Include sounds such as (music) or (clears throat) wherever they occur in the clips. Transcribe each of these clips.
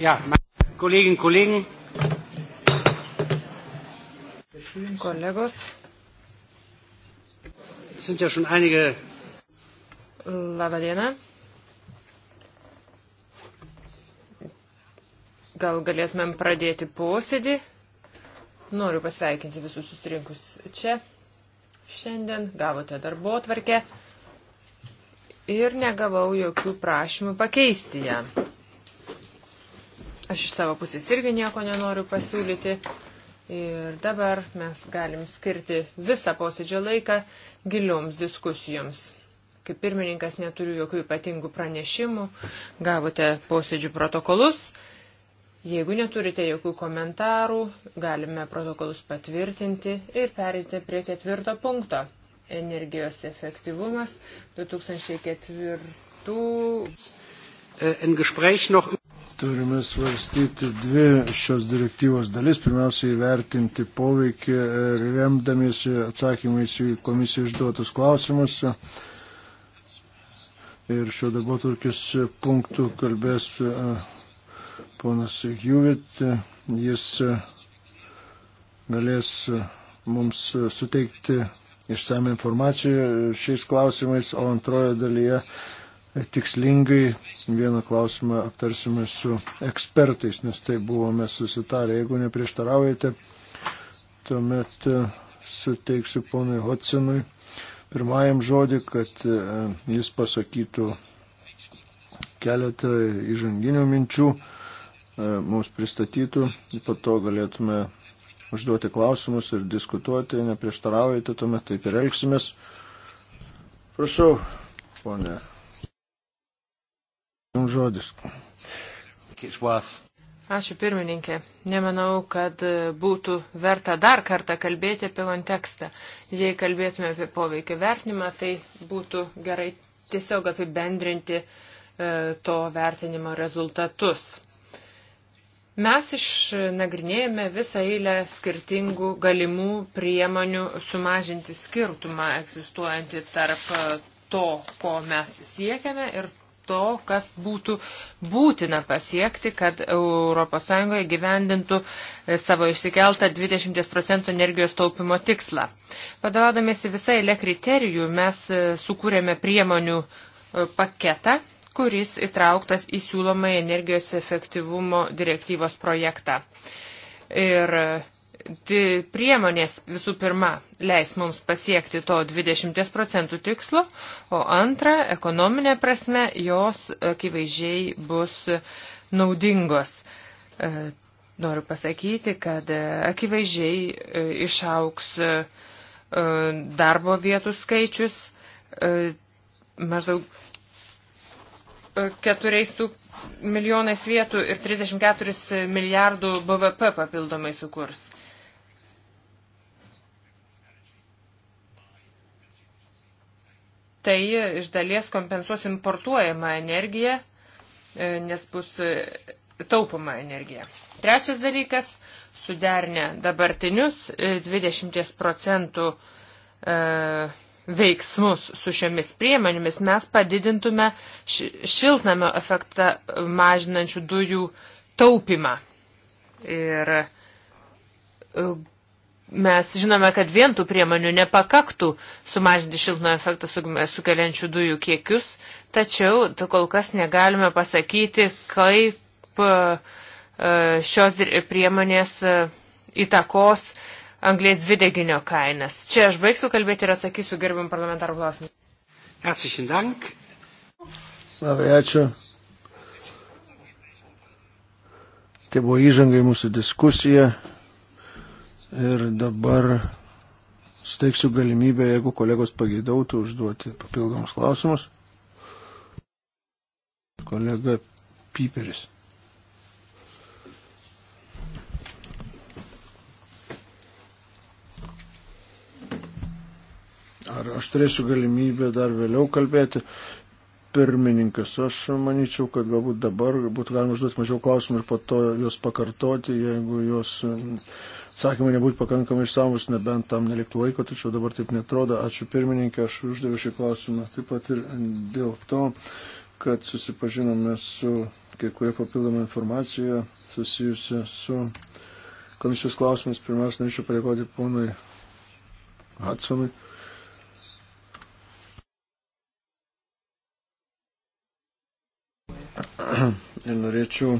Ja, kolegin, kolegin. Kolegos. Sind ja schon einige. Labadiena. Gal galėtumėm pradėti posėdį. Noriu pasveikinti visus susirinkus čia. Šiandien gavote darbo atvarkę ir negavau jokių prašymų pakeisti ją. Aš iš savo pusės irgi nieko nenoriu pasiūlyti. Ir dabar mes galim skirti visą posėdžio laiką gilioms diskusijoms. Kaip pirmininkas neturiu jokių ypatingų pranešimų, gavote posėdžių protokolus. Jeigu neturite jokių komentarų, galime protokolus patvirtinti ir perėti prie ketvirto punkto - energijos efektyvumas 2004. Äh, ein Gespräch noch Turime svarstyti dvi šios direktyvos dalis. Pirmiausia, įvertinti poveikį e, remdamiesi atsakymais į komisiją išduotus klausimus. Ir šio darbo turkis punktų kalbės e, ponas Juvit. Jis e, galės mums suteikti išsame informaciją šiais klausimais, o antrojo dalyje tikslingai vieną klausimą aptarsime su ekspertais, nes tai buvome susitarę. Jeigu neprieštaraujate, tuomet e, suteiksiu ponui Hotsinui pirmajam žodį, kad e, jis pasakytų keletą įžanginių minčių, e, mums pristatytų, po to galėtume užduoti klausimus ir diskutuoti, neprieštaraujate, tuomet taip ir elgsimės. Prašau, ponė jums žodis. Ačiū pirmininkė. Nemanau, kad būtų verta dar kartą kalbėti apie kontekstą. Jei kalbėtume apie poveikio vertinimą, tai būtų gerai tiesiog apibendrinti e, to vertinimo rezultatus. Mes išnagrinėjome visą eilę skirtingų galimų priemonių sumažinti skirtumą egzistuojantį tarp e, to, ko mes siekiame ir to, kas būtų būtina pasiekti, kad ES gyvendintų e, savo išsikeltą 20 procentų energijos taupimo tikslą. Vadovaudomėsi visai le kriterijų, mes e, sukūrėme priemonių e, paketą kuris įtrauktas į siūlomą energijos efektyvumo direktyvos projektą. Ir priemonės visų pirma leis mums pasiekti to 20 procentų tikslo, o antra, ekonominė prasme, jos akivaizdžiai bus naudingos. E, noriu pasakyti, kad e, akivaizdžiai e, išauks darbo vietų skaičius maždaug 4 milijonais vietų ir 34 milijardų BVP papildomai sukurs. tai iš dalies kompensuos importuojama energija, e, nes bus e, taupoma energija. Trečias dalykas - suderinę dabartinius 20 e, procentų veiksmus su šiomis priemonėmis mes padidintume šiltnamio efektą mažinančių dujų taupimą. Ir mes žinome, kad vien tų priemonių nepakaktų sumažinti šiltno efektą sukeliančių dujų kiekius, tačiau kol kas negalime pasakyti, kaip e, e, šios priemonės e, įtakos anglės dvideginio kainas. Čia aš baigsiu kalbėti ir atsakysiu gerbim parlamentarų klausimą. Herzlichen Dank. Labai ačiū. Tai buvo įžanga į mūsų diskusiją. Ir dabar steiksiu galimybę, jeigu kolegos pageidautų, užduoti papildomus klausimus. Kolega Piperis. Ar aš turėsiu galimybę dar vėliau kalbėti? Pirmininkas, aš manyčiau, kad galbūt dabar būtų galima užduoti mažiau klausimų ir po to juos pakartoti, jeigu juos. Jos atsakymai nebūtų pakankamai išsamus, nebent tam neliktų laiko, tačiau dabar taip netrodo. Ačiū pirmininkė, aš uždaviau šį klausimą taip pat ir dėl to, kad susipažinome su kai kuria papildoma informacija susijusi su komisijos klausimais. Pirmiausia, norėčiau padėkoti ponui Hudsonui. (clears throat) Ir norėčiau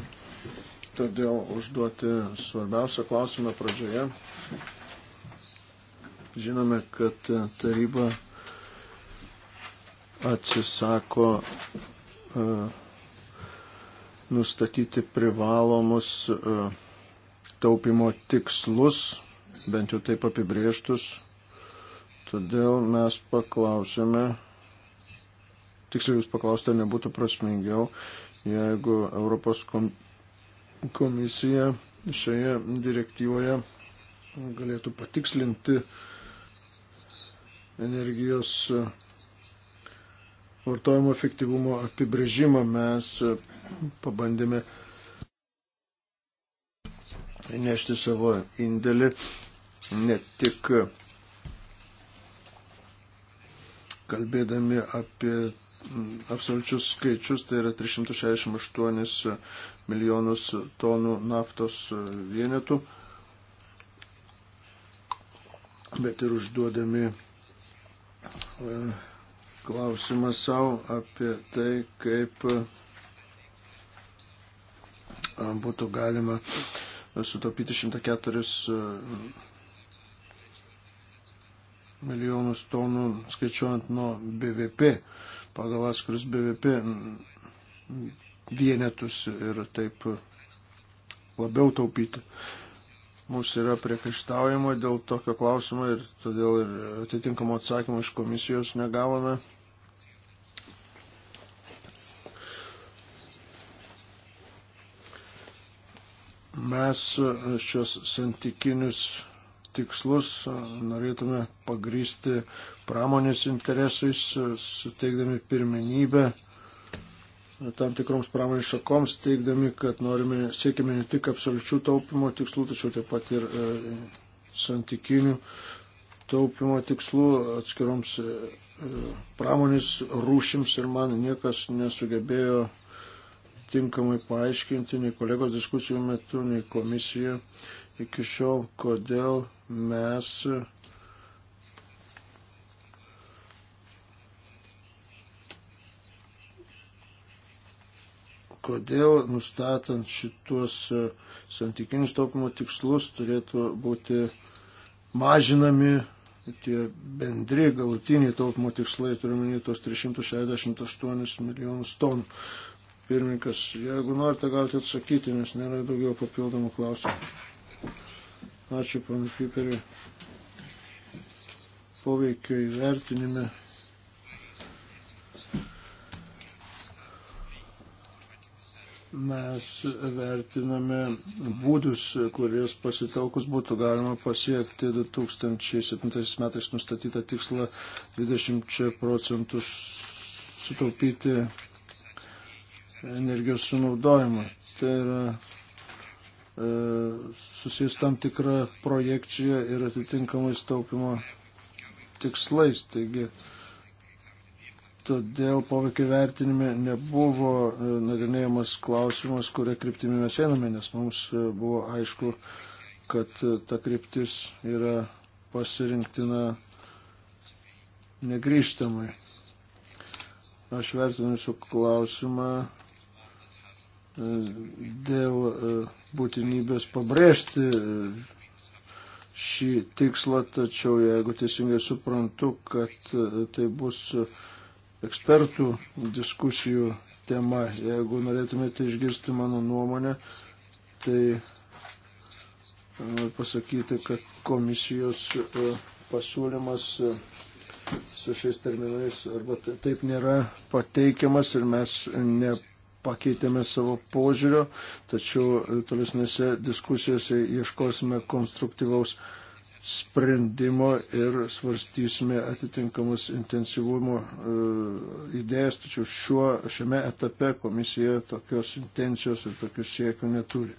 todėl užduoti svarbiausią klausimą pradžioje. Žinome, kad taryba atsisako e, nustatyti privalomus e, taupimo tikslus, bent jau taip apibrieštus. Todėl mes paklausėme, tiksliau jūs paklausėte, nebūtų prasmingiau, jeigu Europos komisija komisija šioje direktyvoje galėtų patikslinti energijos vartojimo efektyvumo apibrėžimą. Mes pabandėme nešti savo indėlį ne tik kalbėdami apie absoliučius skaičius, tai yra 368 milijonus tonų naftos e, vienetų, bet ir užduodami e, klausimą savo apie tai, kaip e, būtų galima sutaupyti 104 milijonus tonų skaičiuojant nuo BVP, pagal atskirius BVP vienetus ir taip labiau taupyti. Mūsų yra priekaištaujama dėl tokio klausimo ir todėl ir atitinkamo atsakymo iš komisijos negavome. Mes šios santykinius tikslus norėtume pagrysti pramonės interesais, suteikdami pirmenybę tam tikroms pramonės šakoms, teikdami, kad norime, siekime ne tik absoliučių taupimo tikslų, tačiau taip pat ir e, santykinių taupimo tikslų atskiroms e, pramonės rūšims ir man niekas nesugebėjo tinkamai paaiškinti nei kolegos diskusijų metu, nei komisija iki šiol, kodėl mes kodėl nustatant šitos e, santykinius taupimo tikslus turėtų būti mažinami tie bendri galutiniai taupimo tikslai, turiuomenį tos 368 milijonus tonų. Pirmininkas, jeigu norite, galite atsakyti, nes nėra daugiau papildomų klausimų. Ačiū, panai Piperiui. Poveikio įvertinime mes vertiname būdus, kuris pasitelkus būtų galima pasiekti 2007 metais nustatytą tikslą 20 procentų sutaupyti energijos sunaudojimą. Tai yra e, susijęs tam tikrą projekciją ir atitinkamais taupimo tikslais. Taigi, todėl poveikio vertinime nebuvo e, nagrinėjamas klausimas, kuria kryptimi mes einame, nes mums e, buvo aišku, kad e, ta kryptis yra pasirinktina negryžtamai. Aš vertinu jūsų klausimą dėl būtinybės pabrėžti šį tikslą, tačiau jeigu teisingai suprantu, kad tai bus ekspertų diskusijų tema. Jeigu norėtumėte išgirsti mano nuomonę, tai noriu e, pasakyti, kad komisijos e, pasiūlymas e, su šiais terminais arba taip nėra pateikiamas ir mes nepakeitėme savo požiūrio, tačiau tolesnėse diskusijose ieškosime konstruktyvaus sprendimo ir svarstysime atitinkamus intensyvumo e, idėjas, tačiau šiuo, šiame etape komisija tokios intencijos ir tokių siekių neturi.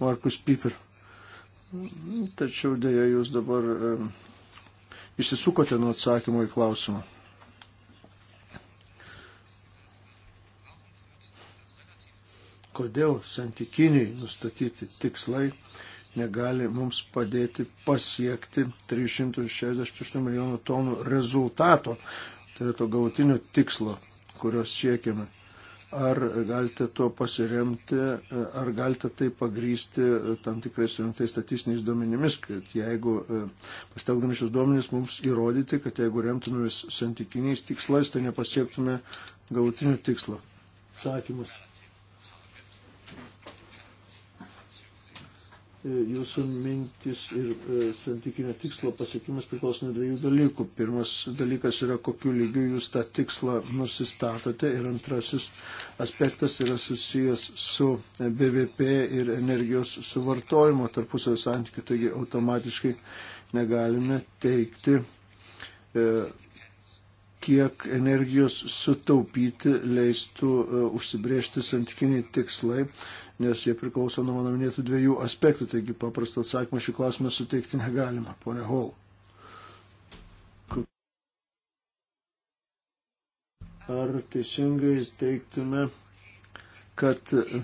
Markus Piper. Tačiau dėja jūs dabar e, išsisukote nuo atsakymo į klausimą. kodėl santykiniai nustatyti tikslai negali mums padėti pasiekti 368 milijonų tonų rezultato, tai yra to galutinio tikslo, kurios siekiame. Ar galite tuo pasiremti, ar galite tai pagrysti tam tikrai surinktais statistiniais duomenimis, kad jeigu e, pastelgdami šios duomenys mums įrodyti, kad jeigu remtumės santykiniais tikslais, tai nepasiektume galutinio tikslo. Sakymas. E, jūsų mintis ir e, santykinio tikslo pasiekimas priklauso nuo dviejų dalykų. Pirmas dalykas yra, kokiu lygiu jūs tą tikslą nusistatote ir antrasis aspektas yra susijęs su BVP ir energijos suvartojimo tarpusavio santykiu, taigi automatiškai negalime teikti e, kiek energijos sutaupyti leistų e, užsibriežti santykiniai tikslai, nes jie priklauso nuo mano minėtų dviejų aspektų, taigi paprasto atsakymą šį klausimą suteikti negalima, ponia Hall. Ar teisingai teiktume, kad e,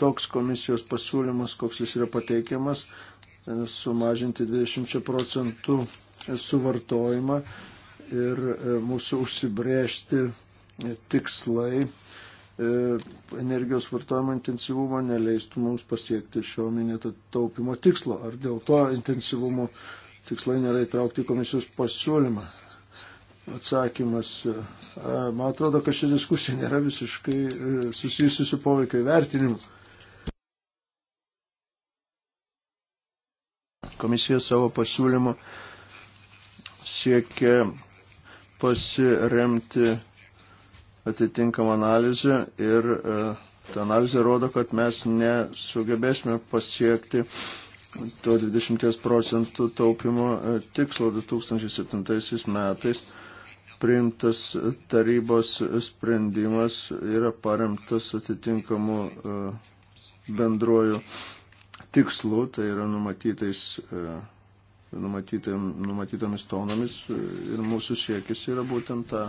toks komisijos pasiūlymas, koks jis yra pateikiamas, e, sumažinti 20 procentų suvartojimą ir e, mūsų užsibrėžti tikslai e, energijos vartojimo intensyvumo neleistų mums pasiekti šio minėto taupimo tikslo. Ar dėl to intensyvumo tikslai nėra įtraukti į komisijos pasiūlymą? Atsakymas. E, man atrodo, kad ši diskusija nėra visiškai susijusi su poveikio įvertinimu. Komisija savo pasiūlymu siekė pasiremti atitinkamą analizę ir e, ta analizė rodo, kad mes nesugebėsime pasiekti to 20 procentų taupimo e, tikslo 2007 metais. Priimtas tarybos sprendimas yra paremtas atitinkamu e, bendruoju tikslu, tai yra numatytais numatytomis tonomis ir mūsų siekis yra būtent tą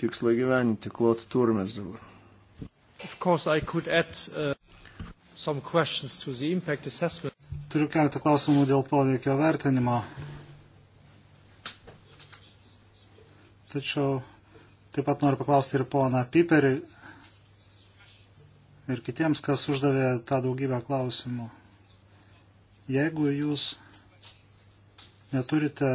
tikslą gyventi, klot turmės dabar. Of course, I could add uh, some questions to the impact assessment. Turiu keletą klausimų dėl poveikio vertinimo. Tačiau taip pat noriu paklausti ir poną Piperį ir kitiems, kas uždavė tą daugybę klausimų. Jeigu jūs neturite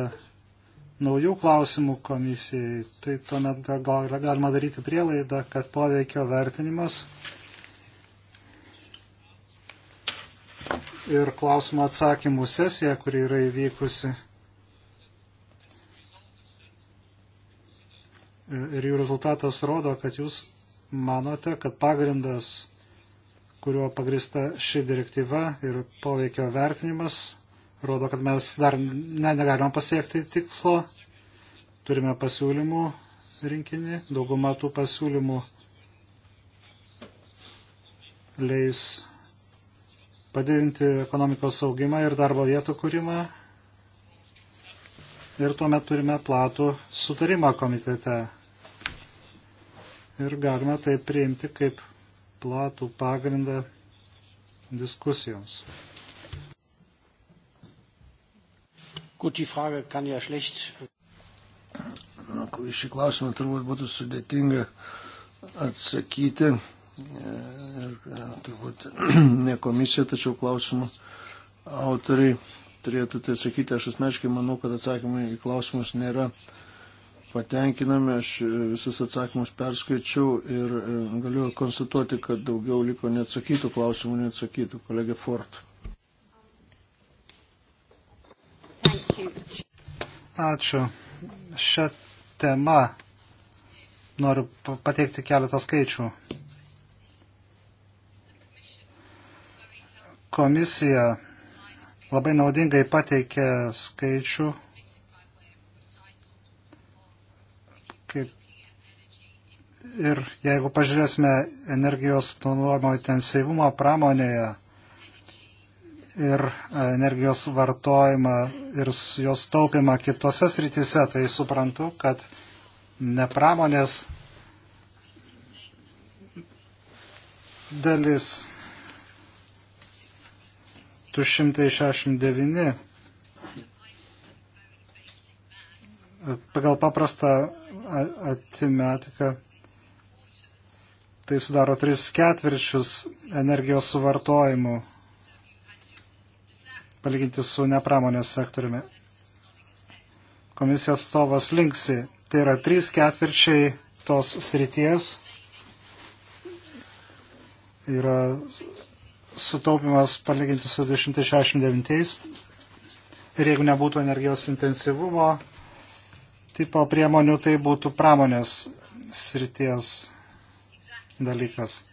naujų klausimų komisijai, tai tuomet gal yra galima daryti prielaidą, kad poveikio vertinimas ir klausimų atsakymų sesija, kuri yra įvykusi ir jų rezultatas rodo, kad jūs manote, kad pagrindas, kuriuo pagrista ši direktyva ir poveikio vertinimas rodo, kad mes dar ne, negalime pasiekti tikslo. Turime pasiūlymų rinkinį. Dauguma tų pasiūlymų leis padidinti ekonomikos augimą ir darbo vietų kūrimą. Ir tuomet turime platų sutarimą komitete. Ir galime tai priimti kaip platų pagrindą diskusijoms. Gut, die Frage kann ja schlecht. Šį klausimą turbūt būtų sudėtinga atsakyti. Ir e, turbūt (clears throat) ne komisija, tačiau klausimų autoriai turėtų tai atsakyti. Aš asmeniškai manau, kad atsakymai į klausimus nėra patenkinami. Aš e, visus atsakymus perskaičiau ir e, galiu konstatuoti, kad daugiau liko neatsakytų klausimų, neatsakytų. Kolegė Fort. Ačiū. Šią temą noriu pateikti keletą skaičių. Komisija labai naudingai pateikė skaičių, kaip ir jeigu pažiūrėsime energijos planuojamo intensyvumo pramonėje, ir e, energijos vartojimą ir jos taupimą kitose srityse, tai suprantu, kad ne pramonės dalis 269 e, pagal paprastą atimetiką tai sudaro tris ketvirčius energijos suvartojimų palyginti su nepramonės sektoriumi. Komisijos atstovas linksi. Tai yra trys ketvirčiai tos srities yra sutaupimas palyginti su 269. Ir jeigu nebūtų energijos intensyvumo tipo priemonių, tai būtų pramonės srities dalykas.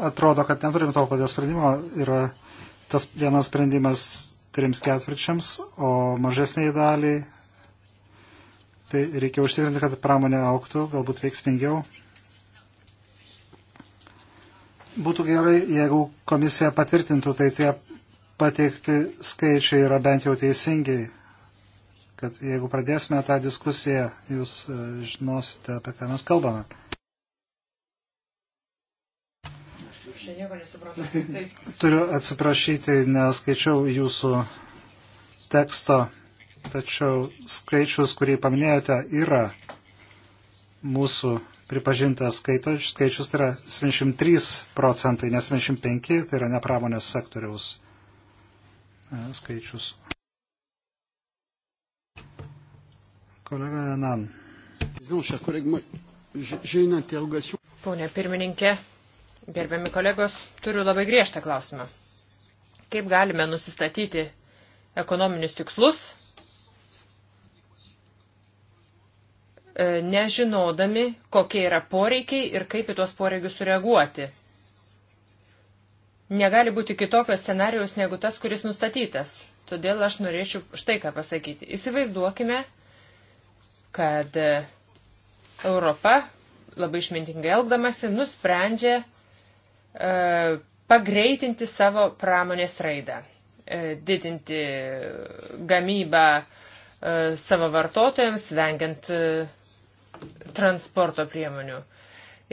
atrodo, kad neturime to paties sprendimo. Yra tas vienas sprendimas trims ketvirčiams, o mažesniai daliai. Tai reikia užtikrinti, kad pramonė auktų, galbūt veiksmingiau. Būtų gerai, jeigu komisija patvirtintų, tai tie pateikti skaičiai yra bent jau teisingi, kad jeigu pradėsime tą diskusiją, jūs e, žinosite, apie ką mes kalbame. nieko nesupratau. (laughs) Taip. Turiu atsiprašyti, neskaičiau jūsų teksto, tačiau skaičius, kurį paminėjote, yra mūsų pripažintas skaičius, skaičius tai yra 73 procentai, nes 75 tai yra nepramonės sektoriaus e, skaičius. Kolega Nan. Pone pirmininkė, Gerbiami kolegos, turiu labai griežtą klausimą. Kaip galime nusistatyti ekonominius tikslus, e, nežinodami, kokie yra poreikiai ir kaip į tuos poreikius sureaguoti? Negali būti kitokio scenarijaus negu tas, kuris nustatytas. Todėl aš norėčiau štai ką pasakyti. Įsivaizduokime, kad e, Europa labai išmintingai elgdamasi nusprendžia E, pagreitinti savo pramonės raidą, e, didinti gamybą e, savo vartotojams, vengiant transporto priemonių.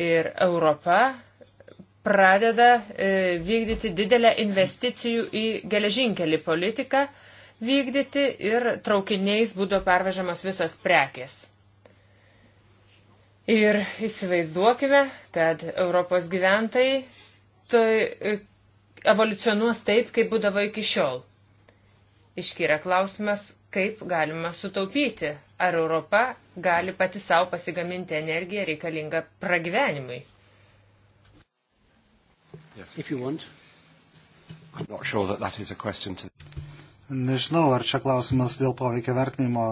Ir Europa pradeda vykdyti didelę investicijų į geležinkelį politiką, vykdyti ir traukiniais būdavo pervežamos visos prekės. Ir įsivaizduokime, kad Europos gyventojai tai e, evoliucionuos taip, kaip būdavo iki šiol. Iškyra klausimas, kaip galima sutaupyti, ar Europa gali pati savo pasigaminti energiją reikalingą pragyvenimui. Yes. Sure that that to... Nežinau, ar čia klausimas dėl poveikia vertinimo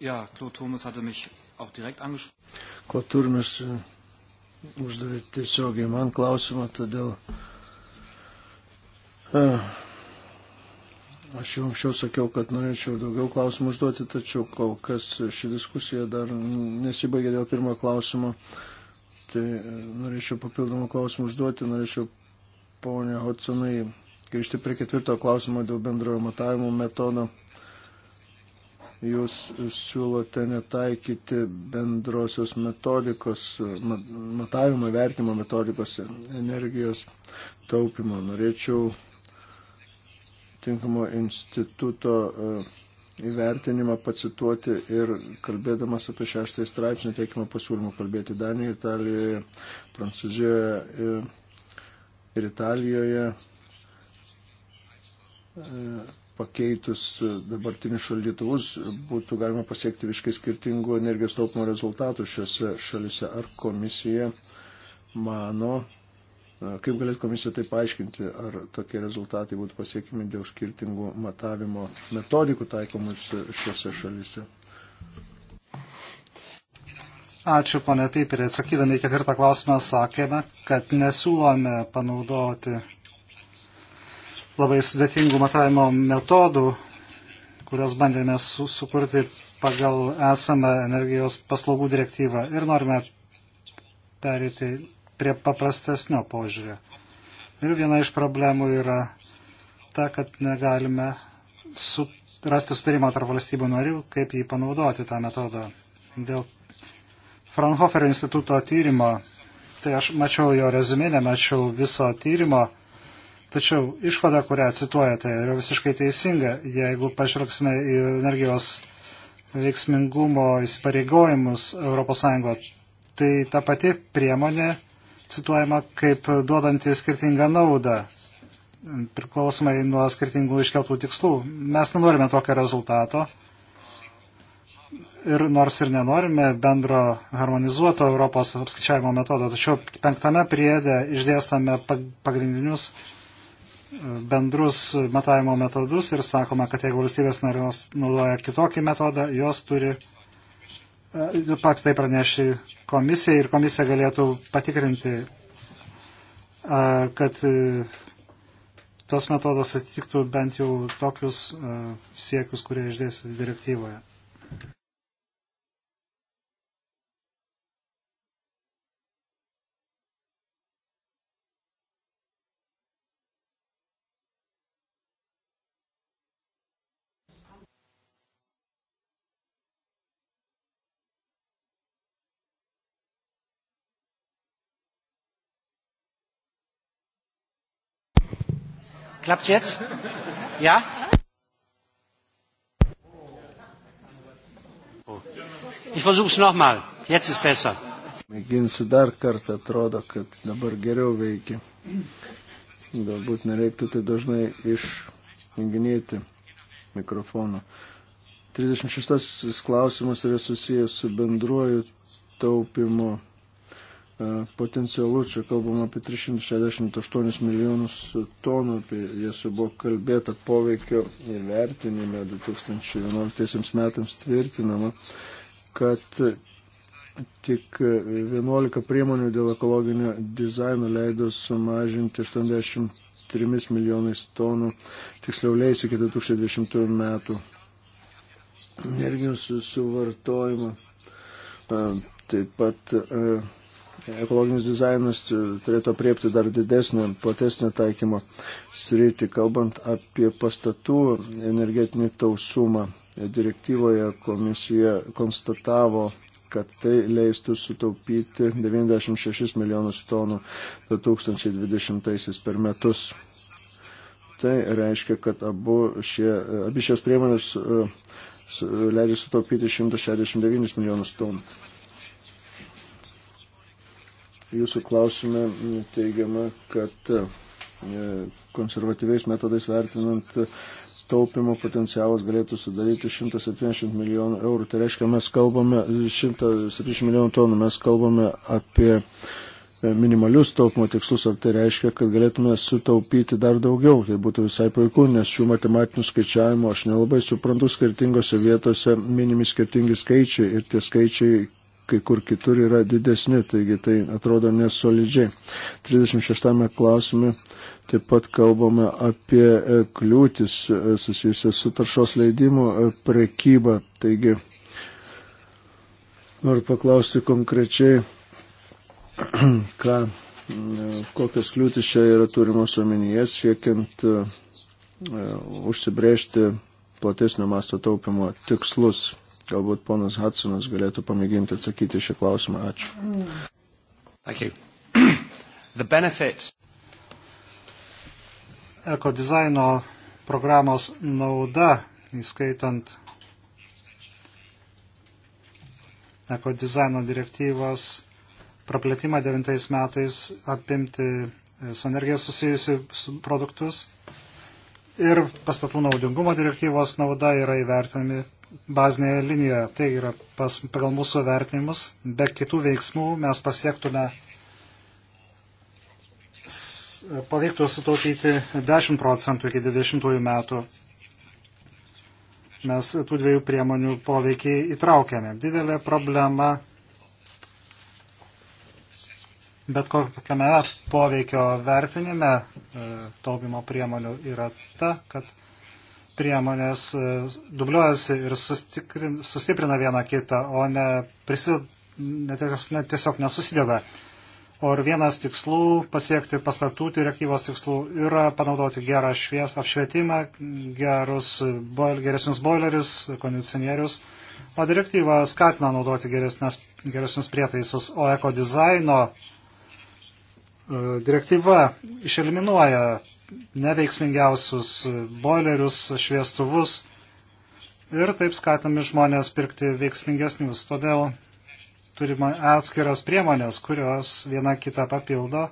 Ja, Claude Thomas hatte mich auch direkt angesprochen. Claude Turmes e, uždavė tiesiogiai man klausimą, todėl e, aš jau anksčiau sakiau, kad norėčiau daugiau klausimų užduoti, tačiau kol kas ši diskusija dar nesibaigė dėl pirmo klausimo. Tai e, norėčiau papildomų klausimų užduoti, norėčiau ponia Hotsonai grįžti prie ketvirto klausimo dėl bendrojo matavimo metodo jūs siūlote netaikyti bendrosios metodikos, matavimo vertimo metodikos energijos taupimo. Norėčiau tinkamo instituto e, įvertinimą pacituoti ir kalbėdamas apie šeštąjį straipsnį teikimo pasiūlymų kalbėti Danijoje, Italijoje, Prancūzijoje e, ir Italijoje e, pakeitus e, dabartinius šaldytuvus būtų galima pasiekti visiškai skirtingų energijos taupimo rezultatų šiuose šalise. Ar komisija mano, e, kaip galėtų komisija tai paaiškinti, ar tokie rezultatai būtų pasiekimi dėl skirtingų matavimo metodikų taikomų šiuose šalise? Ačiū, ponė Piperė. Atsakydami į ketvirtą klausimą sakėme, kad nesiūlome panaudoti labai sudėtingų matavimo metodų, kurias bandėme su sukurti pagal esamą energijos paslaugų direktyvą ir norime perėti prie paprastesnio požiūrio. Ir viena iš problemų yra ta, kad negalime su, rasti sutarimą tarp valstybių narių, kaip jį panaudoti tą metodą. Dėl Fraunhoferio instituto tyrimo, tai aš mačiau jo rezumė, nemačiau viso tyrimo, Tačiau išvada, kurią cituojate, yra visiškai teisinga. Jeigu pažvelgsime į energijos veiksmingumo įsipareigojimus ES, tai ta pati priemonė cituojama kaip duodanti skirtingą naudą, priklausomai nuo skirtingų iškeltų tikslų. Mes nenorime tokio rezultato. Ir nors ir nenorime bendro harmonizuoto Europos apskaičiavimo metodo, tačiau penktame priede išdėstame pagrindinius bendrus matavimo metodus ir sakoma, kad jeigu valstybės narės naudoja kitokį metodą, jos turi e, pat tai praneši komisijai ir komisija galėtų patikrinti, e, kad e, tas metodas atitiktų bent jau tokius siekius, kurie išdėstyti direktyvoje. Klappt's jetzt? Ja? Ich versuch's nochmal. Jetzt ist besser. Mėginsiu dar kartą, atrodo, kad dabar geriau veikia. Galbūt nereiktų tai dažnai išjunginėti mikrofoną. 36 klausimas yra susijęs su bendruoju taupimo E, potencialu, čia kalbam apie 368 milijonus tonų, apie jas jau buvo kalbėta poveikio įvertinime 2011 metams tvirtinama, kad tik 11 priemonių dėl ekologinio dizaino leido sumažinti 83 milijonais tonų, tiksliau leis iki 2020 metų energijos suvartojimą. E, taip pat e, ekologinis dizainas e, turėtų apriepti dar didesnį, platesnį taikymą sritį, kalbant apie pastatų energetinį tausumą. Direktyvoje komisija konstatavo, kad tai leistų sutaupyti 96 milijonus tonų 2020 per metus. Tai reiškia, kad abu šie, abi šios priemonės e, leidžia sutaupyti 169 milijonus tonų. Jūsų klausime teigiama, kad e, konservatyviais metodais vertinant taupimo potencialas galėtų sudaryti 170 milijonų eurų. Tai reiškia, mes kalbame 170 milijonų tonų, mes kalbame apie e, minimalius taupimo tikslus, ar tai reiškia, kad galėtume sutaupyti dar daugiau. Tai būtų visai puiku, nes šių matematinių skaičiavimų aš nelabai suprantu, skirtingose vietose minimi skirtingi skaičiai ir tie skaičiai kai kur kitur yra didesni, taigi tai atrodo nesolidžiai. 36 klausime taip pat kalbame apie e, kliūtis e, susijusias su taršos leidimų e, prekyba. Taigi noriu paklausti konkrečiai, (clears throat) ką, kokios kliūtis čia yra turimos omenyje, siekiant užsibrėžti platesnio masto taupimo tikslus. Galbūt ponas Hudsonas galėtų pamėginti atsakyti šį klausimą. Ačiū. Eko dizaino programos nauda, įskaitant eko dizaino direktyvos praplėtimą devintais metais apimti su energija susijusius produktus ir pastatų naudingumo direktyvos nauda yra įvertinami bazinėje linijoje. Tai yra pas, pagal mūsų vertinimus. Be kitų veiksmų mes pasiektume pavyktų sutaupyti 10 procentų iki 20 metų. Mes tų dviejų priemonių poveikiai įtraukiame. Didelė problema bet kokiame poveikio vertinime e, taupimo priemonių yra ta, kad priemonės e, dubliuojasi ir sustiprina vieną kitą, o ne, prisid, ne, ne tiesiog nesusideda. O ir vienas tikslų pasiekti pastatų direktyvos tikslų yra panaudoti gerą švies, apšvietimą, gerus, boil, geresnius boilerius, kondicionierius. O direktyva skatina naudoti geresnės, geresnius prietaisus, o ekodizaino e, direktyva išeliminuoja neveiksmingiausius boilerius, šviestuvus ir taip skatami žmonės pirkti veiksmingesnius. Todėl turime atskiras priemonės, kurios viena kitą papildo,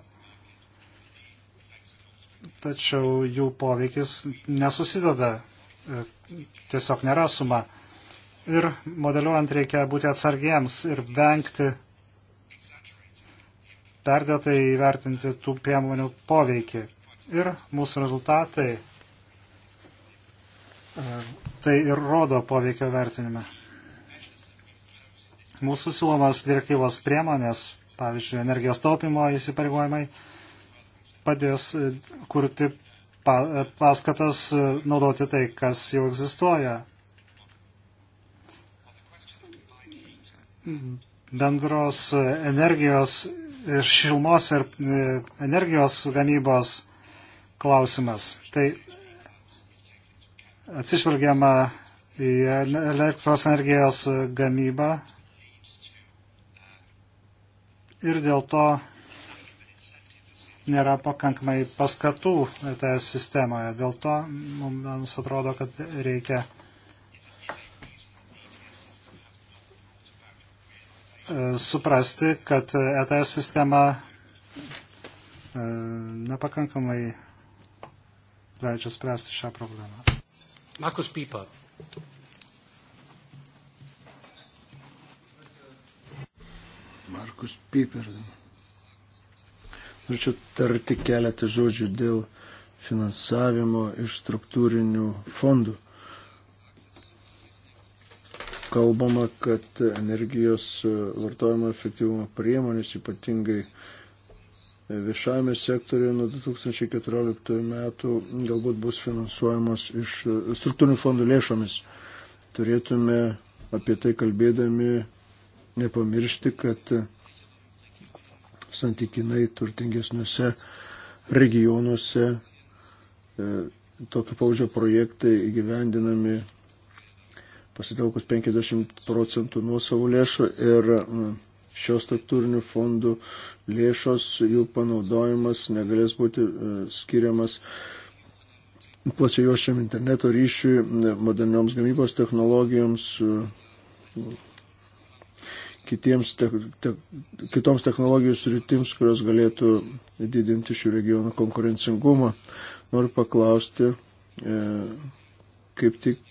tačiau jų poveikis nesusideda, e, tiesiog nėra suma. Ir modeliuojant reikia būti atsargiems ir vengti perdėtai įvertinti tų priemonių poveikį ir mūsų rezultatai e, tai ir rodo poveikio vertinime. Mūsų siūlomas direktyvos priemonės, pavyzdžiui, energijos taupimo įsipareigojimai, padės e, kurti e, paskatas naudoti tai, kas jau egzistuoja. Bendros energijos ir šilmos ir energijos gamybos klausimas. Tai atsižvelgiama į elektros energijos gamybą ir dėl to nėra pakankamai paskatų toje sistemoje. Dėl to mums atrodo, kad reikia e, suprasti, kad ETS sistema e, nepakankamai leidžia spręsti šią problemą. Markus Piper. Markus Piper. Norėčiau tarti keletą žodžių dėl finansavimo iš struktūrinių fondų. Kalbama, kad energijos vartojimo efektyvumo priemonės, ypatingai uh, viešajame sektoriuje nuo 2014 metų galbūt bus finansuojamos iš e, struktūrinių fondų lėšomis. Turėtume apie tai kalbėdami nepamiršti, kad e, santykinai turtingesniuose regionuose e, tokio paudžio projektai įgyvendinami pasitelkus 50 procentų nuo savo lėšų ir šios struktūrinių fondų lėšos, jų panaudojimas negalės būti e, skiriamas plačiajuošiam interneto ryšiui, e, modernioms gamybos technologijoms, e, kitiems te, te, kitoms technologijų sritims, kurios galėtų didinti šių regionų konkurencingumą. Noriu paklausti, e, kaip tik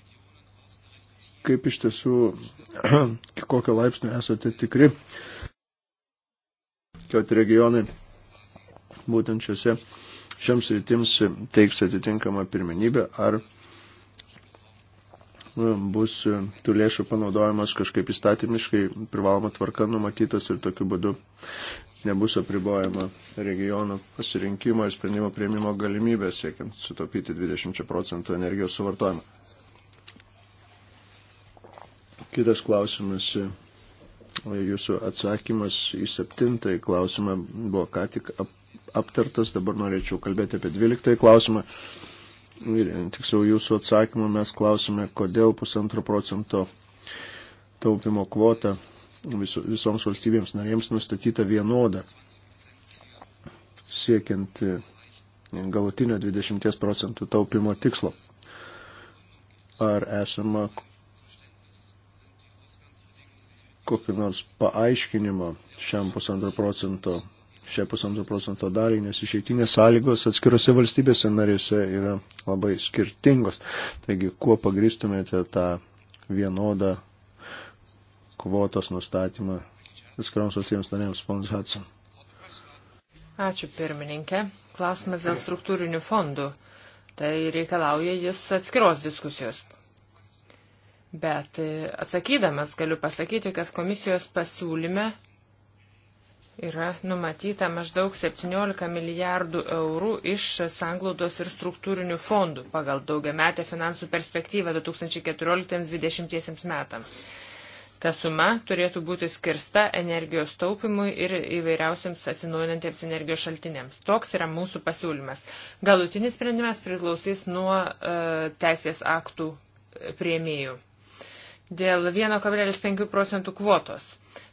kaip iš tiesų, iki (clears throat) kokio laipsnio esate tikri, kad regionai būtent šiuose šiams rytims teiks atitinkamą pirmenybę ar e, bus e, tų lėšų panaudojimas kažkaip įstatymiškai privaloma tvarka numatytas ir tokiu būdu nebus apribojama regionų pasirinkimo ir sprendimo prieimimo galimybė siekiant sutaupyti 20 procentų energijos suvartojimą. Kitas klausimas, e, jūsų atsakymas į septintąjį klausimą buvo ką tik aptartas, dabar norėčiau kalbėti apie dvyliktąjį klausimą. Ir e, tiksliau jūsų atsakymą mes klausime, kodėl pusantro procento taupimo kvota vis, visoms valstybėms narėms nustatyta vienoda, siekiant e, galutinio 20 procentų taupimo tikslo. Ar esama kokį nors paaiškinimą šiam pusantro procento, šiai pusantro procento daliai, nes išeitinės sąlygos atskirose valstybėse narėse yra labai skirtingos. Taigi, kuo pagristumėte tą vienodą kvotos nustatymą viskroms valstybėms narėms, ponas Hudson? Ačiū pirmininkė. Klausimas dėl struktūrinių fondų. Tai reikalauja jis atskiros diskusijos. Bet e, atsakydamas galiu pasakyti, kad komisijos pasiūlyme yra numatyta maždaug 17 milijardų eurų iš sanglaudos ir struktūrinių fondų pagal daugiametę finansų perspektyvą 2014-2020 metams. Ta suma turėtų būti skirsta energijos taupimui ir įvairiausiams atsinaujinantiems energijos šaltiniams. Toks yra mūsų pasiūlymas. Galutinis sprendimas priklausys nuo e, teisės aktų prieimėjų dėl 1,5 procentų kvotos.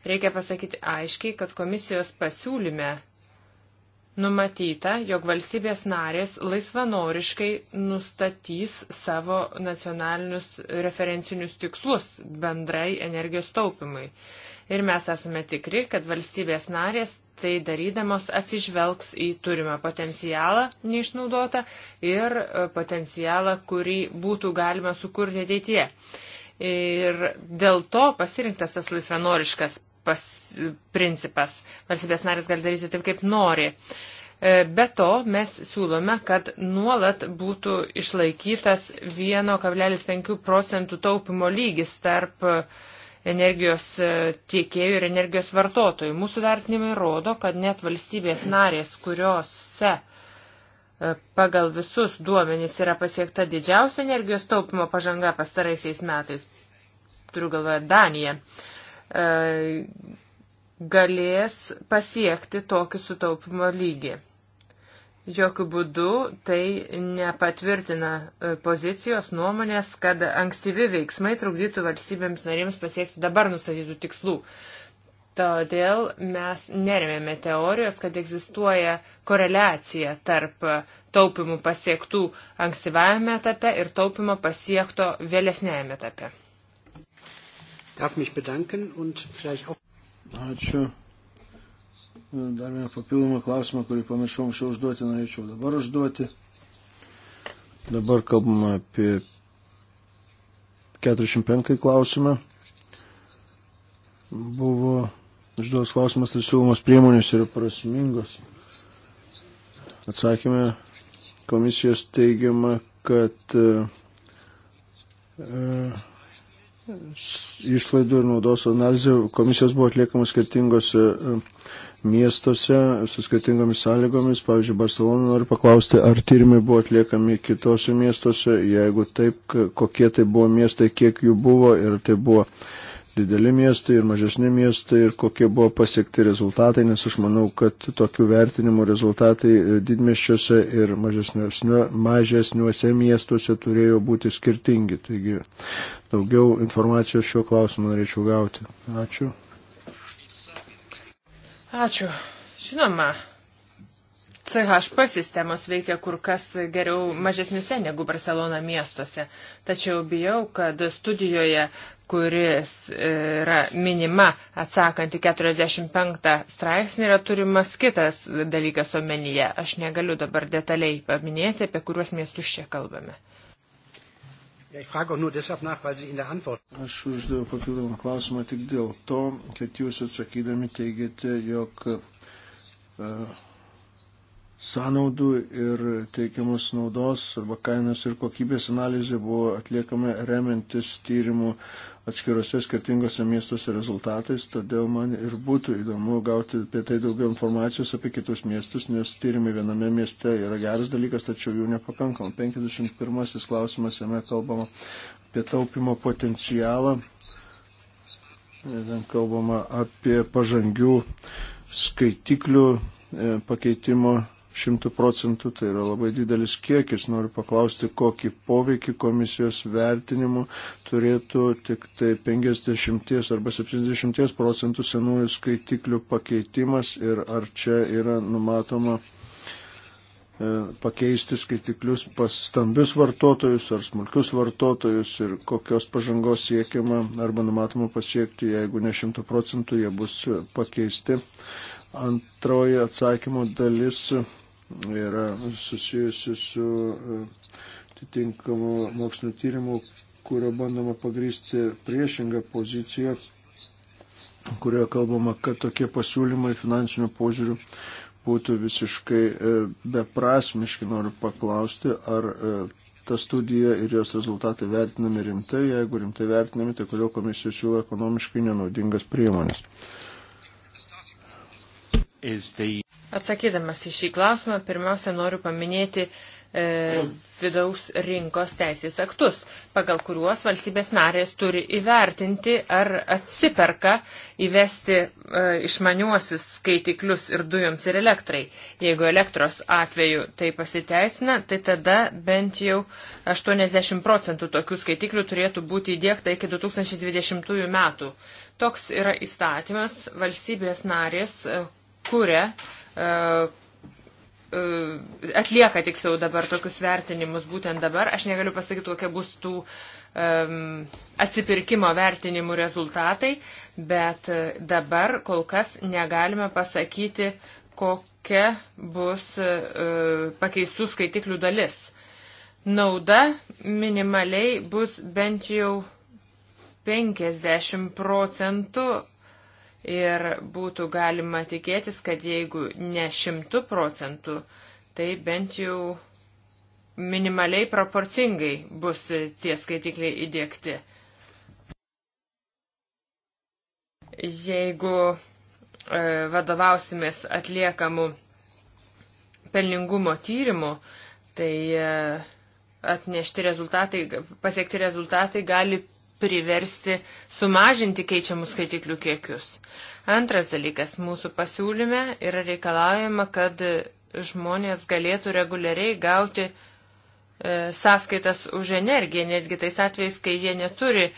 Reikia pasakyti aiškiai, kad komisijos pasiūlyme numatyta, jog valstybės narės laisvanoriškai nustatys savo nacionalinius referencinius tikslus bendrai energijos taupimui. Ir mes esame tikri, kad valstybės narės tai darydamos atsižvelgs į turimą potencialą neišnaudotą ir e, potencialą, kurį būtų galima sukurti ateityje. Ir dėl to pasirinktas tas laisvanoriškas pas, principas. Valstybės narės gali daryti taip, kaip nori. E, be to, mes siūlome, kad nuolat būtų išlaikytas 1,5 procentų taupimo lygis tarp energijos e, tiekėjų ir energijos vartotojų. Mūsų vertinimai rodo, kad net valstybės narės, kuriuose pagal visus duomenys yra pasiekta didžiausia energijos taupimo pažanga pastaraisiais metais, turiu galvoje Daniją, e, galės pasiekti tokį sutaupimo lygį. Jokių būdų tai nepatvirtina e, pozicijos nuomonės, kad ankstyvi veiksmai trukdytų valstybėms narėms pasiekti dabar nusatytų tikslų. Todėl mes neremėme teorijos, kad egzistuoja koreliacija tarp taupimų pasiektų ankstyvajame etape ir taupimo pasiekto vėlesnėjame etape. Ačiū. Dar vieną papildomą klausimą, kurį pamiršau anksčiau užduoti, norėčiau dabar užduoti. Dabar kalbame apie 45 klausimą. Buvo Užduos klausimas, ar siūlomos priemonės yra prasmingos. Atsakymė komisijos teigiama, kad e, e, išlaidų ir naudos analizė komisijos buvo atliekama skirtingose e, miestuose su skirtingomis sąlygomis. Pavyzdžiui, Barcelona noriu paklausti, ar tyrimai buvo atliekami kitose miestuose, jeigu taip, kokie tai buvo miestai, kiek jų buvo ir tai buvo dideli miestai ir mažesni miestai ir kokie buvo pasiekti rezultatai, nes aš manau, kad tokių vertinimų rezultatai didmeščiuose ir mažesniuose miestuose turėjo būti skirtingi. Taigi daugiau informacijos šiuo klausimu norėčiau gauti. Ačiū. Ačiū. Žinoma, CHP sistemos veikia kur kas geriau mažesniuose negu Barcelona miestuose. Tačiau bijau, kad studijoje, kuris e, yra minima atsakant į 45 straipsnį, yra turimas kitas dalykas omenyje. Aš negaliu dabar detaliai paminėti, apie kuriuos miestus čia kalbame. Aš uždaviau papildomą klausimą tik dėl to, kad jūs atsakydami teigiate, jog uh, sąnaudų ir teikiamos naudos arba kainos ir kokybės analizė buvo atliekama remiantis tyrimų atskiruose skirtingose miestuose rezultatais, todėl man ir būtų įdomu gauti apie tai daugiau informacijos apie kitus miestus, nes tyrimai viename mieste yra geras dalykas, tačiau jų nepakankam. 51 klausimas, jame kalbama apie taupimo potencialą, ten kalbama apie pažangių skaitiklių e, pakeitimo šimtų procentų, tai yra labai didelis kiekis. Noriu paklausti, kokį poveikį komisijos vertinimu turėtų tik tai 50 arba 70 procentų senųjų skaitiklių pakeitimas ir ar čia yra numatoma e, pakeisti skaitiklius pas stambius vartotojus ar smulkius vartotojus ir kokios pažangos siekiama arba numatoma pasiekti, jeigu ne šimtų procentų jie bus pakeisti. Antroji atsakymo dalis yra susijusi su e, atitinkamu mokslinio tyrimu, kurio bandoma pagrysti priešingą poziciją, kurioje kalbama, kad tokie pasiūlymai finansinių požiūrių būtų visiškai e, beprasmiški. Noriu paklausti, ar e, ta studija ir jos rezultatai vertinami rimtai, jeigu rimtai vertinami, tai kodėl komisija siūlo ekonomiškai nenaudingas priemonės. The... Atsakydamas į šį klausimą, pirmiausia, noriu paminėti e, vidaus rinkos teisės aktus, pagal kuriuos valstybės narės turi įvertinti, ar atsiperka įvesti e, išmaniuosius skaitiklius ir dujoms ir elektrai. Jeigu elektros atveju tai pasiteisina, tai tada bent jau 80 procentų tokių skaitiklių turėtų būti įdėkta iki 2020 metų. Toks yra įstatymas, valstybės narės e, kuria e, E, e, atlieka tiksliau dabar tokius vertinimus būtent dabar. Aš negaliu pasakyti, kokie bus tų um, atsipirkimo vertinimų rezultatai, bet e, dabar kol kas negalime pasakyti, kokia bus uh, pakeistų skaitiklių dalis. Nauda minimaliai bus bent jau 50 procentų ir būtų galima tikėtis, kad jeigu ne šimtų procentų, tai bent jau minimaliai proporcingai bus tie skaitikliai įdėkti. Jeigu e, vadovausimės atliekamų pelningumo tyrimų, tai e, atnešti rezultatai, pasiekti rezultatai gali priversti sumažinti keičiamus skaitiklių kiekius. Antras dalykas, mūsų pasiūlyme yra reikalaujama, kad žmonės galėtų reguliariai gauti e, sąskaitas už energiją, netgi tais atvejais, kai jie neturi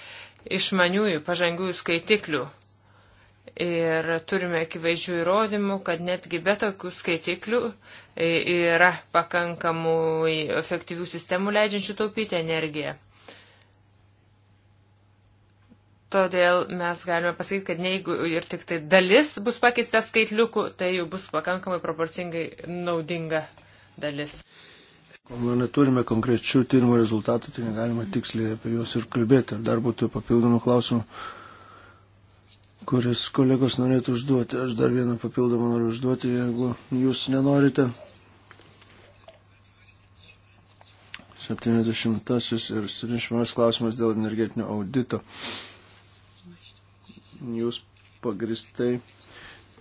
išmaniųjų pažangiųjų skaitiklių. Ir turime akivaizdžių įrodymų, kad netgi be tokių skaitiklių e, yra pakankamų efektyvių sistemų leidžiančių taupyti energiją. Todėl mes galime pasakyti, kad jeigu ir tik tai dalis bus pakeista skaitliukų, tai jau bus pakankamai proporcingai naudinga dalis. Kol neturime konkrečių tyrimų rezultatų, tai negalime tiksliai apie juos ir kalbėti. Ar dar būtų papildomų klausimų, kuris kolegos norėtų užduoti. Aš dar vieną papildomą noriu užduoti, jeigu jūs nenorite. 70 ir 70 klausimas dėl energetinio audito jūs pagristai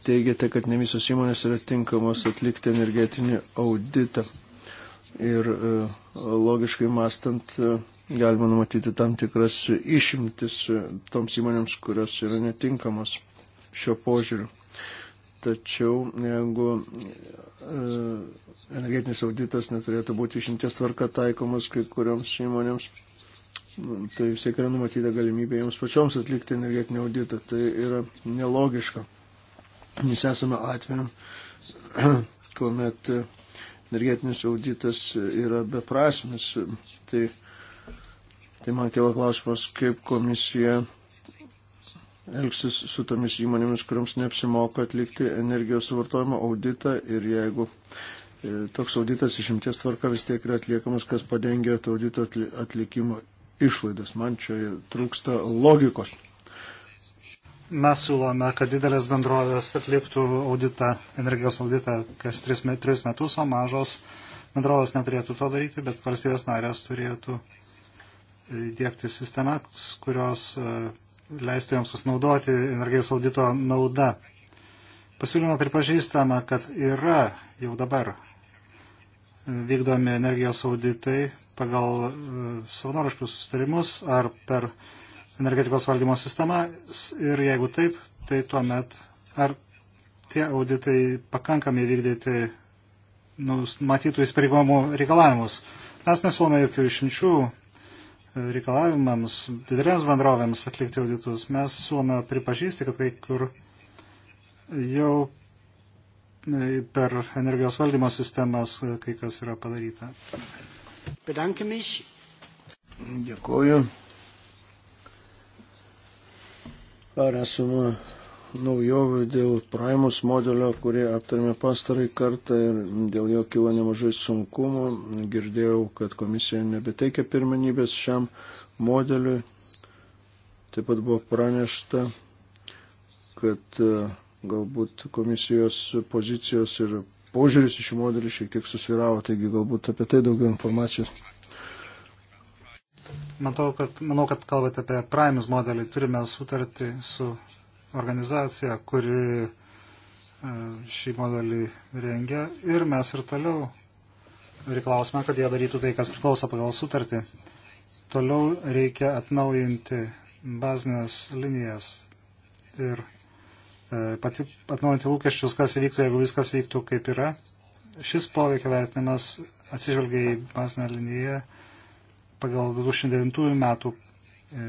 teigiate, kad ne visos įmonės yra tinkamos atlikti energetinį auditą. Ir e, logiškai mastant e, galima numatyti tam tikras išimtis e, toms įmonėms, kurios yra netinkamos šio požiūriu. Tačiau jeigu energetinis auditas neturėtų būti išimties tvarka taikomas kai kurioms įmonėms, tai vis tiek yra numatyta galimybė jiems pačioms atlikti energetinį auditą. Tai yra nelogiška. Mes esame atveju, (clears throat) kuomet energetinis auditas yra beprasmis. Tai, tai man kila klausimas, kaip komisija elgsis su tomis įmonėmis, kuriams neapsimoka atlikti energijos suvartojimo auditą ir jeigu e, toks auditas išimties tvarka vis tiek yra atliekamas, kas padengia to audito atlikimo išlaidas. Man čia trūksta logikos. Mes siūlome, kad didelės bendrovės atliktų auditą, energijos auditą kas tris, tris metus, o mažos bendrovės neturėtų to daryti, bet valstybės narės turėtų e, įdėkti sistemas, kurios e, leistų joms pasinaudoti energijos audito nauda. Pasiūlymo pripažįstama, kad yra jau dabar vykdomi energijos auditai pagal e, savanoriškus sustarimus ar per energetikos valdymo sistemą ir jeigu taip, tai tuomet ar tie auditai pakankamai vykdyti numatytų įsipareigomų reikalavimus. Mes nesuome jokių išimčių e, reikalavimams didelėms bendrovėms atlikti auditus. Mes suome pripažįsti, kad kai kur jau per energijos valdymo sistemas e, kai kas yra padaryta. Bedankimiš. Dėkuoju. Ar esame naujovių dėl Primus modelio, kurį aptarėme pastarai kartą ir dėl jo kilo nemažai sunkumų. Girdėjau, kad komisija nebeteikia pirmenybės šiam modeliui. Taip pat buvo pranešta, kad uh, galbūt komisijos pozicijos ir požiūris iš modelį šiek tiek susviravo, taigi galbūt apie tai daugiau informacijos. Matau, kad, manau, kad kalbate apie Primes modelį. Turime sutartį su organizacija, kuri e, šį modelį rengia ir mes ir toliau reikalausime, kad jie darytų tai, kas priklauso pagal sutartį. Toliau reikia atnaujinti bazinės linijas ir E, atnaujinti lūkesčius, kas įvyktų, jeigu viskas vyktų kaip yra. Šis poveikio vertinimas atsižvelgia į bazinę liniją pagal 2009 metų e,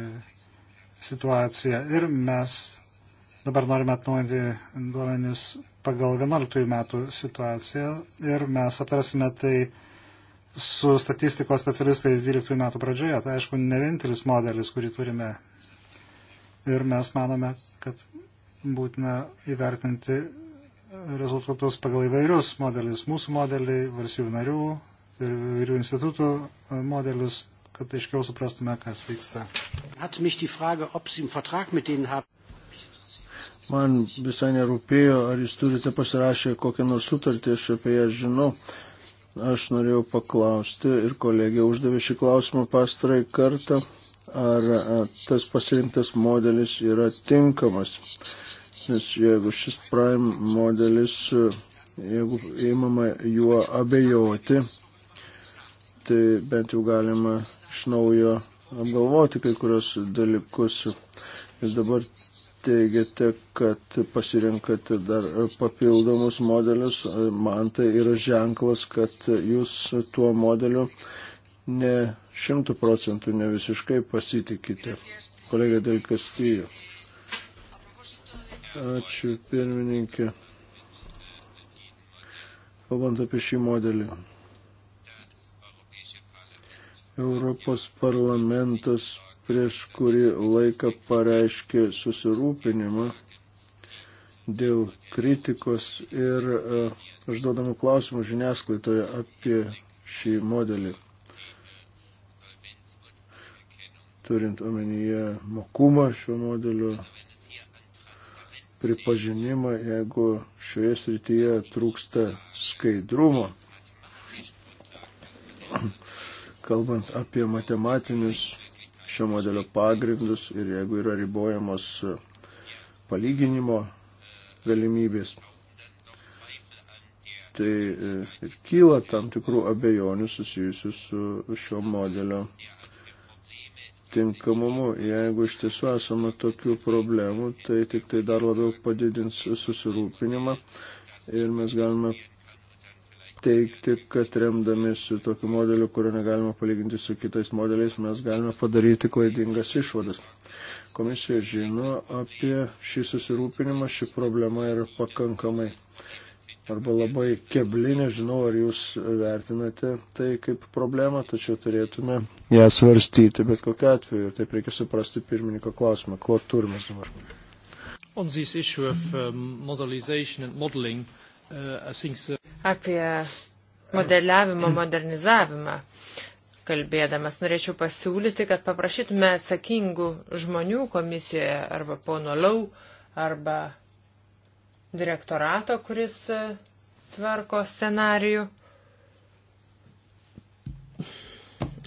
situaciją ir mes dabar norime atnaujinti duomenis pagal 11 metų situaciją ir mes aptarsime tai su statistikos specialistais 12 metų pradžioje. Tai aišku, ne vienintelis modelis, kurį turime. Ir mes manome, kad būtina įvertinti rezultatus pagal įvairius modelius, mūsų modelį, valstybių narių ir įvairių institutų modelius, kad aiškiau suprastume, kas vyksta. Man visai nerūpėjo, ar jūs turite pasirašę kokią nors sutartį, aš apie ją žinau. Aš norėjau paklausti ir kolegė uždavė šį klausimą pastarai kartą, ar tas pasirinktas modelis yra tinkamas nes jeigu šis prime modelis, jeigu įmama juo abejoti, tai bent jau galima iš naujo apgalvoti kai kurios dalykus. Jūs dabar teigiate, kad pasirinkate dar papildomus modelius. Man tai yra ženklas, kad jūs tuo modeliu ne šimtų procentų, ne visiškai pasitikite. Kolega Del Castillo. Ačiū pirmininkė. Kalbant apie šį modelį. Europos parlamentas prieš kurį laiką pareiškė susirūpinimą dėl kritikos ir e, užduodamų klausimų žiniasklaidoje apie šį modelį. Turint omenyje mokumą šio modelio pripažinimą, jeigu šioje srityje trūksta skaidrumo. Kalbant apie matematinius šio modelio pagrindus ir jeigu yra ribojamos palyginimo galimybės, tai e, ir kyla tam tikrų abejonių susijusių su šio modelio tinkamumu. Jeigu iš tiesų esame tokių problemų, tai tik tai dar labiau padidins susirūpinimą ir mes galime teikti, kad remdamiesi tokiu modeliu, kurio negalima palyginti su kitais modeliais, mes galime padaryti klaidingas išvadas. Komisija žino apie šį susirūpinimą, ši problema yra pakankamai arba labai kebli, nežinau, ar jūs vertinate tai kaip problemą, tačiau turėtume ją svarstyti, bet kokiu atveju, ir taip reikia suprasti pirmininko klausimą, ko turime dabar. On this issue of um, uh, modelization and modeling, uh, I think... So... Apie modeliavimo modernizavimą kalbėdamas, norėčiau pasiūlyti, kad paprašytume atsakingų žmonių komisijoje arba pono Lau arba direktorato, kuris e, tvarko scenarijų.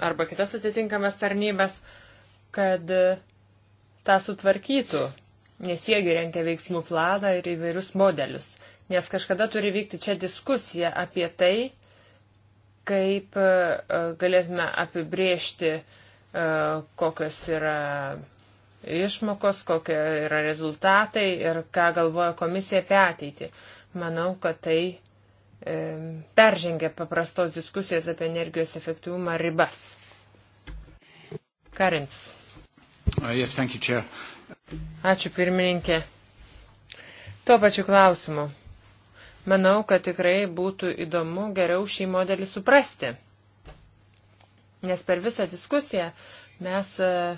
Arba kitas atitinkamas tarnybės, kad e, tą sutvarkytų, nes jiegi renkia veiksmų planą ir įvairius modelius. Nes kažkada turi vykti čia diskusija apie tai, kaip e, galėtume apibriežti, kokios yra išmokos, kokie yra rezultatai ir ką galvoja komisija apie ateitį. Manau, kad tai e, peržengia paprastos diskusijos apie energijos efektyvumą ribas. Karins. Uh, yes, thank you, Chair. Ačiū pirmininkė. Tuo pačiu klausimu. Manau, kad tikrai būtų įdomu geriau šį modelį suprasti. Nes per visą diskusiją mes uh,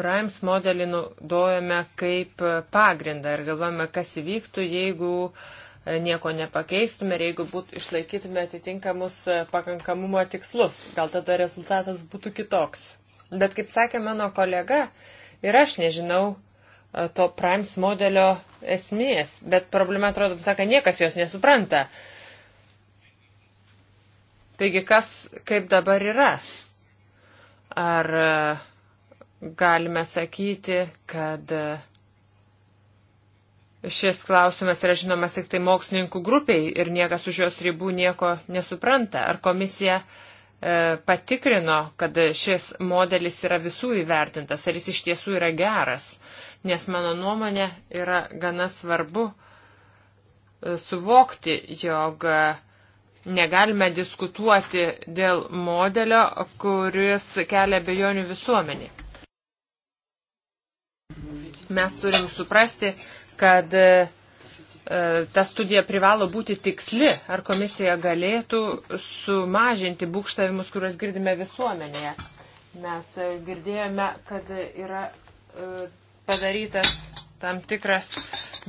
Primes modelį naudojame kaip pagrindą ir galvojame, kas įvyktų, jeigu e, nieko nepakeistume ir jeigu būt, išlaikytume atitinkamus e, pakankamumo tikslus. Gal tada rezultatas būtų kitoks. Bet kaip sakė mano kolega, ir aš nežinau e, to Primes modelio esmės, bet problema atrodo, sako, niekas jos nesupranta. Taigi, kas kaip dabar yra? Ar uh, galime sakyti, kad šis klausimas yra žinomas tik tai mokslininkų grupiai ir niekas už jos ribų nieko nesupranta. Ar komisija e, patikrino, kad šis modelis yra visų įvertintas, ar jis iš tiesų yra geras? Nes mano nuomonė yra gana svarbu e, suvokti, jog e, negalime diskutuoti dėl modelio, kuris kelia bejonių visuomenį. Mes turim suprasti, kad e, e, ta studija privalo būti tiksli, ar komisija galėtų sumažinti būkštavimus, kuriuos girdime visuomenėje. Mes e, girdėjome, kad yra padarytas tam tikras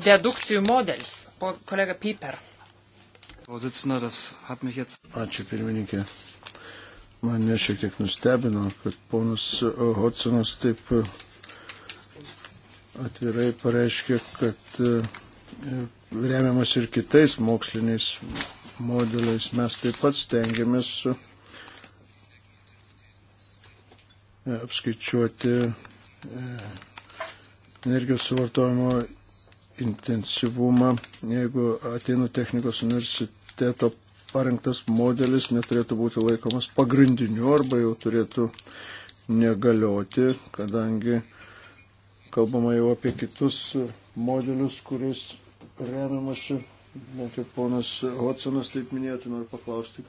dedukcijų modelis. Po kolega Piper. Ačiū pirmininkė. Mane šiek tiek nustebino, kad ponas Hodsonas taip atvirai pareiškė, kad e, remiamas ir kitais moksliniais modeliais mes taip pat stengiamės e, apskaičiuoti e, energijos suvartojimo intensyvumą, jeigu ateinų technikos universiteto parengtas modelis neturėtų būti laikomas pagrindiniu arba jau turėtų negalioti, kadangi uh, Kalbama jau apie kitus modelius, kuris remiamasi, net ir ponas Hotsonas taip minėtų, noriu paklausti,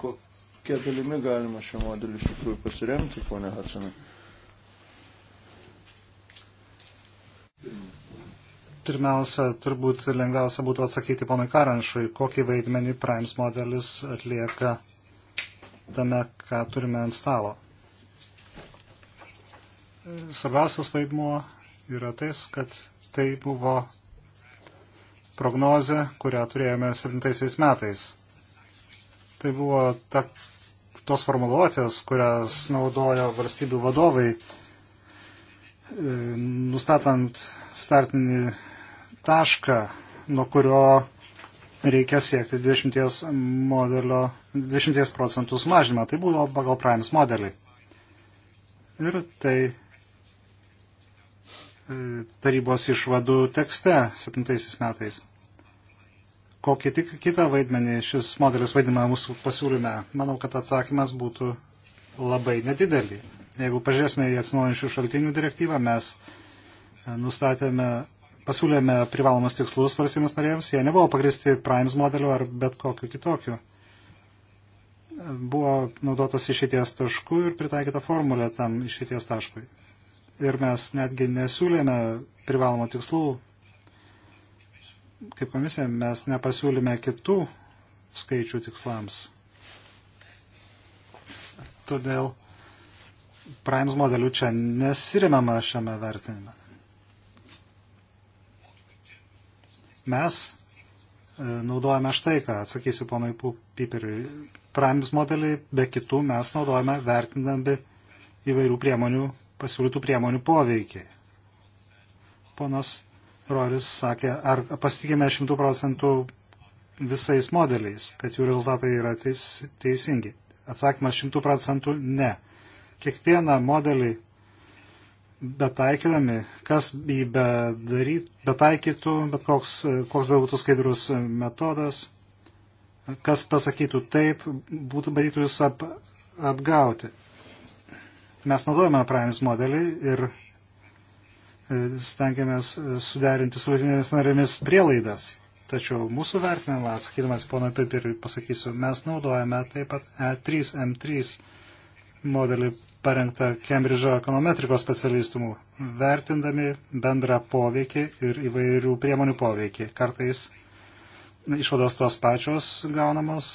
kokia dalimi galima šią modelį iš tikrųjų pasiremti, ponė Hotsonai. Pirmiausia, turbūt lengviausia būtų atsakyti ponui Karanšui, kokį vaidmenį Primes modelis atlieka tame, ką turime ant stalo. Svarbiausias vaidmuo yra tas, kad tai buvo prognozė, kurią turėjome 7 metais. Tai buvo ta, tos formuluotės, kurias naudojo valstybių vadovai, e, nustatant startinį tašką, nuo kurio reikia siekti 20, modelio, 20 procentų sumažinimą. Tai buvo pagal Primes modelį. Ir tai E, tarybos išvadų tekste 7 metais. Kokį tik kitą vaidmenį šis modelis vaidina mūsų pasiūlyme? Manau, kad atsakymas būtų labai nedidelį. Jeigu pažiūrėsime į atsinaujančių šaltinių direktyvą, mes e, nustatėme, pasiūlėme privalomus tikslus valstybės narėjams, jie nebuvo pagristi Primes modeliu ar bet kokiu kitokiu. E, buvo naudotas išėties tašku ir pritaikyta formulė tam išėties taškui ir mes netgi nesiūlėme privalomo tikslų. Kaip komisija mes nepasiūlėme kitų skaičių tikslams. Todėl Primes modelių čia nesirimiama šiame vertinime. Mes e, naudojame štai ką, atsakysiu ponui Piperiui. Primes modelį be kitų mes naudojame vertindami įvairių priemonių pasiūlytų priemonių poveikiai. Ponas Roris sakė, ar pasitikime 100 procentų visais modeliais, kad jų rezultatai yra teis, teisingi. Atsakymas 100 procentų ne. Kiekvieną modelį betaikydami, kas jį bedaryt, betaikytų, bet koks, koks būtų skaidrus metodas, kas pasakytų taip, būtų bandytų jūs ap, apgauti. Mes naudojame Primes modelį ir e, stengiamės e, suderinti su valstybėmis narėmis prielaidas. Tačiau mūsų vertinimą, atsakydamas pono Pipirui, pasakysiu, mes naudojame taip pat E3M3 modelį parengtą Kembridžo ekonometrikos specialistų, vertindami bendrą poveikį ir įvairių priemonių poveikį. Kartais išvados tos pačios gaunamos,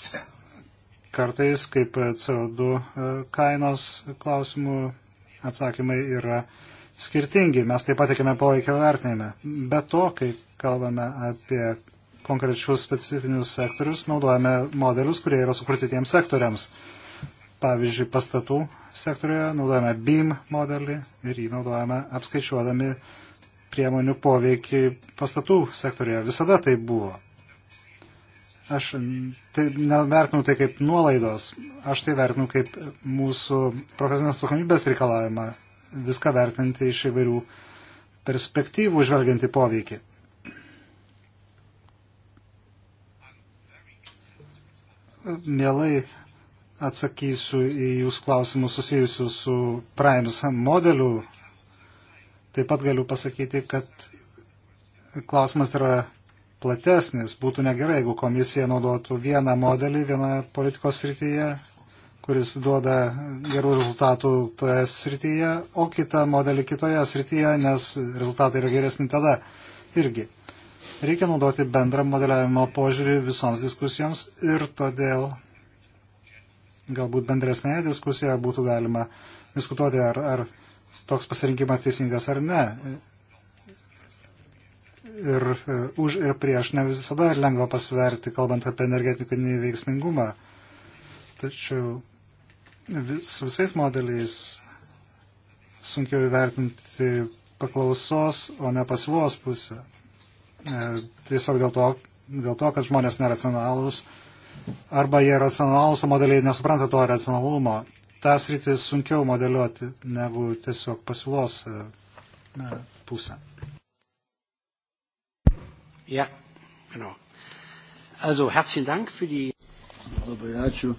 kartais, kaip CO2 e, kainos klausimų, atsakymai yra skirtingi. Mes taip patikime poveikio vertinime. Be to, kai kalbame apie konkrečius specifinius sektorius, naudojame modelius, kurie yra sukurti tiems sektoriams. Pavyzdžiui, pastatų sektorioje naudojame BIM modelį ir jį naudojame apskaičiuodami priemonių poveikį pastatų sektorioje. Visada tai buvo. Aš tai vertinu tai kaip nuolaidos, aš tai vertinu kaip mūsų profesinės atsakomybės reikalavimą viską vertinti iš įvairių perspektyvų, žvelgiant į poveikį. Mielai atsakysiu į jūsų klausimus susijusius su Primes modeliu. Taip pat galiu pasakyti, kad klausimas yra platesnis. Būtų negerai, jeigu komisija naudotų vieną modelį vienoje politikos srityje, kuris duoda gerų rezultatų toje srityje, o kitą modelį kitoje srityje, nes rezultatai yra geresni tada irgi. Reikia naudoti bendrą modeliavimo požiūrį visoms diskusijoms ir todėl galbūt bendresnėje diskusijoje būtų galima diskutuoti, ar, ar toks pasirinkimas teisingas ar ne ir e, už ir prieš ne visada lengva pasverti, kalbant apie energetinį veiksmingumą. Tačiau vis, visais modeliais sunkiau įvertinti paklausos, o ne pasiūlos pusę. E, tiesiog dėl to, dėl to, kad žmonės neracionalūs arba jie racionalūs, o modeliai nesupranta to racionalumo. Ta sritis sunkiau modeliuoti negu tiesiog pasiūlos e, pusę. Ja, genau. Also, herzlichen Dank für die. Labai ačiū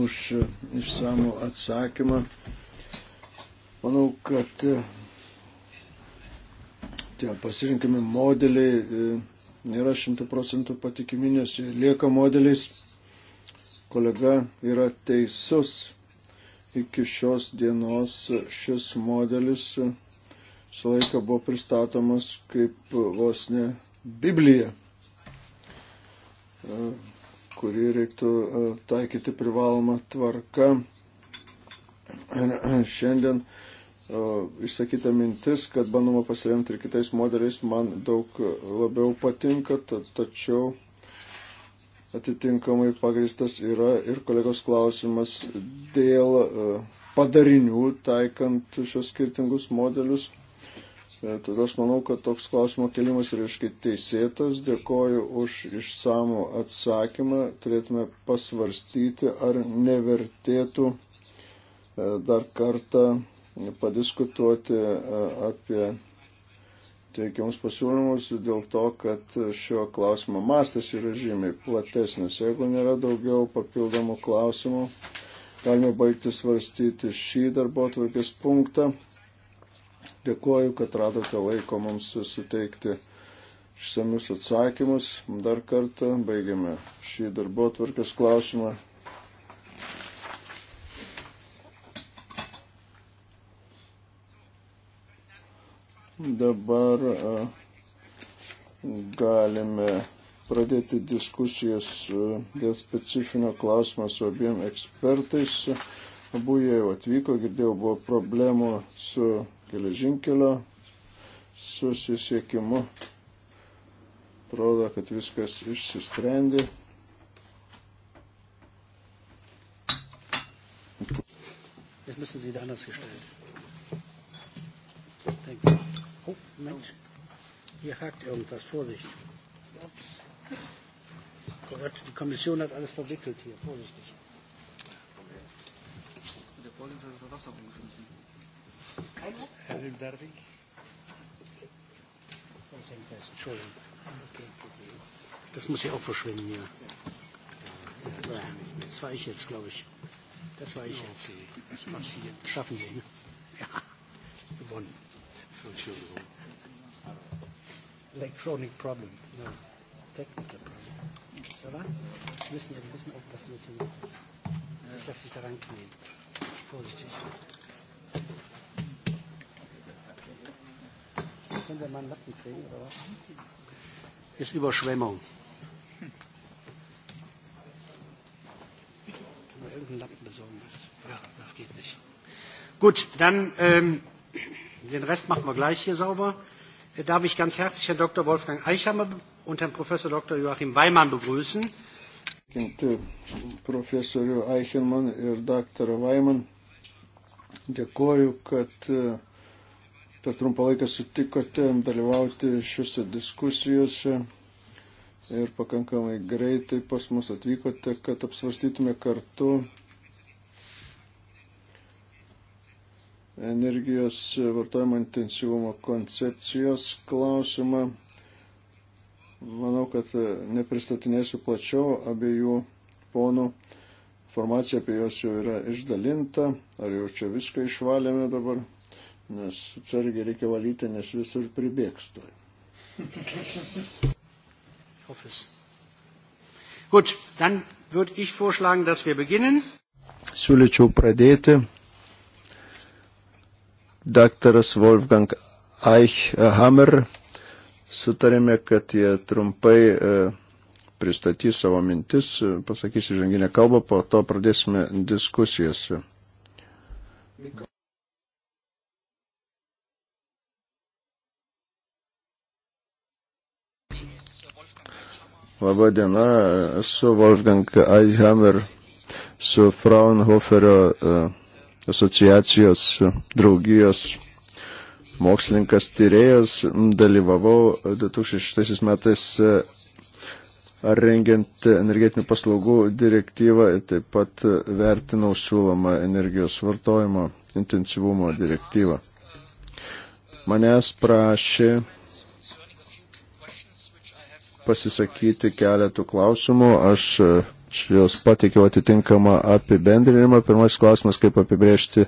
už e, išsamų atsakymą. Manau, kad e, tie pasirinkami modeliai e, nėra šimtų procentų patikimi, nes jie lieka modeliais. Kolega yra teisus. Iki šios dienos šis modelis visą laiką buvo pristatomas kaip vos ne Bibliją, e, kurį reiktų e, taikyti privalomą tvarką. Ir e, šiandien išsakyta mintis, kad bandoma pasiremti ir kitais modeliais, man daug labiau patinka, tačiau atitinkamai pagristas yra ir kolegos klausimas dėl padarinių taikant šios skirtingus modelius. Tada aš manau, kad toks klausimo kelimas yra iškai teisėtas. Dėkoju už išsamų atsakymą. Turėtume pasvarstyti, ar nevertėtų e, dar kartą padiskutuoti e, apie teikiamus pasiūlymus dėl to, kad šio klausimo mastas yra žymiai platesnis. Jeigu nėra daugiau papildomų klausimų, galime baigti svarstyti šį darbo atvarkės punktą. Dėkuoju, kad radote laiko mums suteikti išsamius atsakymus. Dar kartą baigiame šį darbo atvarkės klausimą. Dabar galime pradėti diskusijas dėl specifinio klausimo su abiem ekspertais. Abu jie jau atvyko, girdėjau, buvo problemų su geležinkelio susisiekimu. Atrodo, kad viskas išsisprendė. Jetzt müssen Sie da anders gestellt. Thanks. Oh, Mensch. Hier hakt irgendwas. Vorsicht. Oh Gott, die Kommission hat alles verwickelt hier. Vorsichtig. Der Vorsitzende hat das Wasser umgeschmissen. Halil Darvik. Entschuldigung. Das muss ja auch verschwinden, ja. ja. Das war ich jetzt, glaube ich. Das war ich jetzt. Das passiert. Schaffen Sie, ne? Ja, gewonnen. Entschuldigung. Electronic problem, no. Technical problem. Oder? Jetzt müssen wir ein bisschen aufpassen, was hier los ist. Nicht, dass sich da reinknien. Vorsichtig. Können wir mal einen Lappen kriegen oder was? Ist Überschwemmung. Können wir irgendeinen Lappen besorgen? Ja, das geht nicht. Gut, dann ähm, den Rest machen wir gleich hier sauber. Äh, darf ich ganz herzlich Herrn Dr. Wolfgang Eichhammer und Herrn Professor Dr. Joachim Weimann begrüßen. Professorių Eichelman ir daktarą Vaiman. Dėkoju, kad uh, äh, per trumpą laiką sutikote dalyvauti šiuose diskusijose ir pakankamai greitai pas mus atvykote, kad apsvarstytume kartu energijos vartojimo intensyvumo koncepcijos klausimą. Manau, kad nepristatinėsiu plačiau abiejų ponų informacija apie juos jau yra išdalinta, ar jau čia viską išvalėme dabar nes atsargiai reikia valyti, nes visur pribėgs toj. Hofis. Gut, dann würde ich vorschlagen, dass wir beginnen. Siūlyčiau pradėti. Daktaras Wolfgang Eichhammer sutarėme, kad jie trumpai e, pristatys savo mintis, e, pasakys įžanginę kalbą, po to pradėsime diskusijas. Mikro. Labą dieną, esu Wolfgang Eishammer, su Fraunhoferio e, asociacijos draugijos mokslininkas tyrėjas. Dalyvavau 2006 metais e, rengiant energetinių paslaugų direktyvą, taip pat vertinau siūlomą energijos vartojimo intensyvumo direktyvą. Manęs prašė pasisakyti keletų klausimų. Aš e, jos pateikiau atitinkamą apibendrinimą. Pirmasis klausimas, kaip apibrėžti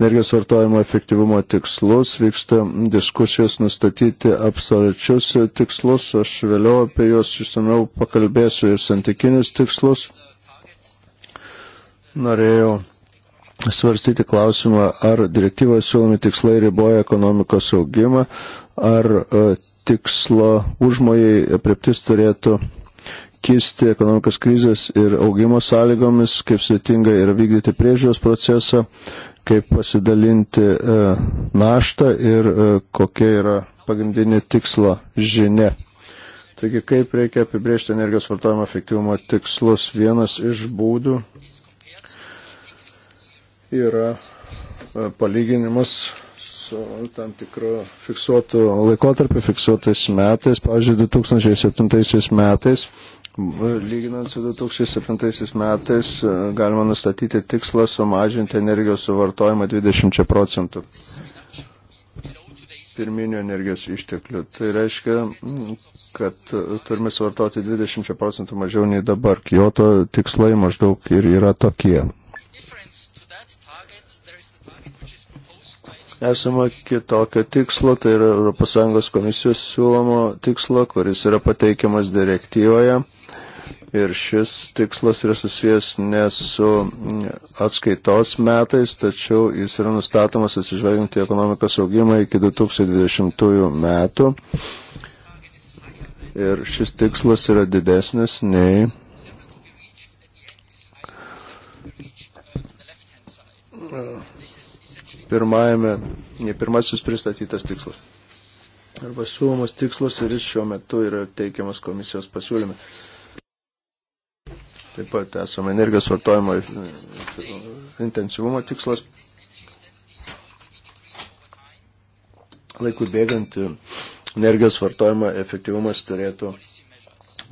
energijos vartojimo efektyvumo tikslus. Vyksta diskusijos nustatyti absoliučius tikslus. Aš vėliau apie juos išsameu pakalbėsiu ir santykinius tikslus. Norėjau svarstyti klausimą, ar direktyvoje siūlomi tikslai riboja ekonomikos augimą, ar e, tikslo užmojai apreptis turėtų kisti ekonomikos krizės ir augimo sąlygomis, kaip sudėtinga yra vykdyti priežiūros procesą, kaip pasidalinti e, naštą ir e, kokia yra pagrindinė tikslo žinia. Taigi, kaip reikia apibriežti energijos vartojimo efektyvumo tikslus, vienas iš būdų yra e, palyginimas tam tikru fiksuotu laikotarpiu, fiksuotais metais, pavyzdžiui, 2007 metais. Lyginant su 2007 metais e, galima nustatyti tikslą sumažinti energijos suvartojimą 20 procentų pirminio energijos išteklių. Tai reiškia, kad turime suvartoti 20 procentų mažiau nei dabar. Kyoto tikslai maždaug ir yra tokie. esama kitokio tikslo, tai yra ES komisijos siūlomo tikslo, kuris yra pateikiamas direktyvoje. Ir šis tikslas yra susijęs ne su atskaitos metais, tačiau jis yra nustatomas atsižvelgiant į ekonomikos augimą iki 2020 metų. Ir šis tikslas yra didesnis nei pirmajame, pirmasis pristatytas tikslas. Arba siūlomas tikslas ir jis šiuo metu yra teikiamas komisijos pasiūlyme. Taip pat esame energijos vartojimo intensyvumo tikslas. Laikų bėgant energijos vartojimo efektyvumas turėtų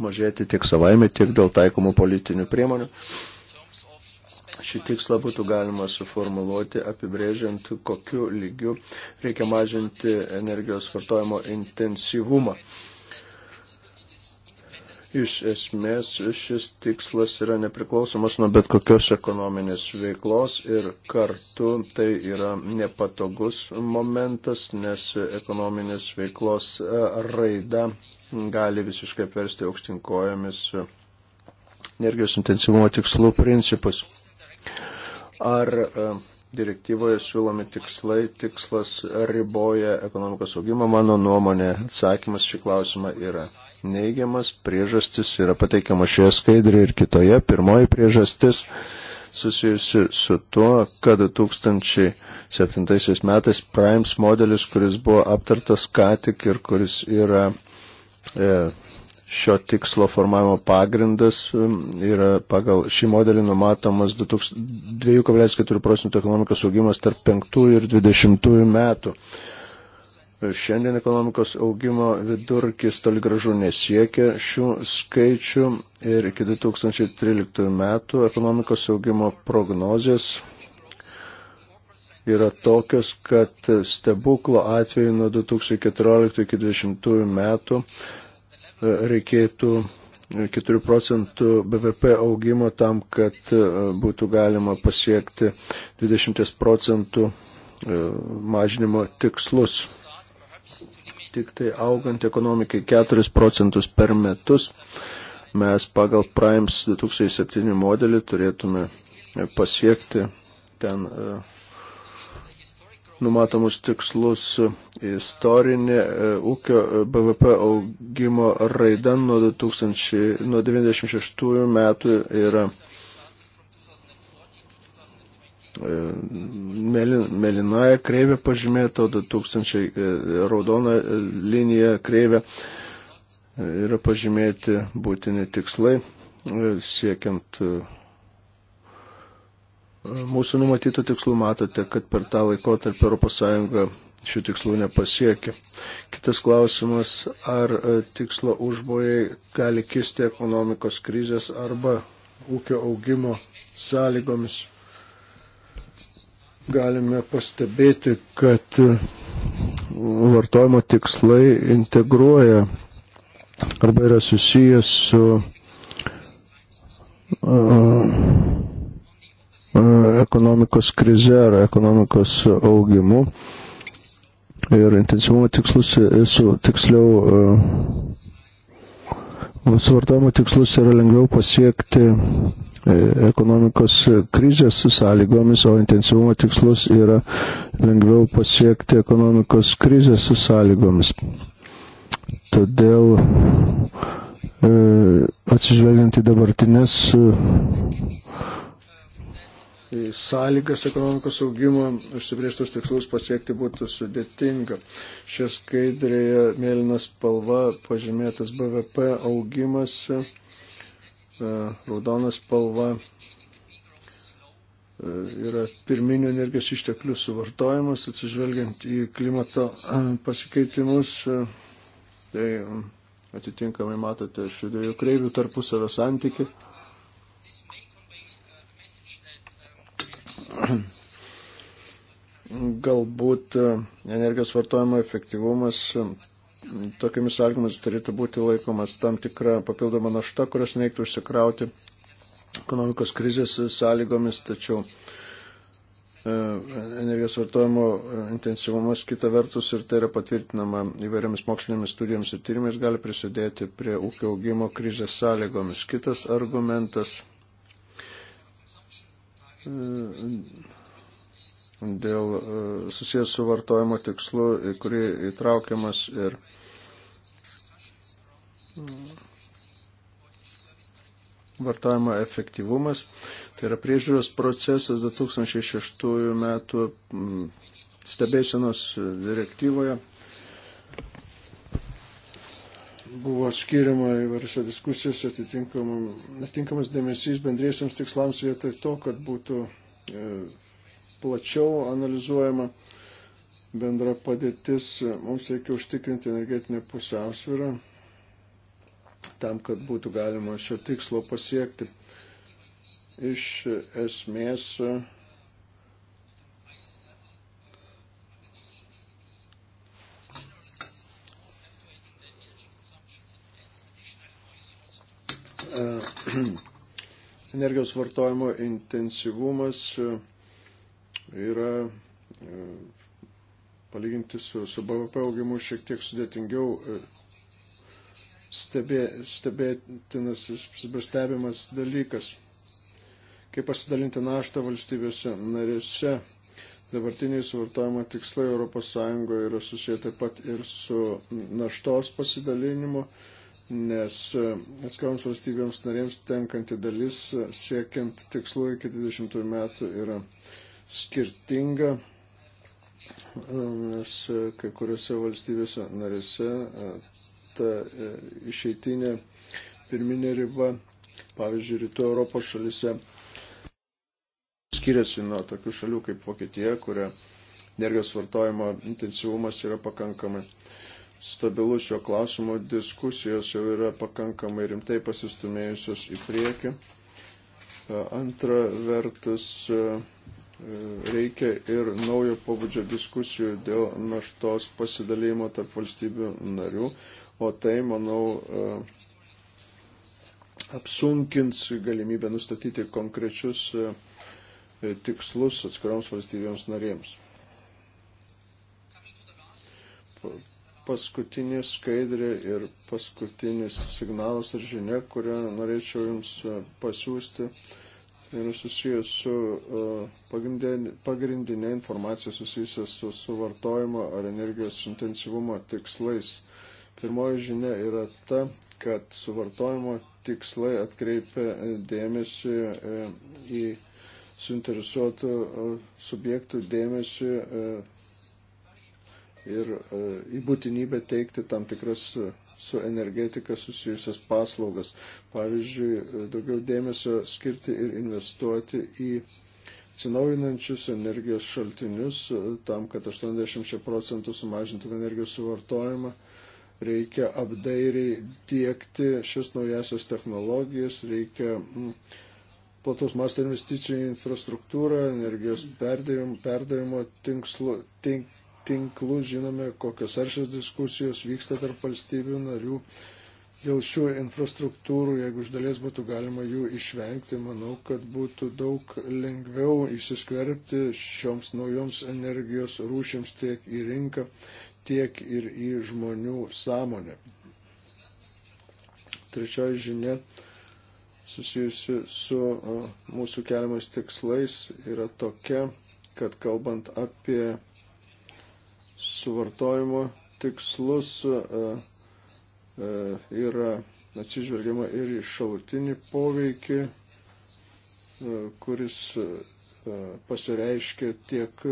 mažėti tiek savaime, tiek dėl taikomų politinių priemonių šį tikslą būtų galima suformuluoti, apibrėžiant, kokiu lygiu reikia mažinti energijos vartojimo intensyvumą. Iš esmės šis tikslas yra nepriklausomas nuo bet kokios ekonominės veiklos ir kartu tai yra nepatogus momentas, nes ekonominės veiklos raida gali visiškai persti aukštinkojomis energijos intensyvumo tikslų principus. Ar e, direktyvoje siūlomi tikslai, tikslas riboja ekonomikos augimą? Mano nuomonė, atsakymas šį klausimą yra neigiamas. Priežastis yra pateikiama šioje skaidrėje ir kitoje. Pirmoji priežastis susijusi su tuo, kad 2007 metais Primes modelis, kuris buvo aptartas ką tik ir kuris yra e, šio tikslo formavimo pagrindas um, yra pagal šį modelį numatomas 2,4 procentų ekonomikos augimas tarp 5 ir 20 metų. Šiandien ekonomikos augimo vidurkis toli gražu nesiekia šių skaičių ir iki 2013 metų ekonomikos augimo prognozijas yra tokios, kad stebuklo atveju nuo 2014 iki 2020 metų reikėtų 4 procentų BVP augimo tam, kad e, būtų galima pasiekti 20 procentų e, mažinimo tikslus. Tik tai augant ekonomikai 4 procentus per metus mes pagal Primes 2007 modelį turėtume pasiekti ten e, numatomus tikslus istorinė e, ūkio e, BVP augimo raida nuo 2000, nuo 96 metų yra e, melinoje kreivė pažymėta, o 2000 raudona linija kreivė yra pažymėti būtini tikslai siekiant mūsų numatytų tikslų matote, kad per tą laikotarpį ES šių tikslų nepasiekia. Kitas klausimas, ar e, tikslo užbojai gali kisti ekonomikos krizės arba ūkio augimo sąlygomis. Galime pastebėti, kad e, vartojimo tikslai integruoja arba yra susijęs su uh, ekonomikos krize ar ekonomikos augimu ir intensyvumo tikslus, e, su, tiksliau, e, suvartojimo tikslus yra lengviau pasiekti e, ekonomikos krizės sąlygomis, o intensyvumo tikslus yra lengviau pasiekti ekonomikos krizės sąlygomis. Todėl atsižvelgiant į dabartinės sąlygas ekonomikos augimo užsibrėžtus tikslus pasiekti būtų sudėtinga. Šią skaidrėje mėlynas spalva pažymėtas BVP augimas, e, raudonas spalva e, yra pirminių energijos išteklių suvartojimas, atsižvelgiant į klimato e, pasikeitimus. Tai atitinkamai matote šių dviejų kreivių tarpusavio santykių. galbūt e, energijos vartojimo efektyvumas e, tokiamis sąlygomis turėtų būti laikomas tam tikra papildoma našta, kurios neiktų užsikrauti ekonomikos krizės sąlygomis, tačiau e, energijos vartojimo intensyvumas kita vertus ir tai yra patvirtinama įvairiamis mokslinėmis studijomis ir tyrimais gali prisidėti prie ūkio augimo krizės sąlygomis. Kitas argumentas dėl e, susijęs su vartojimo tikslu, į kurį įtraukiamas ir mm, vartojimo efektyvumas. Tai yra priežiūros procesas 2006 metų mm, stebėsenos e, direktyvoje buvo skiriama įvairiose diskusijose atitinkamas dėmesys bendriesiams tikslams vietoj to, kad būtų e, plačiau analizuojama bendra padėtis. Mums reikia užtikrinti energetinę pusiausvyrą tam, kad būtų galima šio tikslo pasiekti. Iš esmės E, (clears throat) energijos vartojimo intensyvumas e, yra e, palyginti su, su BVP augimu šiek tiek sudėtingiau stebė, stebėtinas, stebimas dalykas. Kaip pasidalinti naštą valstybėse narėse. Dabartiniai suvartojimo tikslai ES yra susiję taip pat ir su naštos pasidalinimu nes e, atskiroms valstybėms narėms tenkanti dalis e, siekiant tikslų iki 20 metų yra skirtinga, e, nes kai kuriuose valstybėse narėse ta išeitinė pirminė riba, pavyzdžiui, rytų Europos šalise skiriasi nuo tokių šalių kaip Vokietija, kuria energijos vartojimo intensyvumas yra pakankamai stabilus šio klausimo diskusijos jau yra pakankamai rimtai pasistumėjusios į priekį. E, antra vertus, e, reikia ir naujo pobūdžio diskusijų dėl naštos pasidalymo tarp valstybių narių, o tai, manau, e, apsunkins galimybę nustatyti konkrečius tikslus atskiroms valstybėms narėms paskutinė skaidrė ir paskutinis signalas ar žinia, kurią norėčiau Jums e, pasiūsti, tai yra susijęs su e, pagrindinė informacija susijusia su suvartojimo ar energijos intensyvumo tikslais. Pirmoji žinia yra ta, kad suvartojimo tikslai atkreipia e, dėmesį į suinteresuotų subjektų dėmesį ir e, į būtinybę teikti tam tikras su energetika susijusias paslaugas. Pavyzdžiui, e, daugiau dėmesio skirti ir investuoti į atsinaujinančius energijos šaltinius e, tam, kad 80 procentų sumažintume energijos suvartojimą. Reikia apdairiai dėkti šias naujasias technologijas, reikia plataus masto investicijų į infrastruktūrą, energijos perdavimo, perdavimo tinkslo, tink, tinklų, žinome, kokios aršios diskusijos vyksta tarp valstybių narių dėl šių infrastruktūrų, jeigu iš dalies būtų galima jų išvengti, manau, kad būtų daug lengviau įsiskverbti šioms naujoms energijos rūšims tiek į rinką, tiek ir į žmonių sąmonę. Trečioji žinia susijusi su mūsų keliamais tikslais yra tokia, kad kalbant apie suvartojimo tikslus yra e, e, atsižvelgiama ir į šautinį poveikį, e, kuris pasireiškia tiek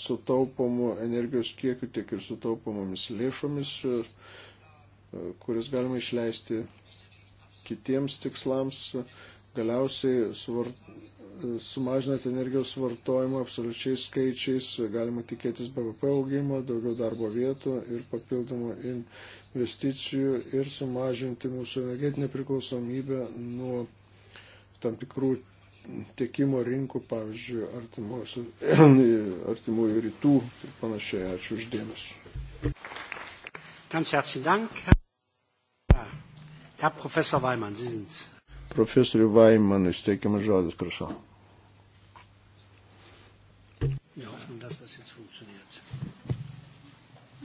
sutaupomu energijos kiekiu, tiek ir sutaupomomis lėšomis, kuris galima išleisti kitiems tikslams. Galiausiai sumažinant energijos vartojimą absoliučiais skaičiais, galima tikėtis BVP augimo, daugiau darbo vietų ir papildomų investicijų ir sumažinti mūsų energetinę priklausomybę nuo tam tikrų tiekimo rinkų, pavyzdžiui, (clears throat) artimųjų rytų ir panašiai. Ačiū uždėmesi. Ganz herzlichen Dank. Herr Professor Weimann, Sie sind. Profesoriui Vaimanui steikiamas žodis, prašau.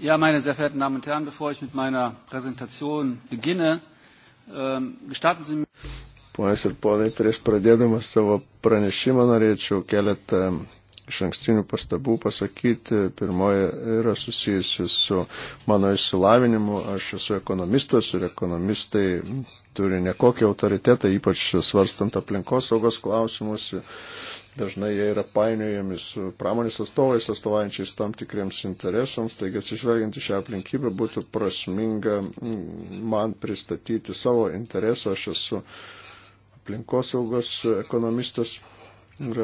Ja, meine sehr verehrten Damen und Herren, bevor ich mit meiner Präsentation beginne, ähm, gestatten Sie mir. Ponas ir ponai, prieš pradėdamas savo pranešimą norėčiau keletą iš ankstinių pastabų pasakyti. Pirmoji yra susijusi su mano išsilavinimu. Aš esu ekonomistas ir ekonomistai turi nekokį autoritetą, ypač svarstant aplinkosaugos klausimus. Ir Dažnai jie yra painiojami su pramonės atstovais, atstovaujančiais tam tikriems interesams, taigi atsižvelgiant į šią aplinkybę būtų prasminga mm, man pristatyti savo interesą. Aš esu aplinkosaugos ekonomistas ir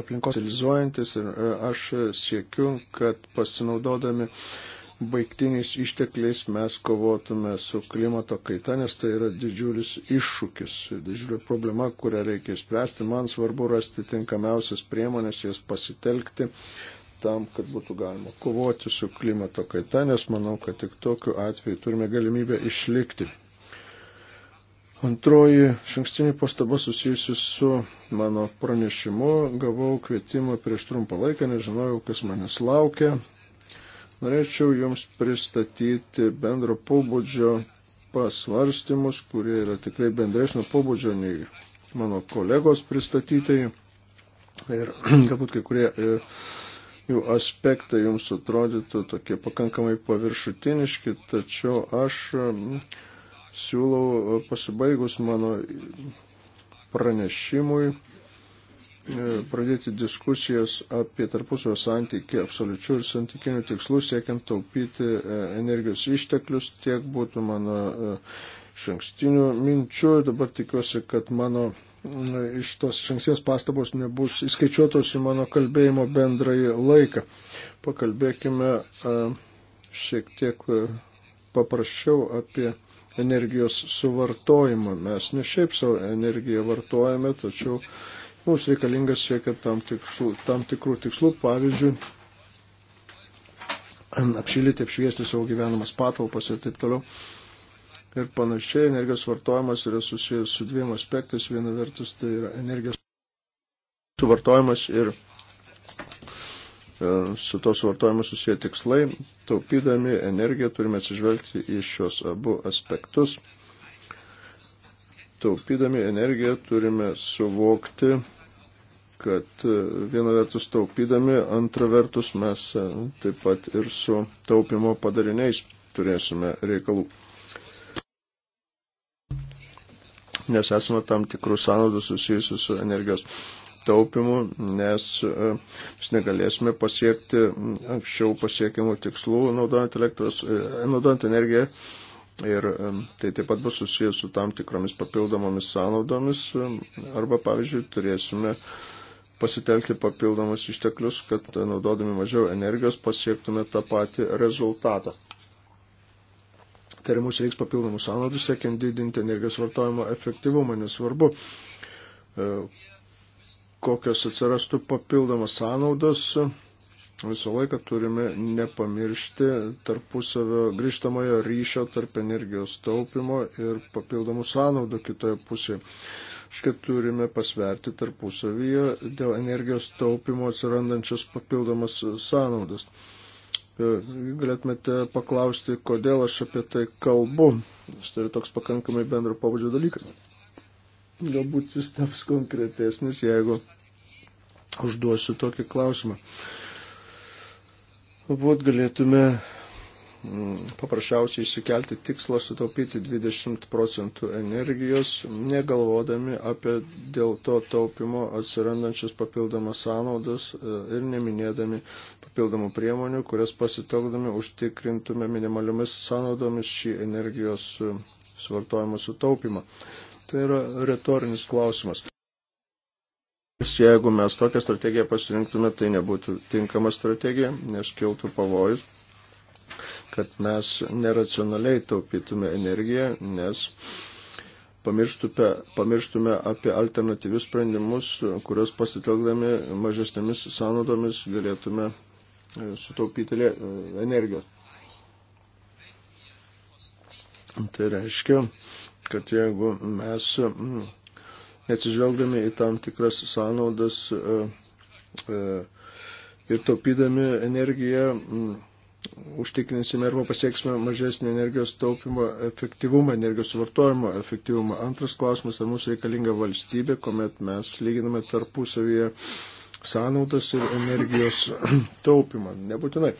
aplinkos realizuojantis ir aš siekiu, kad pasinaudodami baigtiniais ištekliais mes kovotume su klimato kaita, nes tai yra didžiulis iššūkis, didžiulė problema, kurią reikia spręsti. Man svarbu rasti tinkamiausias priemonės, jas pasitelkti tam, kad būtų galima kovoti su klimato kaita, nes manau, kad tik tokiu atveju turime galimybę išlikti. Antroji šankstinė pastaba susijusi su mano pranešimu. Gavau kvietimą prieš trumpą laiką, nežinojau, kas manęs laukia. Norėčiau Jums pristatyti bendro pobūdžio pasvarstymus, kurie yra tikrai bendresnio pobūdžio nei mano kolegos pristatyti. Ir (clears throat) galbūt kai kurie e, jų aspektai Jums atrodytų tokie pakankamai paviršutiniški, tačiau aš e, siūlau e, pasibaigus mano pranešimui E, pradėti diskusijas apie tarpusavio santykį absoliučių ir santykinių tikslų, siekiant taupyti e, energijos išteklius, tiek būtų mano e, šankstinių minčių. Dabar tikiuosi, kad mano iš tos šankstinės pastabos nebus įskaičiuotos į mano kalbėjimo bendrąjį laiką. Pakalbėkime šiek tiek paprasčiau apie energijos suvartojimą. Mes ne šiaip savo energiją vartojame, tačiau mums reikalingas siekia tam, tikslų, tam tikrų tikslų, pavyzdžiui, apšilyti, apšviesti savo gyvenamas patalpas ir taip toliau. Ir panašiai energijos vartojimas yra susijęs su dviem aspektais. Viena vertus tai yra energijos suvartojimas ir e, su to suvartojimu susiję tikslai. Taupydami energiją turime atsižvelgti į šios abu aspektus taupydami energiją turime suvokti, kad e, viena vertus taupydami, antra vertus mes e, taip pat ir su taupimo padariniais turėsime reikalų. Nes esame tam tikrų sąnaudų susijusių su energijos taupimu, nes e, mes negalėsime pasiekti anksčiau pasiekimų tikslų naudojant, elektros, naudojant energiją Ir tai taip pat bus susijęs su tam tikromis papildomomis sąnaudomis arba, pavyzdžiui, turėsime pasitelkti papildomus išteklius, kad e, naudodami mažiau energijos pasiektume tą patį rezultatą. Tai yra mūsų reiks papildomų sąnaudų, siekiant didinti energijos vartojimo efektyvumą, nesvarbu, e, kokios atsirastų papildomos sąnaudos, Visą laiką turime nepamiršti tarpusavio grįžtamojo ryšio tarp energijos taupimo ir papildomų sąnaudų kitoje pusėje. Škia turime pasverti tarpusavyje dėl energijos taupimo atsirandančias papildomas sąnaudas. E, galėtumėte paklausti, kodėl aš apie tai kalbu. Jis tai yra toks pakankamai bendro pabudžio dalykas. Galbūt jis taps konkretesnis, jeigu užduosiu tokį klausimą. Galbūt galėtume mm, paprasčiausiai įsikelti tikslą sutaupyti 20 procentų energijos, negalvodami apie dėl to taupimo atsirandančias papildomas sąnaudas e, ir neminėdami papildomų priemonių, kurias pasitelkdami užtikrintume minimaliomis sąnaudomis šį energijos e, suvartojimo sutaupimą. Tai yra retorinis klausimas. Jeigu mes tokią strategiją pasirinktume, tai nebūtų tinkama strategija, nes kiltų pavojus, kad mes neracionaliai taupytume energiją, nes pamirštume, pamirštume apie alternatyvius sprendimus, kurios pasitelkdami mažesnėmis sąnaudomis galėtume e, sutaupyti e, energijos. Tai reiškia, kad jeigu mes neatsižvelgdami į tam tikras sąnaudas e, e, ir taupydami energiją užtikrinsime arba pasieksime mažesnį energijos taupimo efektyvumą, energijos suvartojimo efektyvumą. Antras klausimas, ar mums reikalinga valstybė, kuomet mes lyginame tarpusavyje sąnaudas ir energijos (clears throat) taupimą. Nebūtinai.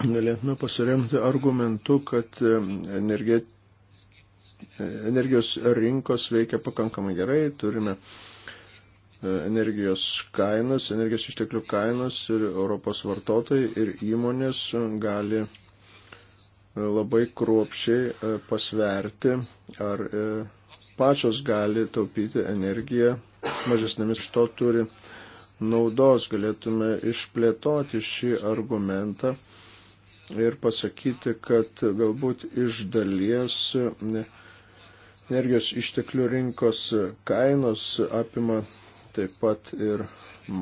Galėtume pasiremti argumentu, kad e, energetika energijos rinkos veikia pakankamai gerai, turime e, energijos kainas, energijos išteklių kainas ir Europos vartotojai ir įmonės gali e, labai kruopšiai e, pasverti, ar pačios gali taupyti energiją, mažesnėmis iš to turi naudos, galėtume išplėtoti šį argumentą ir pasakyti, kad galbūt iš dalies ne, Energijos išteklių rinkos kainos apima taip pat ir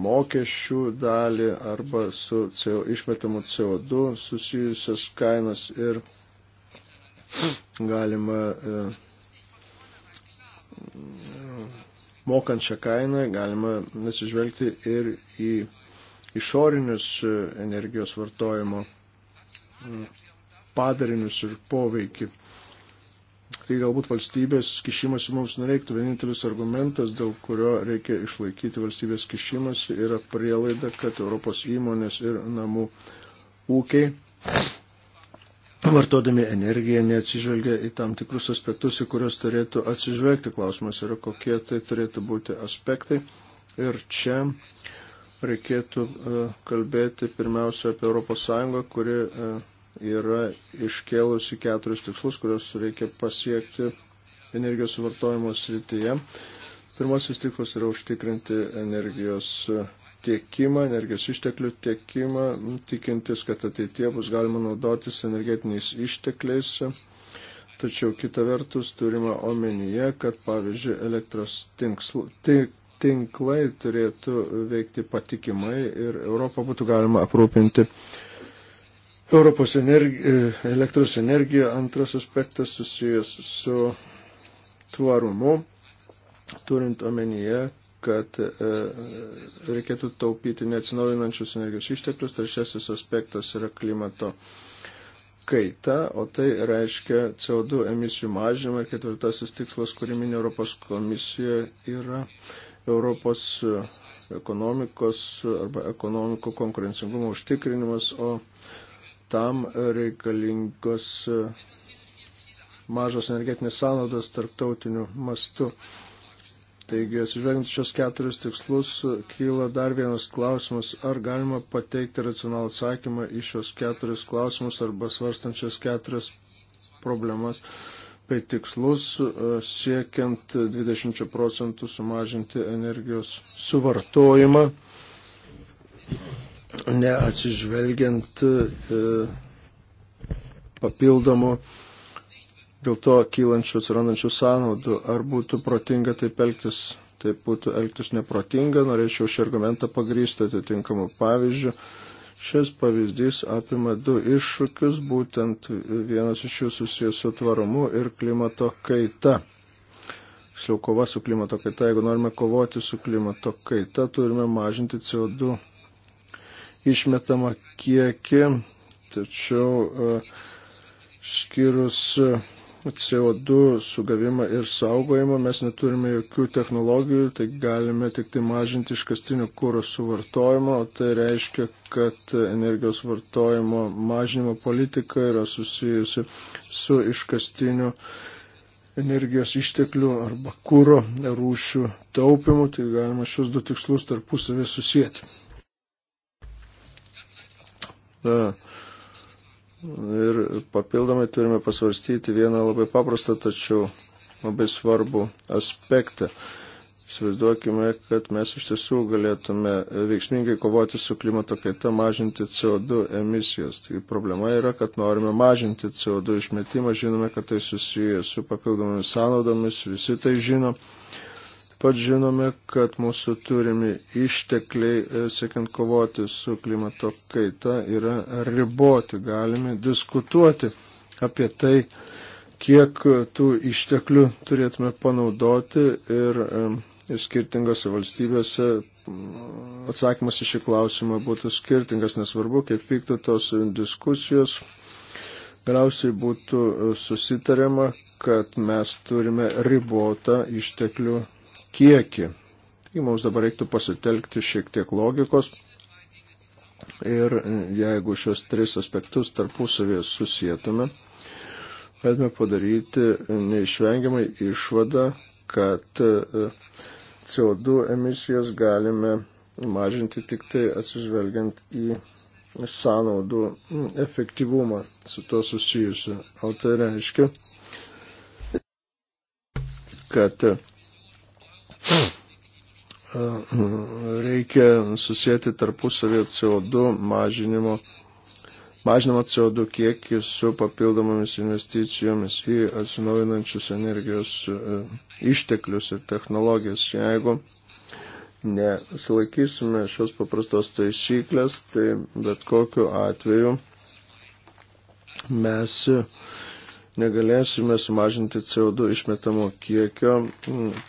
mokesčių dalį arba su CO, išmetamu CO2 susijusias kainas ir galima e, mokant šią kainą galima nesižvelgti ir į išorinius e, energijos vartojimo padarinius ir poveikį tai galbūt valstybės kišimasi mums nereiktų. Vienintelis argumentas, dėl kurio reikia išlaikyti valstybės kišimasi, yra prielaida, kad Europos įmonės ir namų ūkiai, vartodami energiją, neatsižvelgia į tam tikrus aspektus, į kuriuos turėtų atsižvelgti. Klausimas yra, kokie tai turėtų būti aspektai. Ir čia reikėtų e, kalbėti pirmiausia apie ES, kuri e, yra iškėlusi keturis tikslus, kuriuos reikia pasiekti energijos suvartojimo srityje. Pirmasis tikslas yra užtikrinti energijos tiekimą, energijos išteklių tiekimą, tikintis, kad ateitie bus galima naudotis energetiniais ištekliais. Tačiau kita vertus turime omenyje, kad pavyzdžiui elektros tinksl, tink, tinklai turėtų veikti patikimai ir Europą būtų galima aprūpinti Europos energi e, elektros energija, antras aspektas susijęs su tvarumu, turint omenyje, kad e, reikėtų taupyti neatsinaujinančius energijos išteklius. Trečiasis aspektas yra klimato kaita, o tai reiškia CO2 emisijų mažinimą. Ir ketvirtasis tikslas, kurį minė Europos komisija, yra Europos ekonomikos arba ekonomikų konkurencingumo užtikrinimas, o tam reikalingos e, mažos energetinės sąnaudos tarptautiniu mastu. Taigi, atsižvelgiant šios keturis tikslus, kyla dar vienas klausimas, ar galima pateikti racionalų atsakymą į šios keturis klausimus arba svarstančias keturias problemas bei tikslus, e, siekiant 20 procentų sumažinti energijos suvartojimą neatsižvelgiant e, papildomų dėl to kylančių atsirandančių sąnaudų. Ar būtų protinga taip elgtis? Taip būtų elgtis neprotinga. Norėčiau šį argumentą pagrysti atitinkamu pavyzdžiu. Šis pavyzdys apima du iššūkius, būtent vienas iš jų susijęs su tvarumu ir klimato kaita. Tiksliau, kova su klimato kaita, jeigu norime kovoti su klimato kaita, turime mažinti CO2 išmetamą kiekį, tačiau e, skyrus e, CO2 sugavimą ir saugojimą mes neturime jokių technologijų, tai galime tik tai mažinti iškastinio kūro suvartojimą, o tai reiškia, kad energijos vartojimo mažinimo politika yra susijusi su iškastiniu energijos išteklių arba kūro rūšių taupimu, tai galima šios du tikslus tarpusavį susijęti. Na, e, ir papildomai turime pasvarstyti vieną labai paprastą, tačiau labai svarbų aspektą. Įsivaizduokime, kad mes iš tiesų galėtume veiksmingai kovoti su klimato kaita, mažinti CO2 emisijas. Tai problema yra, kad norime mažinti CO2 išmetimą, žinome, kad tai susiję su papildomomis sąnaudomis, visi tai žino pat žinome, kad mūsų turimi ištekliai, e, siekiant kovoti su klimato kaita, yra riboti. Galime diskutuoti apie tai, kiek tų išteklių turėtume panaudoti ir, ir e, skirtingose valstybėse mm, atsakymas į šį klausimą būtų skirtingas, nesvarbu, kaip vyktų tos diskusijos. Galiausiai būtų e, susitariama, kad mes turime ribotą išteklių kiekį. Taigi mums dabar reiktų pasitelkti šiek tiek logikos ir jeigu šios tris aspektus tarpusavėje susijėtume, galime padaryti neišvengiamai išvadą, kad e, CO2 emisijas galime mažinti tik tai atsižvelgiant į sąnaudų efektyvumą su to susijusiu. O tai reiškia, kad reikia susijęti tarpusavį CO2 mažinimo, mažinimo CO2 kiekį su papildomomis investicijomis į atsinaujinančius energijos e, išteklius ir technologijas. Jeigu nesilaikysime šios paprastos taisyklės, tai bet kokiu atveju mes negalėsime sumažinti CO2 išmetamo kiekio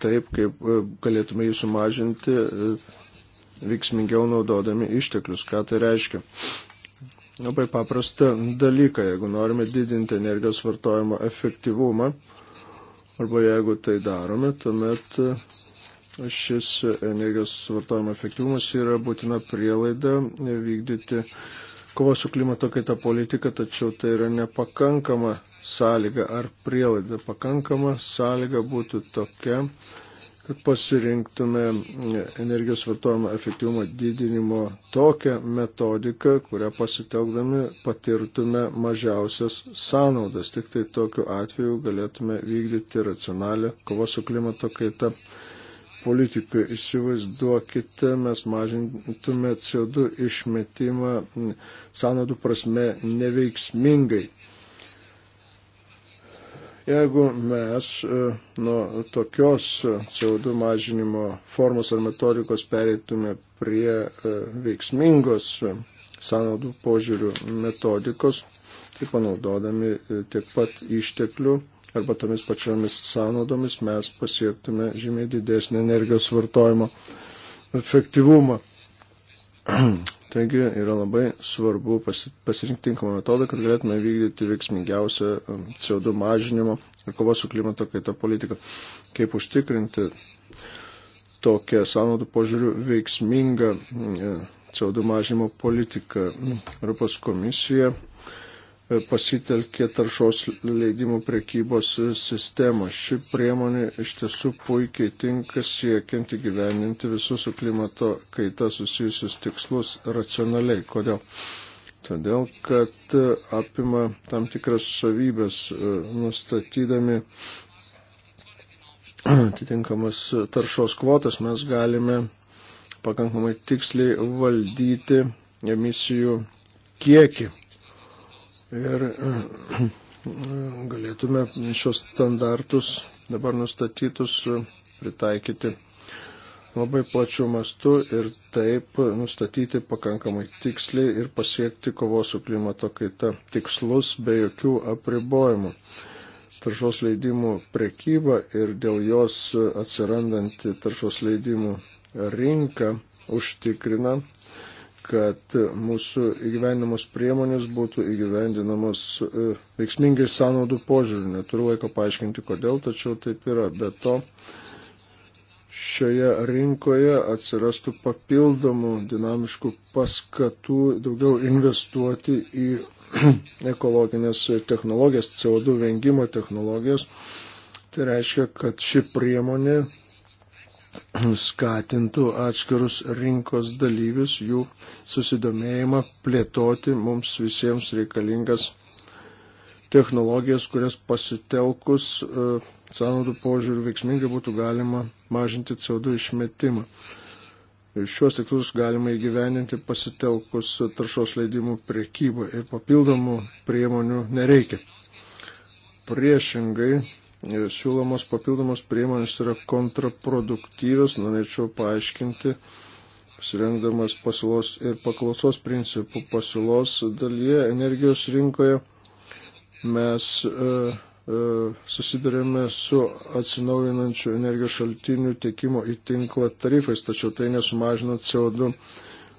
taip, kaip e, galėtume jį sumažinti e, veiksmingiau naudodami išteklius. Ką tai reiškia? Labai paprasta dalyka, jeigu norime didinti energijos vartojimo efektyvumą, arba jeigu tai darome, tuomet e, šis energijos vartojimo efektyvumas yra būtina prielaida vykdyti kovos su klimato kaita politika, tačiau tai yra nepakankama sąlyga ar prielaida. Pakankama sąlyga būtų tokia, kad pasirinktume energijos vartojimo efektyvumo didinimo tokią metodiką, kurią pasitelkdami patirtume mažiausias sąnaudas. Tik tai tokiu atveju galėtume vykdyti racionalią kovos su klimato kaita politikai. Įsivaizduokite, mes mažintume CO2 išmetimą sąnaudų prasme neveiksmingai. Jeigu mes e, nuo tokios CO2 mažinimo formos ar metodikos pereitume prie e, veiksmingos sąnaudų požiūrių metodikos, tai panaudodami e, tiek pat išteklių arba tomis pačiomis sąnaudomis mes pasiektume žymiai didesnį energijos vartojimo efektyvumą. (clears throat) Taigi yra labai svarbu pasirinkti tinkamą metodą, kad galėtume vykdyti veiksmingiausią um, CO2 mažinimo ir kovos su klimato kaita politiką. Kaip užtikrinti tokią sąnaudų požiūrių veiksmingą um, CO2 mažinimo politiką. Europos komisija E, pasitelkė taršos leidimų prekybos sistemą. Ši priemonė iš tiesų puikiai tinka siekiant įgyveninti visus su klimato kaita susijusius tikslus racionaliai. Kodėl? Todėl, kad apima tam tikras savybės, e, nustatydami atitinkamas taršos kvotas, mes galime pakankamai tiksliai valdyti emisijų kiekį Ir galėtume šios standartus dabar nustatytus pritaikyti labai plačių mastų ir taip nustatyti pakankamai tiksliai ir pasiekti kovos su klimato kaita tikslus be jokių apribojimų. Taršos leidimų prekyba ir dėl jos atsirandanti taršos leidimų rinka užtikrina kad mūsų įgyvendinamos priemonės būtų įgyvendinamos e, veiksmingai sąnaudų požiūrį. Neturiu laiko paaiškinti, kodėl, tačiau taip yra. Be to, šioje rinkoje atsirastų papildomų dinamiškų paskatų daugiau investuoti į (clears throat) ekologinės technologijas, CO2 vengimo technologijas. Tai reiškia, kad ši priemonė skatintų atskirus rinkos dalyvius jų susidomėjimą plėtoti mums visiems reikalingas technologijas, kurias pasitelkus e, sąnaudų požiūrių veiksmingai būtų galima mažinti CO2 išmetimą. Šiuos tikslus galima įgyveninti pasitelkus taršos leidimų priekybą ir papildomų priemonių nereikia. Priešingai siūlomos papildomos priemonės yra kontraproduktyvios, norėčiau paaiškinti, pasirengdamas pasiūlos ir paklausos principų. Pasiūlos dalyje energijos rinkoje mes e, e, susidurėme su atsinaujinančių energijos šaltinių tiekimo į tinklą tarifais, tačiau tai nesumažina CO2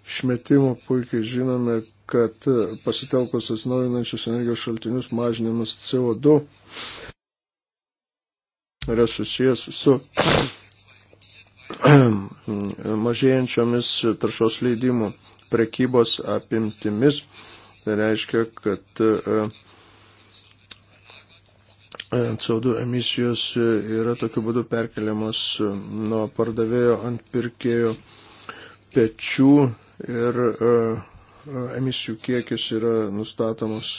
išmetimo. Puikiai žinome, kad pasitelkus atsinaujinančius energijos šaltinius mažinimas CO2 yra susijęs su (clears throat) mažėjančiomis taršos leidimų prekybos apimtimis. Tai reiškia, kad e, e, CO2 emisijos e, yra tokiu būdu perkeliamos nuo pardavėjo ant pirkėjo pečių ir emisijų kiekis yra nustatomas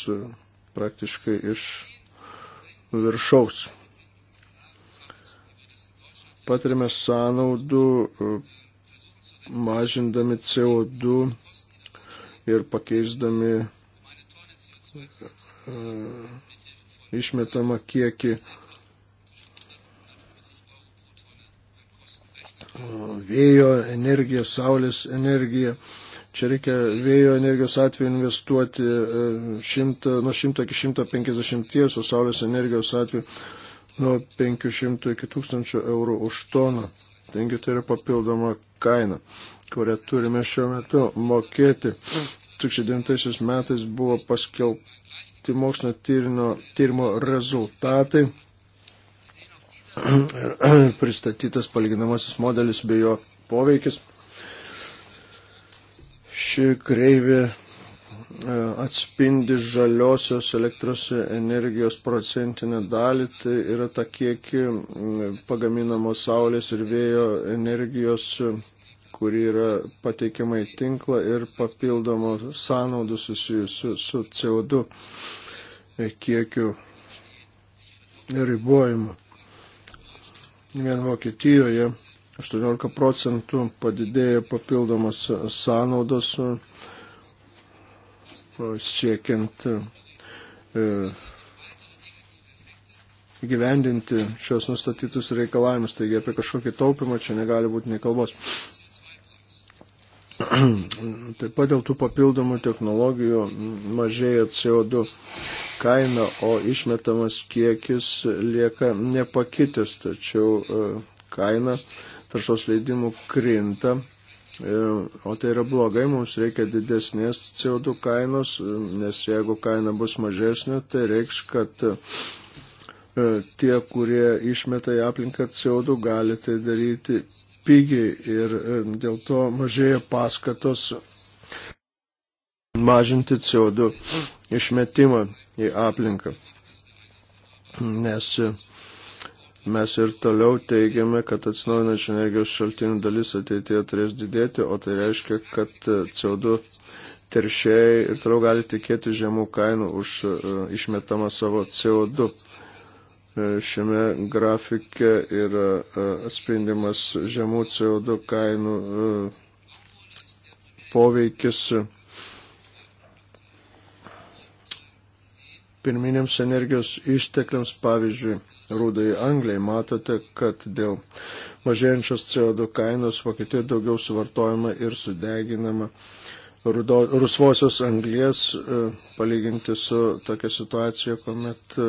praktiškai iš viršaus patiriame sąnaudų e, mažindami CO2 ir pakeisdami e, išmetamą kiekį e, vėjo energiją, saulės energiją. Čia reikia vėjo energijos atveju investuoti 100, nuo 100 iki 150, o saulės energijos atveju nuo 500 iki 1000 eurų už toną. Taigi tai yra papildoma kaina, kurią turime šiuo metu mokėti. 2009 metais buvo paskelbti mokslinio tyrino, tyrimo rezultatai ir (clears throat) pristatytas palyginamasis modelis bei jo poveikis. Ši kreivė E, atspindi žaliosios elektros energijos procentinę dalį, tai yra ta kiekį pagaminamos saulės ir vėjo energijos, kuri yra pateikiama į tinklą ir papildomų sąnaudų susijusių su CO2 kiekiu ribojimu. Vien Vokietijoje 18 procentų padidėja papildomos sąnaudos siekiant e, gyvendinti šios nustatytus reikalavimus, taigi apie kažkokį taupimą čia negali būti nei kalbos. (clears throat) Taip pat dėl tų papildomų technologijų mažėja CO2 kaina, o išmetamas kiekis lieka nepakitęs, tačiau e, kaina taršos leidimų krinta E, o tai yra blogai, mums reikia didesnės CO2 kainos, e, nes jeigu kaina bus mažesnė, tai reikš, kad e, tie, kurie išmeta į aplinką CO2, gali tai daryti pigiai ir dėl to mažėja paskatos mažinti CO2 išmetimą į aplinką. Nes uh, Mes ir toliau teigiame, kad atsinaujinančių energijos šaltinių dalis ateityje turės didėti, o tai reiškia, kad e, CO2 teršėjai ir toliau gali tikėti žemų kainų už e, išmetamą savo CO2. E, šiame grafike yra atspindimas žemų CO2 kainų poveikis pirminiams energijos ištekliams, pavyzdžiui rūdai Angliai. Matote, kad dėl mažėjančios CO2 kainos Vokietijoje daugiau suvartojama ir sudeginama rudo, rusvosios anglies e, palyginti su tokia situacija, kuomet e,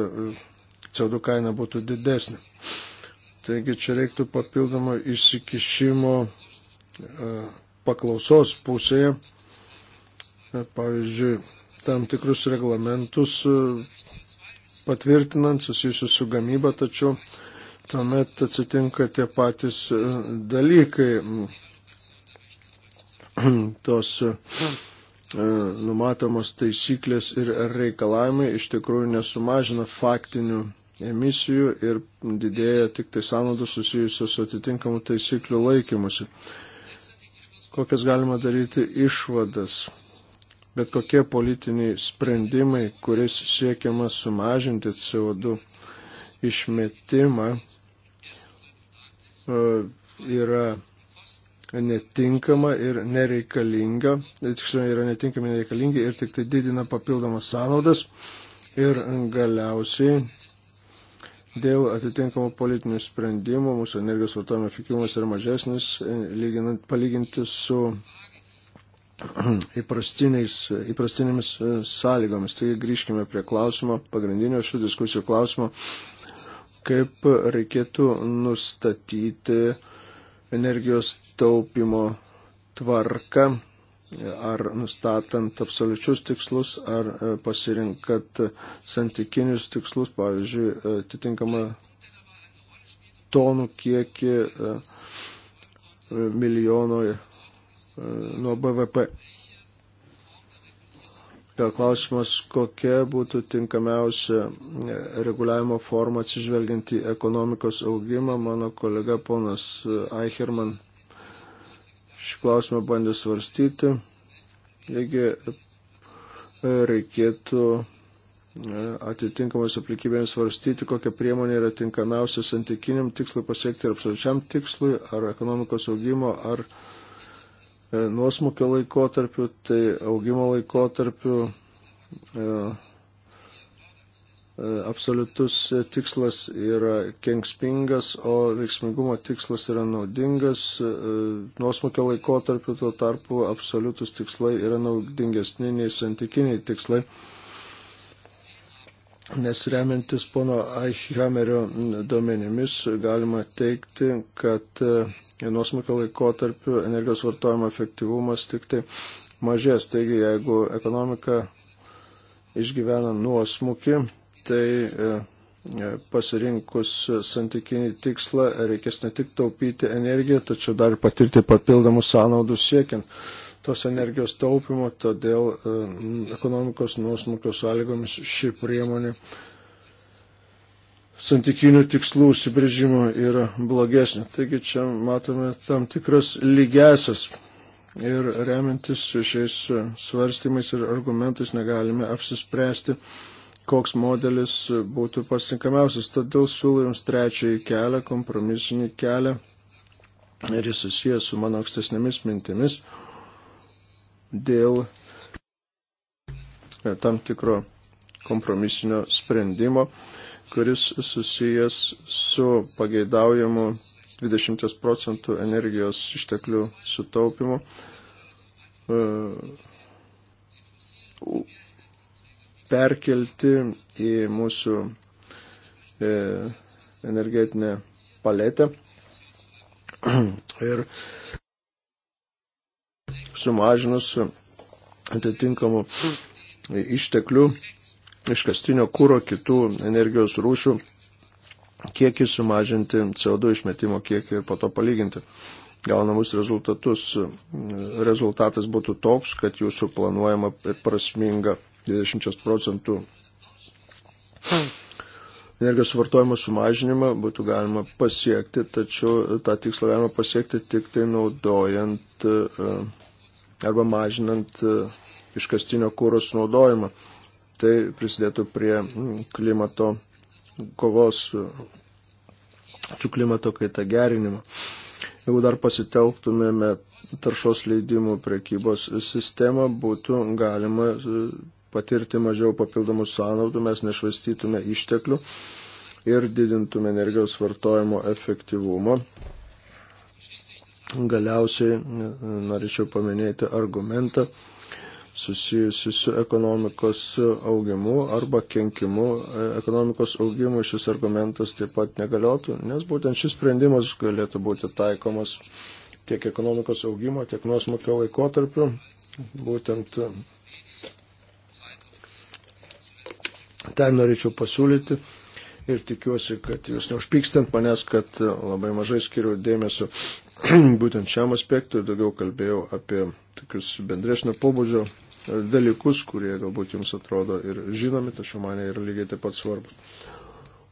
CO2 kaina būtų didesnė. Taigi čia reiktų papildomo įsikišimo e, paklausos pusėje, pavyzdžiui, tam tikrus reglamentus patvirtinant susijusius su gamyba, tačiau tuomet atsitinka tie patys e, dalykai. (clears throat) Tos e, numatomos taisyklės ir reikalavimai iš tikrųjų nesumažina faktinių emisijų ir didėja tik tai sąnaudos susijusios su atitinkamų taisyklių laikymusi. Kokias galima daryti išvadas? bet kokie politiniai sprendimai, kuris siekiama sumažinti CO2 išmetimą, e, yra netinkama ir nereikalinga, tiksliau yra netinkami nereikalingi ir tik tai didina papildomas sąnaudas ir galiausiai Dėl atitinkamų politinių sprendimų mūsų energijos vartojimo efektyvumas yra mažesnis, lyginant, palyginti su (clears throat) įprastinėmis e, sąlygomis. Taigi grįžkime prie klausimo, pagrindinio šių diskusijų klausimo, kaip reikėtų nustatyti energijos taupimo tvarką, ar nustatant absoliučius tikslus, ar e, pasirinkat santykinius tikslus, pavyzdžiui, e, atitinkamą tonų kiekį milijonoje nuo BVP. Gal klausimas, kokia būtų tinkamiausia e, reguliavimo forma atsižvelgiant į ekonomikos augimą. Mano kolega ponas e, Eicherman šį klausimą bandė svarstyti. Taigi e, reikėtų atitinkamas aplikybėms svarstyti, kokia priemonė yra tinkamiausia santykiniam tikslui pasiekti ir absoliučiam tikslui, ar ekonomikos augimo, ar uh, E, nuosmukio laikotarpiu, tai augimo laikotarpiu e, e, absoliutus tikslas yra kengsmingas, o veiksmingumo tikslas yra naudingas. Nuosmukio laikotarpiu tuo tarpu absoliutus tikslai yra naudingesni nei santykiniai tikslai nes remiantis pono Eichhammerio duomenimis galima teikti, kad e, nuosmukio laikotarpiu energijos vartojimo efektyvumas tik tai mažės. Taigi, jeigu ekonomika išgyvena nuosmukį, tai e, e, pasirinkus santykinį tikslą reikės ne tik taupyti energiją, tačiau dar patirti papildomų sąnaudų siekiant tos energijos taupimo, todėl e, ekonomikos nuosmukio sąlygomis ši priemonė santykinių tikslų užsibrėžimo yra blogesnė. Taigi čia matome tam tikras lygesias ir remiantis šiais svarstymais ir argumentais negalime apsispręsti, koks modelis būtų pasirinkamiausias. Todėl siūlau Jums trečiąjį kelią, kompromisinį kelią ir jis susijęs su mano ankstesnėmis mintimis dėl e, tam tikro kompromisinio sprendimo, kuris susijęs su pageidaujamu 20 procentų energijos išteklių sutaupimu. E, perkelti į mūsų e, energetinę paletę. (clears throat) Ir sumažinus atitinkamų išteklių, iškastinio kūro, kitų energijos rūšių kiekį sumažinti CO2 išmetimo kiekį ir po to palyginti. Gaunamus rezultatus. Rezultatas būtų toks, kad jūsų planuojama prasminga 20 procentų energijos vartojimo sumažinimą būtų galima pasiekti, tačiau tą tikslą galima pasiekti tik tai naudojant e, arba mažinant e, iškastinio kūro sunaudojimą. Tai prisidėtų prie klimato kovos, čia e, klimato kaita gerinimo. Jeigu dar pasitelktumėme taršos leidimų prekybos sistemą, būtų galima e, patirti mažiau papildomų sąnaudų, mes nešvastytume išteklių ir didintume energijos vartojimo efektyvumą. Galiausiai norėčiau paminėti argumentą susijusi su ekonomikos augimu arba kenkimu e, ekonomikos augimu. Šis argumentas taip pat negaliotų, nes būtent šis sprendimas galėtų būti taikomas tiek ekonomikos augimo, tiek nuosmukio laikotarpiu. Būtent e, ten norėčiau pasiūlyti ir tikiuosi, kad jūs neužpykstant manęs, kad e, labai mažai skiriu dėmesio (clears throat) būtent šiam aspektui ir daugiau kalbėjau apie tokius bendresnio pobūdžio e, dalykus, kurie galbūt jums atrodo ir žinomi, tačiau man yra lygiai taip pat svarbus.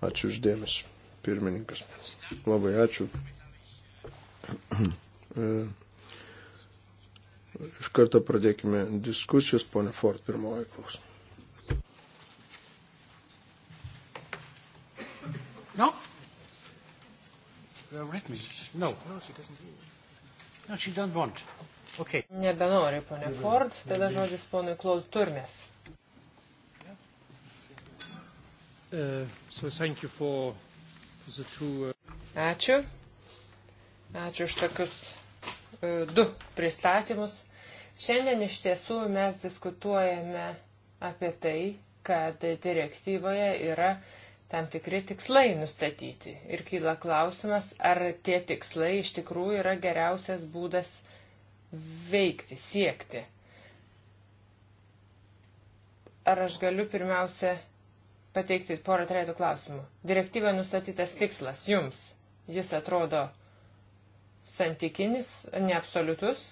Ačiū uždėmesi, pirmininkas. Labai ačiū. (clears throat) E, iš karto pradėkime diskusijos, ponė Ford, pirmoji klausimas. No? Well, uh, read me. No. No, she doesn't do it. No, she doesn't want. Okay. Nebenori, ponė Ford, tada žodis ponui Klaus Turmės. Uh, so thank you for, for the two, uh... Ačiū. Ačiū už tokius uh, du pristatymus. Šiandien iš tiesų mes diskutuojame apie tai, kad direktyvoje yra uh, tam tikri tikslai nustatyti. Ir kyla klausimas, ar tie tikslai iš tikrųjų yra geriausias būdas veikti, siekti. Ar aš galiu pirmiausia pateikti porą trejatų klausimų. Direktyva nustatytas tikslas jums. Jis atrodo santykinis, neabsoliutus.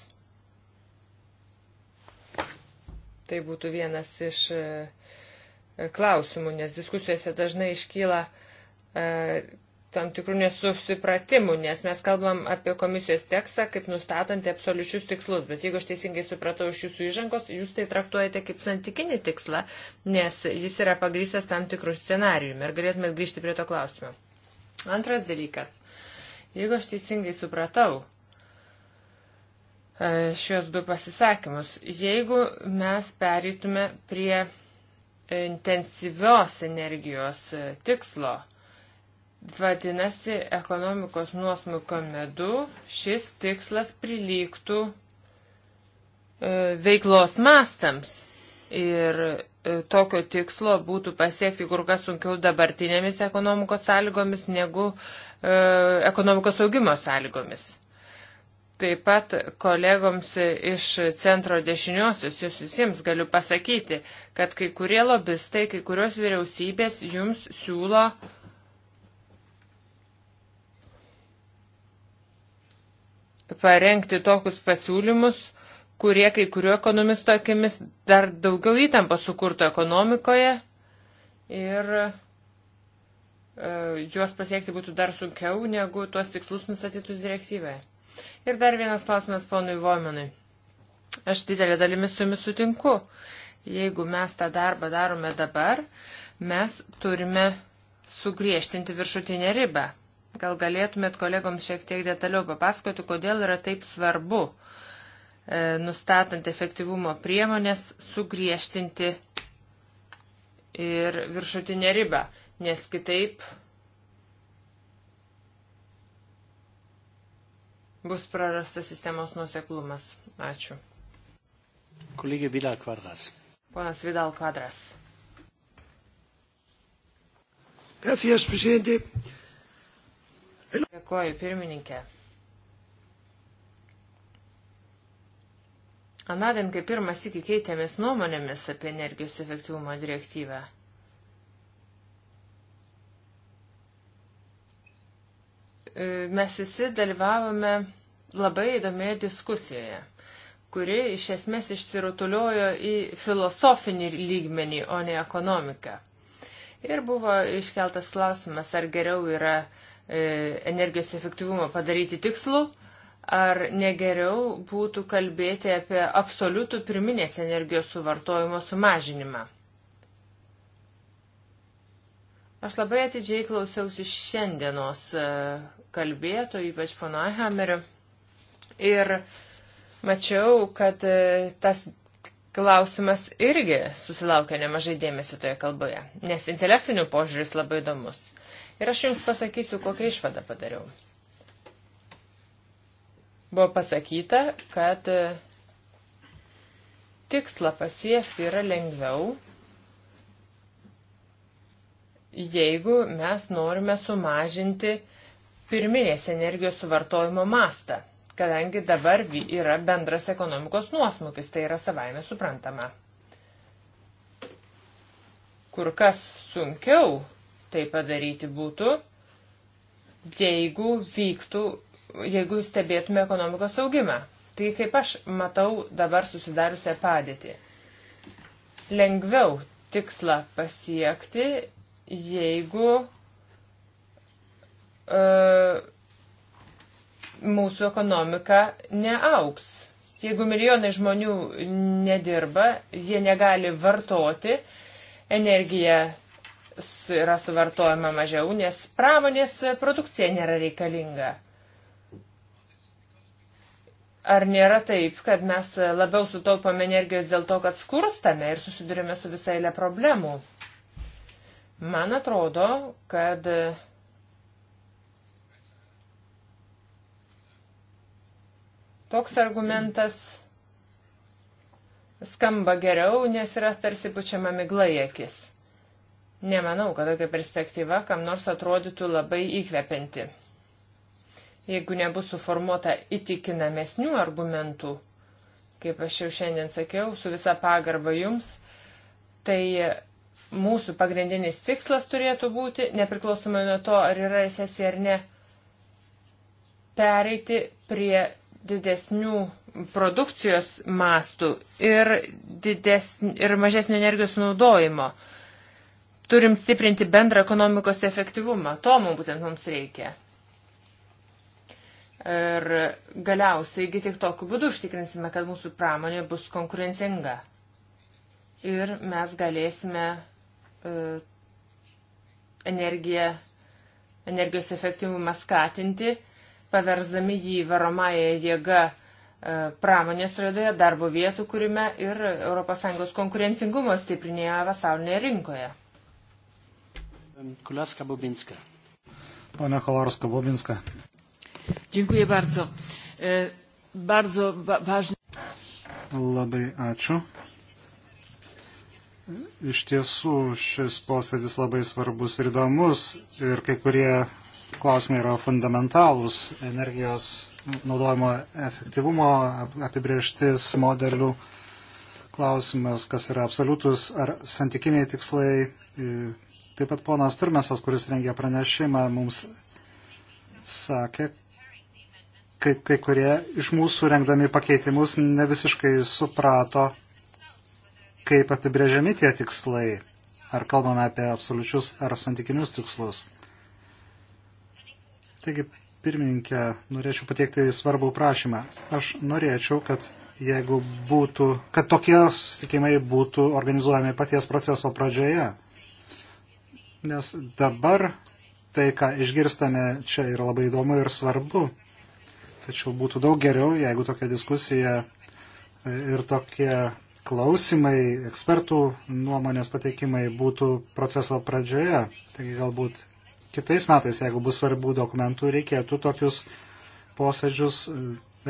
Tai būtų vienas iš uh, klausimų, nes diskusijose dažnai iškyla e, tam tikrų nesusipratimų, nes mes kalbam apie komisijos tekstą kaip nustatantį absoliučius tikslus, bet jeigu aš teisingai supratau iš jūsų įžangos, jūs tai traktuojate kaip santykinį tikslą, nes jis yra pagrystas tam tikrų scenarijumi ir galėtumėt grįžti prie to klausimo. Antras dalykas. Jeigu aš teisingai supratau e, šios du pasisakymus, jeigu mes perytume prie intensyvios energijos e, tikslo. Vadinasi, ekonomikos nuosmukio medu šis tikslas prilygtų e, veiklos mastams. Ir e, tokio tikslo būtų pasiekti kur kas sunkiau dabartinėmis ekonomikos sąlygomis negu e, ekonomikos augimo sąlygomis. Taip pat kolegoms iš centro dešiniosios jūs visiems galiu pasakyti, kad kai kurie lobistai, kai kurios vyriausybės jums siūlo parengti tokius pasiūlymus, kurie kai kuriuo ekonomisto akimis dar daugiau įtampą sukurtų ekonomikoje ir e, juos pasiekti būtų dar sunkiau negu tuos tikslus nustatytus direktyvoje. Ir dar vienas klausimas ponui Voimanui. Aš didelė dalimi su jumis sutinku. Jeigu mes tą darbą darome dabar, mes turime sugriežtinti viršutinę ribą. Gal galėtumėt kolegoms šiek tiek detaliau papasakoti, kodėl yra taip svarbu e, nustatant efektyvumo priemonės sugriežtinti ir viršutinę ribą, nes kitaip bus prarastas sistemos nuoseklumas. Ačiū. Kolegė Vidal Kvadras. Ponas Vidal Kvadras. Gracias, presidente. Dėkoju, pirmininkė. Anadien, kai pirmas iki keitėmės nuomonėmis apie energijos efektyvumo direktyvą, E, mes visi dalyvavome labai įdomioje diskusijoje, kuri iš esmės išsirutuliojo į filosofinį lygmenį, o ne ekonomiką. Ir buvo iškeltas klausimas, ar geriau yra e, energijos efektyvumą padaryti tikslu, ar negeriau būtų kalbėti apie absoliutų pirminės energijos suvartojimo sumažinimą. Aš labai atidžiai klausiausi šiandienos e, kalbėto, ypač pono Hamerio. Ir mačiau, kad e, tas klausimas irgi susilaukia nemažai dėmesio toje kalboje, nes intelektinių požiūris labai įdomus. Ir aš jums pasakysiu, kokią išvadą padariau. Buvo pasakyta, kad e, tikslą pasiekti yra lengviau jeigu mes norime sumažinti pirminės energijos suvartojimo mastą, kadangi dabar yra bendras ekonomikos nuosmukis, tai yra savaime suprantama. Kur kas sunkiau tai padaryti būtų, jeigu vyktų, jeigu stebėtume ekonomikos augimą. Tai kaip aš matau dabar susidariusią padėtį. Lengviau tikslą pasiekti jeigu uh, mūsų ekonomika neauks. Jeigu milijonai žmonių nedirba, jie negali vartoti, energija yra suvartojama mažiau, nes pramonės produkcija nėra reikalinga. Ar nėra taip, kad mes labiau sutaupame energijos dėl to, kad skurstame ir susidurime su visai le problemų? Man atrodo, kad toks argumentas skamba geriau, nes yra tarsi pučiama migla į akis. Nemanau, kad tokia perspektyva kam nors atrodytų labai įkvepianti. Jeigu nebus suformuota įtikinamesnių argumentų, kaip aš jau šiandien sakiau, su visa pagarba jums, tai mūsų pagrindinis tikslas turėtų būti, nepriklausomai nuo to, ar yra recesija ar ne, pereiti prie didesnių produkcijos mastų ir, didesn, ir mažesnio energijos naudojimo. Turim stiprinti bendrą ekonomikos efektyvumą. To mums būtent mums reikia. Ir galiausiai tik tokiu būdu užtikrinsime, kad mūsų pramonė bus konkurencinga. Ir mes galėsime E, energiją, energijos efektyvumą skatinti, paversdami jį varomąją jėgą e, pramonės raidoje, darbo vietų kūrime ir ES konkurencingumo stiprinėje pasaulinėje rinkoje. Kulaska Bobinska. Pana Kolarska Bobinska. Dziękuję bardzo. E, bardzo ba, ważne. Labai ačiū. Iš tiesų šis posėdis labai svarbus ir įdomus ir kai kurie klausimai yra fundamentalūs energijos naudojimo efektyvumo apibrieštis modelių klausimas, kas yra absoliutus ar santykiniai tikslai. Taip pat ponas Turmesas, kuris rengė pranešimą, mums sakė, kai, kai kurie iš mūsų rengdami pakeitimus ne visiškai suprato, kaip apibrėžiami tie tikslai, ar kalbame apie absoliučius ar santykinius tikslus. Taigi, pirmininkė, norėčiau pateikti svarbų prašymą. Aš norėčiau, kad jeigu būtų, kad tokie susitikimai būtų organizuojami paties proceso pradžioje. Nes dabar tai, ką išgirstame, čia yra labai įdomu ir svarbu. Tačiau būtų daug geriau, jeigu tokia diskusija ir tokie klausimai, ekspertų nuomonės pateikimai būtų proceso pradžioje. Taigi galbūt kitais metais, jeigu bus svarbių dokumentų, reikėtų tokius posėdžius e,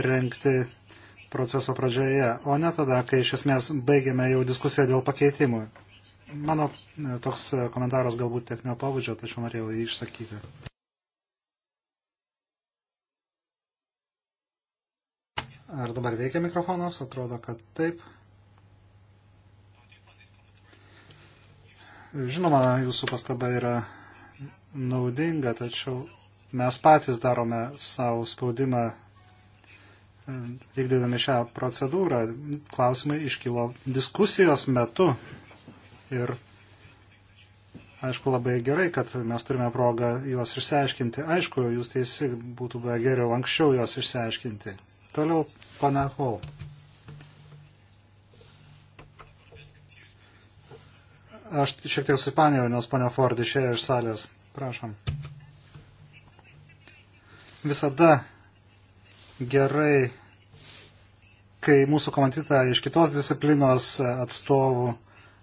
renkti proceso pradžioje, o ne tada, kai iš esmės baigėme jau diskusiją dėl pakeitimų. Mano e, toks komentaras galbūt techninio pavudžio, tačiau norėjau jį išsakyti. Ar dabar veikia mikrofonas? Atrodo, kad taip. Žinoma, jūsų pastaba yra naudinga, tačiau mes patys darome savo spaudimą e, vykdydami šią procedūrą. Klausimai iškilo diskusijos metu ir aišku labai gerai, kad mes turime progą juos išsiaiškinti. Aišku, jūs teisi, būtų buvę geriau anksčiau juos išsiaiškinti. Toliau, pana Hall. Aš šiek tiek supanėjau, nes ponia Ford išėjo iš salės. Prašom. Visada gerai, kai mūsų komandita iš kitos disciplinos atstovų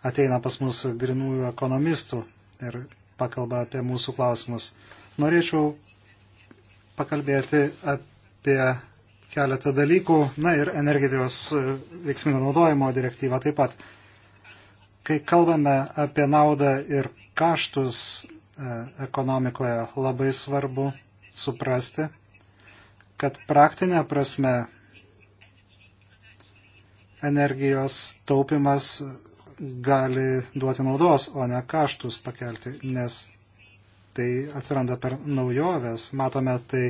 ateina pas mus grinųjų ekonomistų ir pakalba apie mūsų klausimus. Norėčiau pakalbėti apie keletą dalykų, na ir energijos veiksmingo naudojimo direktyvą taip pat. Kai kalbame apie naudą ir kaštus e, ekonomikoje, labai svarbu suprasti, kad praktinė prasme energijos taupimas gali duoti naudos, o ne kaštus pakelti, nes tai atsiranda per naujoves. Matome tai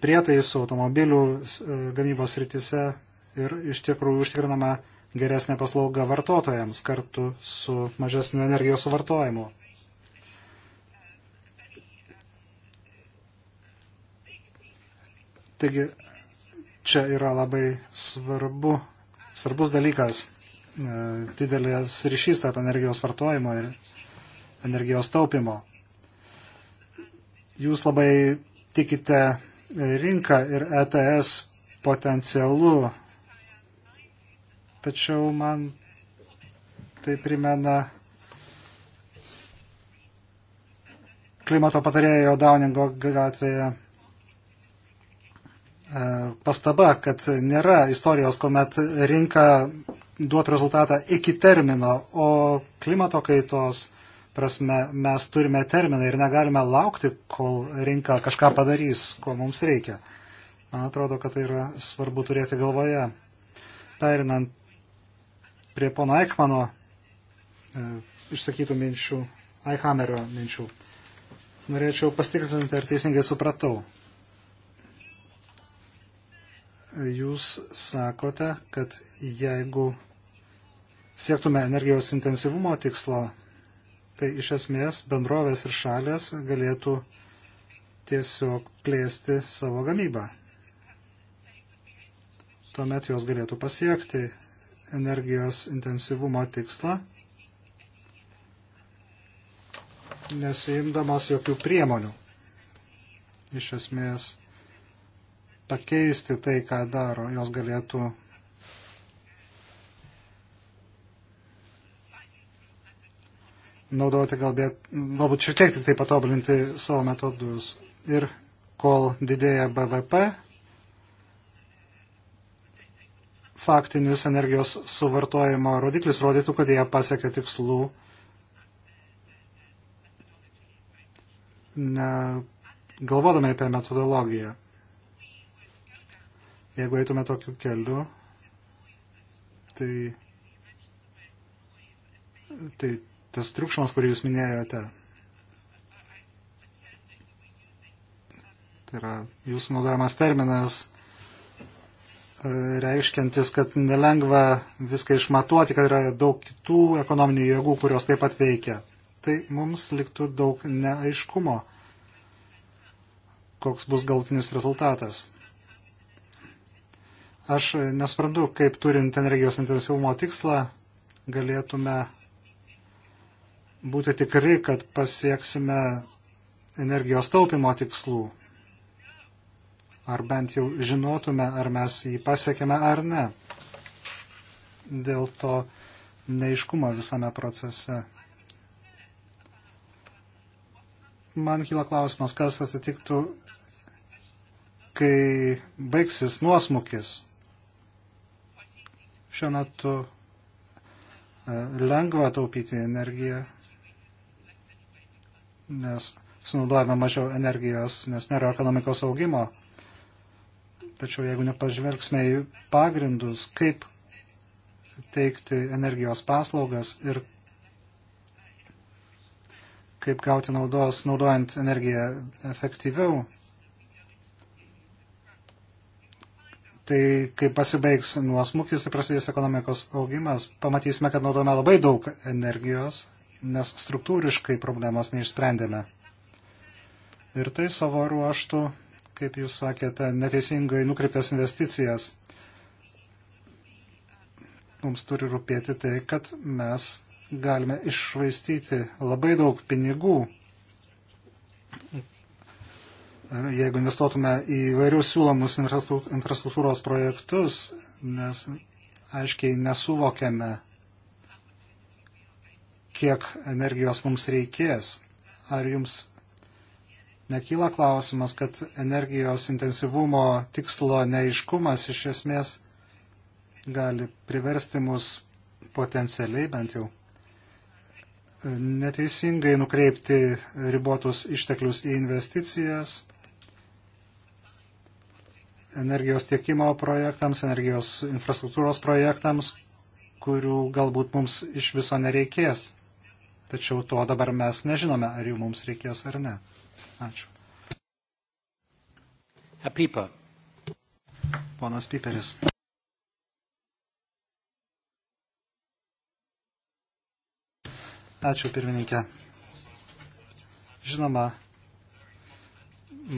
prietaisų automobilių e, gamybos rytise ir iš tikrųjų užtikrinama geresnė paslauga vartotojams kartu su mažesniu energijos suvartojimu. Taigi čia yra labai svarbu, svarbus dalykas, e, didelės ryšys tarp energijos vartojimo ir energijos taupimo. Jūs labai tikite rinką ir ETS potencialu Tačiau man tai primena klimato patarėjo Dauningo gatvėje e, pastaba, kad nėra istorijos, kuomet rinka duotų rezultatą iki termino, o klimato kaitos prasme mes turime terminą ir negalime laukti, kol rinka kažką padarys, ko mums reikia. Man atrodo, kad tai yra svarbu turėti galvoje. Perinant prie pono Eichmano e, išsakytų minčių, Eichhammerio minčių. Norėčiau pastikrinti, ar teisingai supratau. Jūs sakote, kad jeigu siektume energijos intensyvumo tikslo, tai iš esmės bendrovės ir šalės galėtų tiesiog plėsti savo gamybą. Tuomet jos galėtų pasiekti energijos intensyvumo tikslą, nesiimdamas jokių priemonių. Iš esmės, pakeisti tai, ką daro, jos galėtų naudoti galbūt, galbūt šiek tiek tik tai patobulinti savo metodus. Ir kol didėja BVP, faktinis energijos suvartojimo rodiklis rodytų, kad jie pasiekė tikslų ne, galvodami apie metodologiją. Jeigu eitume tokiu keliu, tai, tai tas triukšmas, kurį jūs minėjote, tai yra jūsų naudojamas terminas reiškiantis, kad nelengva viską išmatuoti, kad yra daug kitų ekonominių jėgų, kurios taip pat veikia. Tai mums liktų daug neaiškumo, koks bus galtinis rezultatas. Aš nesprantu, kaip turint energijos intensyvumo tikslą galėtume būti tikri, kad pasieksime energijos taupimo tikslų ar bent jau žinotume, ar mes jį pasiekėme ar ne. Dėl to neiškumo visame procese. Man kyla klausimas, kas atsitiktų, kai baigsis nuosmukis. Šiuo metu e, lengva taupyti energiją, nes sunaudojame mažiau energijos, nes nėra ekonomikos augimo. Tačiau jeigu nepažvelgsime į pagrindus, kaip teikti energijos paslaugas ir kaip gauti naudos naudojant energiją efektyviau, tai kai pasibaigs nuosmukis ir tai prasidės ekonomikos augimas, pamatysime, kad naudojame labai daug energijos, nes struktūriškai problemos neišsprendėme. Ir tai savo ruoštų kaip jūs sakėte, neteisingai nukreiptas investicijas. Mums turi rūpėti tai, kad mes galime išvaistyti labai daug pinigų, jeigu investuotume į vairius siūlomus infrastruktūros projektus, nes aiškiai nesuvokiame, kiek energijos mums reikės. Ar jums nekyla klausimas, kad energijos intensyvumo tikslo neiškumas iš esmės gali priversti mus potencialiai bent jau e, neteisingai nukreipti ribotus išteklius į investicijas, energijos tiekimo projektams, energijos infrastruktūros projektams, kurių galbūt mums iš viso nereikės. Tačiau to dabar mes nežinome, ar jų mums reikės ar ne. Ačiū. Apipa. Ponas Piperis. Ačiū pirmininkė. Žinoma,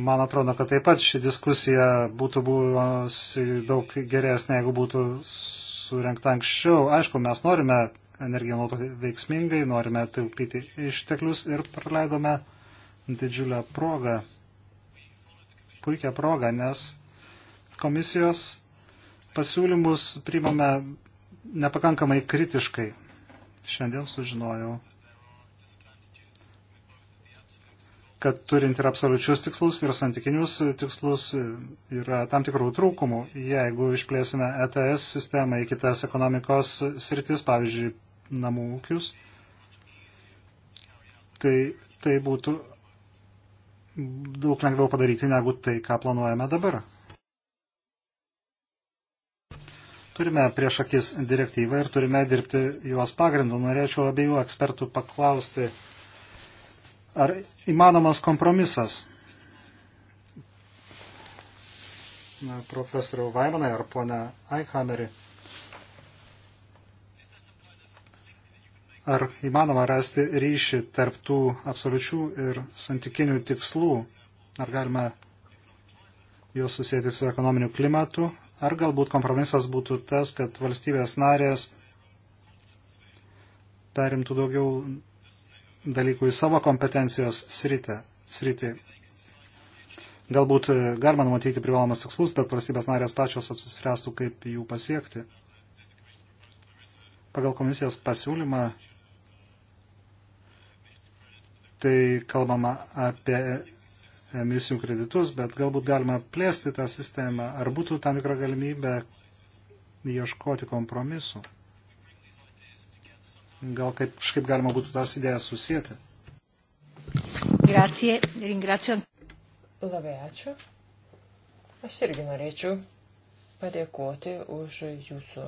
man atrodo, kad taip pat ši diskusija būtų buvusi daug geresnė, jeigu būtų surinkta anksčiau. Aišku, mes norime energiją naudoti veiksmingai, norime taupyti išteklius ir praleidome didžiulę progą, puikią progą, nes komisijos pasiūlymus priimame nepakankamai kritiškai. Šiandien sužinojau, kad turint ir absoliučius tikslus, ir santykinius tikslus yra tam tikrų trūkumų. Jeigu išplėsime ETS sistemą į kitas ekonomikos sritis, pavyzdžiui, namų ūkius, tai tai būtų daug lengviau padaryti negu tai, ką planuojame dabar. Turime prieš akis direktyvą ir turime dirbti juos pagrindu. Norėčiau abiejų ekspertų paklausti, ar įmanomas kompromisas. Profesoriau Vaimanai ar ponia Eichhameri. ar įmanoma rasti ryšį tarp tų absoliučių ir santykinių tikslų, ar galima juos susijęti su ekonominiu klimatu, ar galbūt kompromisas būtų tas, kad valstybės narės perimtų daugiau dalykų į savo kompetencijos sritę, sritį. Galbūt e, galima numatyti privalomas tikslus, bet valstybės narės pačios apsispręstų, kaip jų pasiekti. Pagal komisijos pasiūlymą tai kalbama apie emisijų kreditus, bet galbūt galima plėsti tą sistemą. Ar būtų tam tikra galimybė ieškoti kompromisu? Gal kaip, kažkaip galima būtų tas idėjas susijęti? Grazie, ringrazio. Labai ačiū. Aš irgi norėčiau padėkoti už jūsų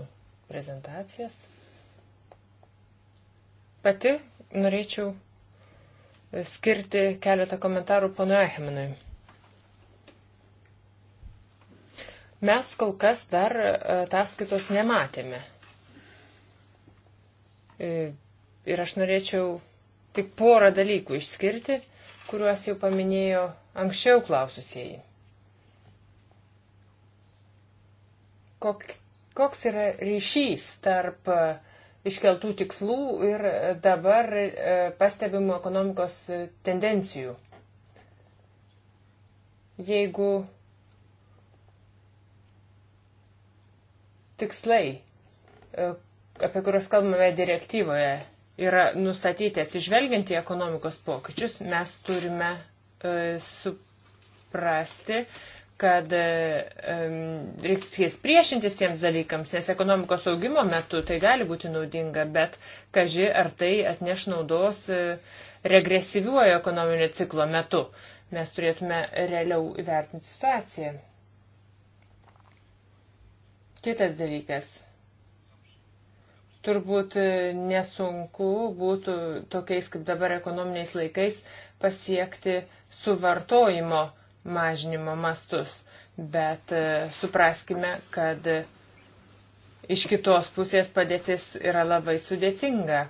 prezentacijas. Pati norėčiau skirti keletą komentarų ponui Acheminui. Mes kol kas dar e, ataskaitos nematėme. E, ir aš norėčiau tik porą dalykų išskirti, kuriuos jau paminėjo anksčiau klaususieji. Kok, koks yra ryšys tarp uh, iškeltų tikslų ir dabar e, pastebimų ekonomikos tendencijų. Jeigu tikslai, e, apie kuriuos kalbame direktyvoje, yra nustatyti atsižvelgiant į ekonomikos pokyčius, mes turime e, suprasti, kad um, reikės priešintis tiems dalykams, nes ekonomikos augimo metu tai gali būti naudinga, bet kaži ar tai atneš naudos uh, regresyviuoju ekonominio ciklo metu. Mes turėtume realiau įvertinti situaciją. Kitas dalykas. Turbūt e, nesunku būtų tokiais kaip dabar ekonominiais laikais pasiekti suvartojimo uh, mažinimo mastus, bet e, supraskime, kad iš kitos pusės padėtis yra labai sudėtinga.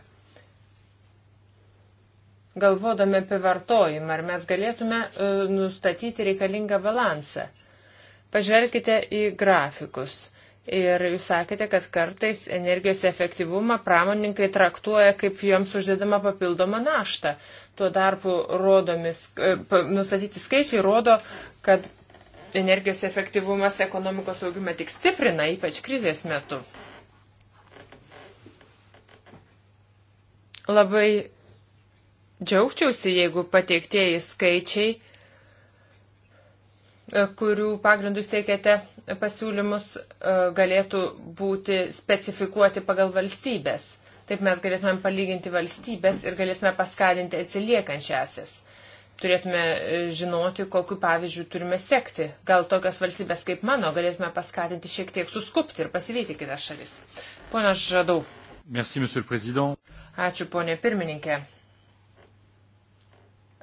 Galvodami apie vartojimą, ar mes galėtume e, nustatyti reikalingą balansą. Pažvelkite į grafikus. Ir jūs sakėte, kad kartais energijos efektyvumą pramoninkai traktuoja kaip joms uždedama papildoma našta. Tuo tarpu rodomis, e, nustatyti skaičiai rodo, kad energijos efektyvumas ekonomikos augimą tik stiprina, ypač krizės metu. Labai džiaugčiausi, jeigu pateiktieji skaičiai E, kurių pagrindus teikiate pasiūlymus, e, galėtų būti specifikuoti pagal valstybės. Taip mes galėtumėm palyginti valstybės ir galėtume paskatinti atsiliekančiasis. Turėtume e, žinoti, kokiu pavyzdžiu turime sekti. Gal tokios valstybės kaip mano galėtume paskatinti šiek tiek suskupti ir pasivyti kitas šalis. Pone Žadau. Merci, Ačiū, ponė pirmininkė.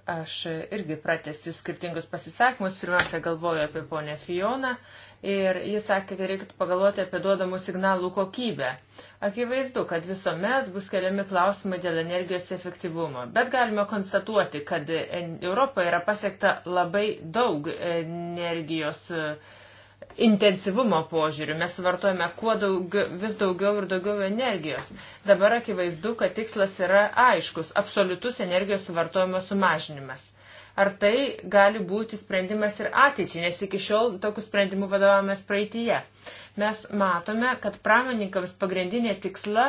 Aš irgi pratęsiu skirtingus pasisakymus. Pirmiausia, galvoju apie ponę Fioną ir jis sakė, kad reikėtų pagalvoti apie duodamų signalų kokybę. Akivaizdu, kad visuomet bus keliami klausimai dėl energijos efektyvumo, bet galime konstatuoti, kad Europoje yra pasiekta labai daug energijos efektyvumo intensyvumo požiūriu. Mes suvartojame kuo daugiau, vis daugiau ir daugiau energijos. Dabar akivaizdu, kad tikslas yra aiškus - absoliutus energijos suvartojimo sumažinimas. Ar tai gali būti sprendimas ir ateičiai, nes iki šiol tokius sprendimų vadovavomės praeitie. Mes matome, kad pramoninkams pagrindinė tiksla,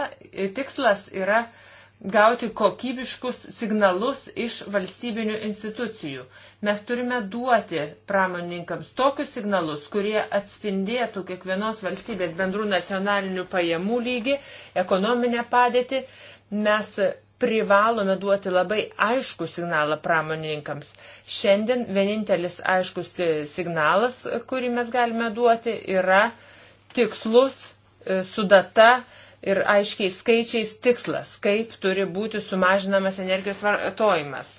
tikslas yra uh, gauti kokybiškus signalus iš valstybinių institucijų. Mes turime duoti pramoninkams tokius signalus, kurie atspindėtų kiekvienos valstybės bendrų nacionalinių pajamų lygį, ekonominę padėtį. Mes privalome duoti labai aišku signalą pramoninkams. Šiandien vienintelis aiškus signalas, kurį mes galime duoti, yra tikslus e, su data ir aiškiai skaičiais tikslas, kaip turi būti sumažinamas energijos vartojimas.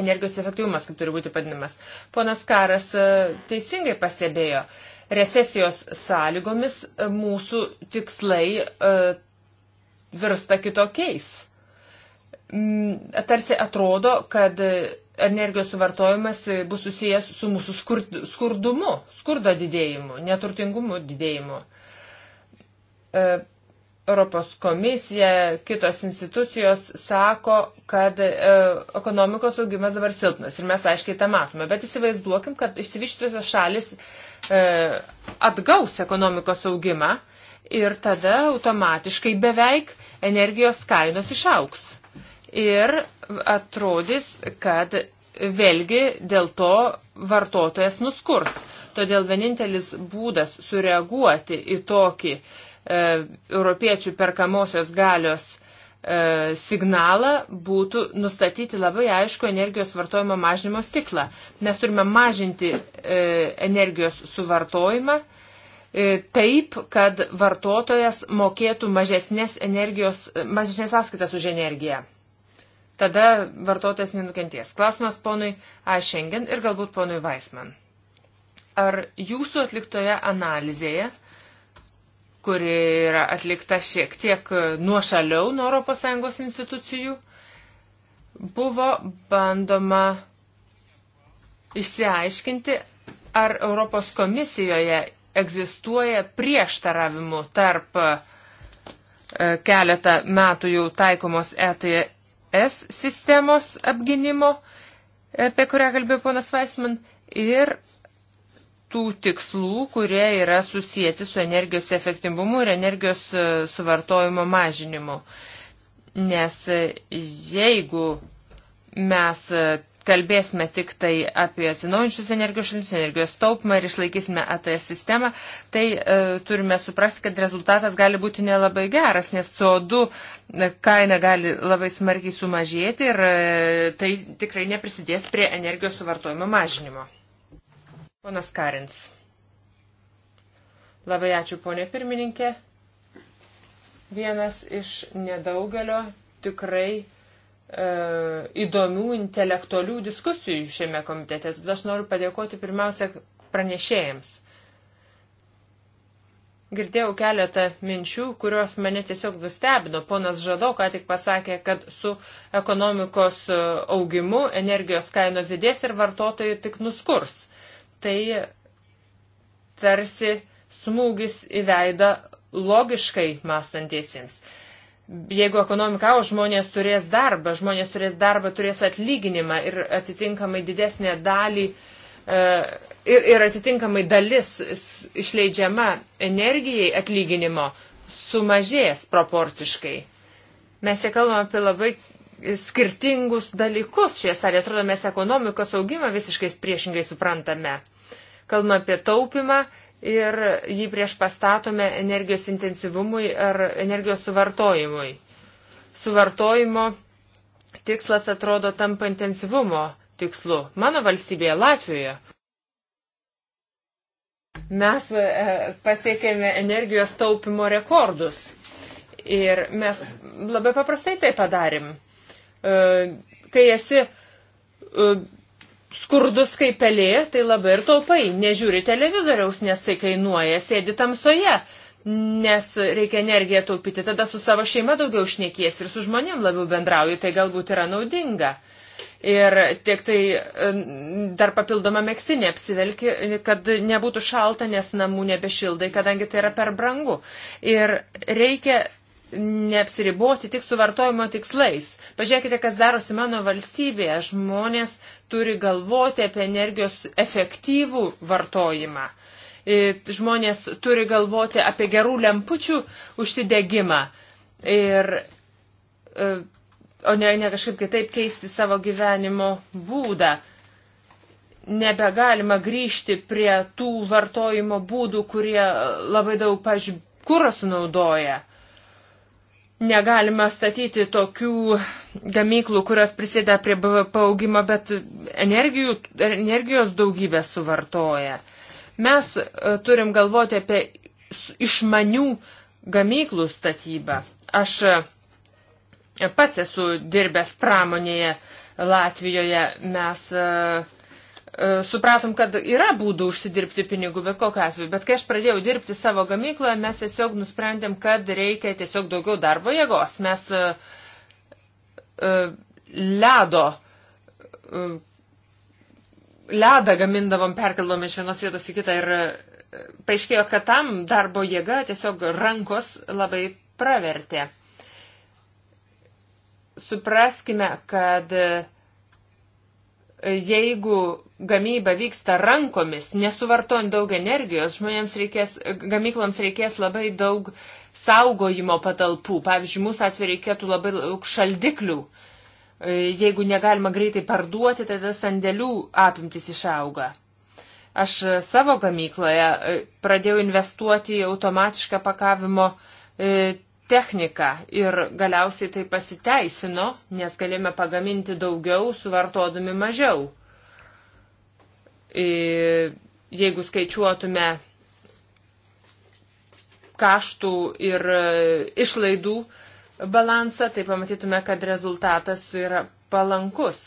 Energijos efektyvumas, kaip turi būti padinamas. Ponas Karas e, teisingai pastebėjo, recesijos sąlygomis e, mūsų tikslai e, virsta kitokiais. Mm, tarsi atrodo, kad energijos suvartojimas bus susijęs su mūsų skurdumu, skurdo didėjimu, neturtingumu didėjimu Europos komisija, kitos institucijos sako, kad e, ekonomikos augimas dabar silpnas ir mes aiškiai tą matome. Bet įsivaizduokim, kad išsivyščiusios šalis e, atgaus ekonomikos augimą ir tada automatiškai beveik energijos kainos išauks. Ir atrodys, kad vėlgi dėl to vartotojas nuskurs. Todėl vienintelis būdas sureaguoti į tokį uh, E, europiečių perkamosios galios e, signalą būtų nustatyti labai aišku energijos vartojimo mažinimo stiklą. Mes turime mažinti e, energijos suvartojimą taip, kad vartotojas mokėtų mažesnės, energijos, mažesnės sąskaitas už energiją. Tada vartotojas nenukenties. Klausimas ponui Ašengen ir galbūt ponui Vaisman. Ar jūsų atliktoje analizėje kuri yra atlikta šiek tiek nuošaliau nuo ES institucijų, buvo bandoma išsiaiškinti, ar Europos komisijoje egzistuoja prieštaravimų tarp e, keletą metų jau taikomos ETS sistemos apginimo, e, apie kurią kalbėjo ponas Vaisman, ir tų tikslų, kurie yra susijęti su energijos efektyvumu ir energijos e, suvartojimo mažinimu. Nes e, jeigu mes e, kalbėsime tik tai apie atsinaujančius energijos šaltinius, energijos taupimą ir išlaikysime ATS sistemą, tai e, turime suprasti, kad rezultatas gali būti nelabai geras, nes CO2 kaina gali labai smarkiai sumažėti ir e, tai tikrai neprisidės prie energijos suvartojimo mažinimo. Ponas Karins. Labai ačiū, ponė pirmininkė. Vienas iš nedaugelio tikrai e, įdomių intelektualių diskusijų šiame komitete. Tad aš noriu padėkoti pirmiausia pranešėjams. Girdėjau keletą minčių, kurios mane tiesiog nustebino. Ponas Žadau ką tik pasakė, kad su ekonomikos e, augimu energijos kainos didės ir vartotojai tik nuskurs tai tarsi smūgis į veidą logiškai mąstantiesiems. Jeigu ekonomika, o žmonės turės darbą, žmonės turės darbą, turės atlyginimą ir atitinkamai didesnę dalį e, ir, ir atitinkamai dalis išleidžiama energijai atlyginimo sumažės proporciškai. Mes čia kalbame apie labai skirtingus dalykus šioje salėje. Atrodo, mes ekonomikos augimą visiškai priešingai suprantame. Kalbame apie taupimą ir jį prieš pastatome energijos intensyvumui ar energijos suvartojimui. Suvartojimo tikslas atrodo tampa intensyvumo tikslu. Mano valstybėje Latvijoje mes e, pasiekėme energijos taupimo rekordus. Ir mes labai paprastai tai padarim. E, kai esi e, skurdus kaip pelė, tai labai ir taupai. Nežiūri televizoriaus, nes tai kainuoja, sėdi tamsoje, nes reikia energiją taupyti. Tada su savo šeima daugiau šnekies ir su žmonėm labiau bendrauji, tai galbūt yra naudinga. Ir tiek tai e, dar papildomą mėgsinį apsivelki, kad nebūtų šalta, nes namų nebešildai, kadangi tai yra per brangu. Ir reikia neapsiriboti tik suvartojimo tikslais. Pažiūrėkite, kas darosi mano valstybėje. Žmonės turi galvoti apie energijos efektyvų vartojimą. E, žmonės turi galvoti apie gerų lempučių užsidegimą. Ir, e, o ne, ne kažkaip kitaip keisti savo gyvenimo būdą nebegalima grįžti prie tų vartojimo būdų, kurie labai daug, pažiūrėjau, kūro sunaudoja negalima statyti tokių gamyklų, kurios prisėda prie BVP augimo, bet energijų, energijos daugybę suvartoja. Mes e, turim galvoti apie išmanių gamyklų statybą. Aš e, pats esu dirbęs pramonėje Latvijoje. Mes uh, E, supratom, kad yra būdų užsidirbti pinigų, bet kokiu atveju. Bet kai aš pradėjau dirbti savo gamykloje, mes tiesiog nusprendėm, kad reikia tiesiog daugiau darbo jėgos. Mes e, e, ledo, ledą gamindavom, perkeldavom iš vienos vietos į kitą ir paaiškėjo, kad tam darbo jėga tiesiog rankos labai pravertė. Supraskime, kad jeigu gamyba vyksta rankomis, nesuvartojant daug energijos, žmonėms reikės, gamykloms reikės labai daug saugojimo patalpų. Pavyzdžiui, mūsų atveju reikėtų labai daug šaldiklių. E, jeigu negalima greitai parduoti, tada sandėlių apimtis išauga. Aš e, savo gamykloje e, pradėjau investuoti į automatišką pakavimo techniką ir galiausiai tai pasiteisino, nes galėjome pagaminti daugiau, suvartodami mažiau. E, jeigu skaičiuotume kaštų ir e, išlaidų balansą, tai pamatytume, kad rezultatas yra palankus.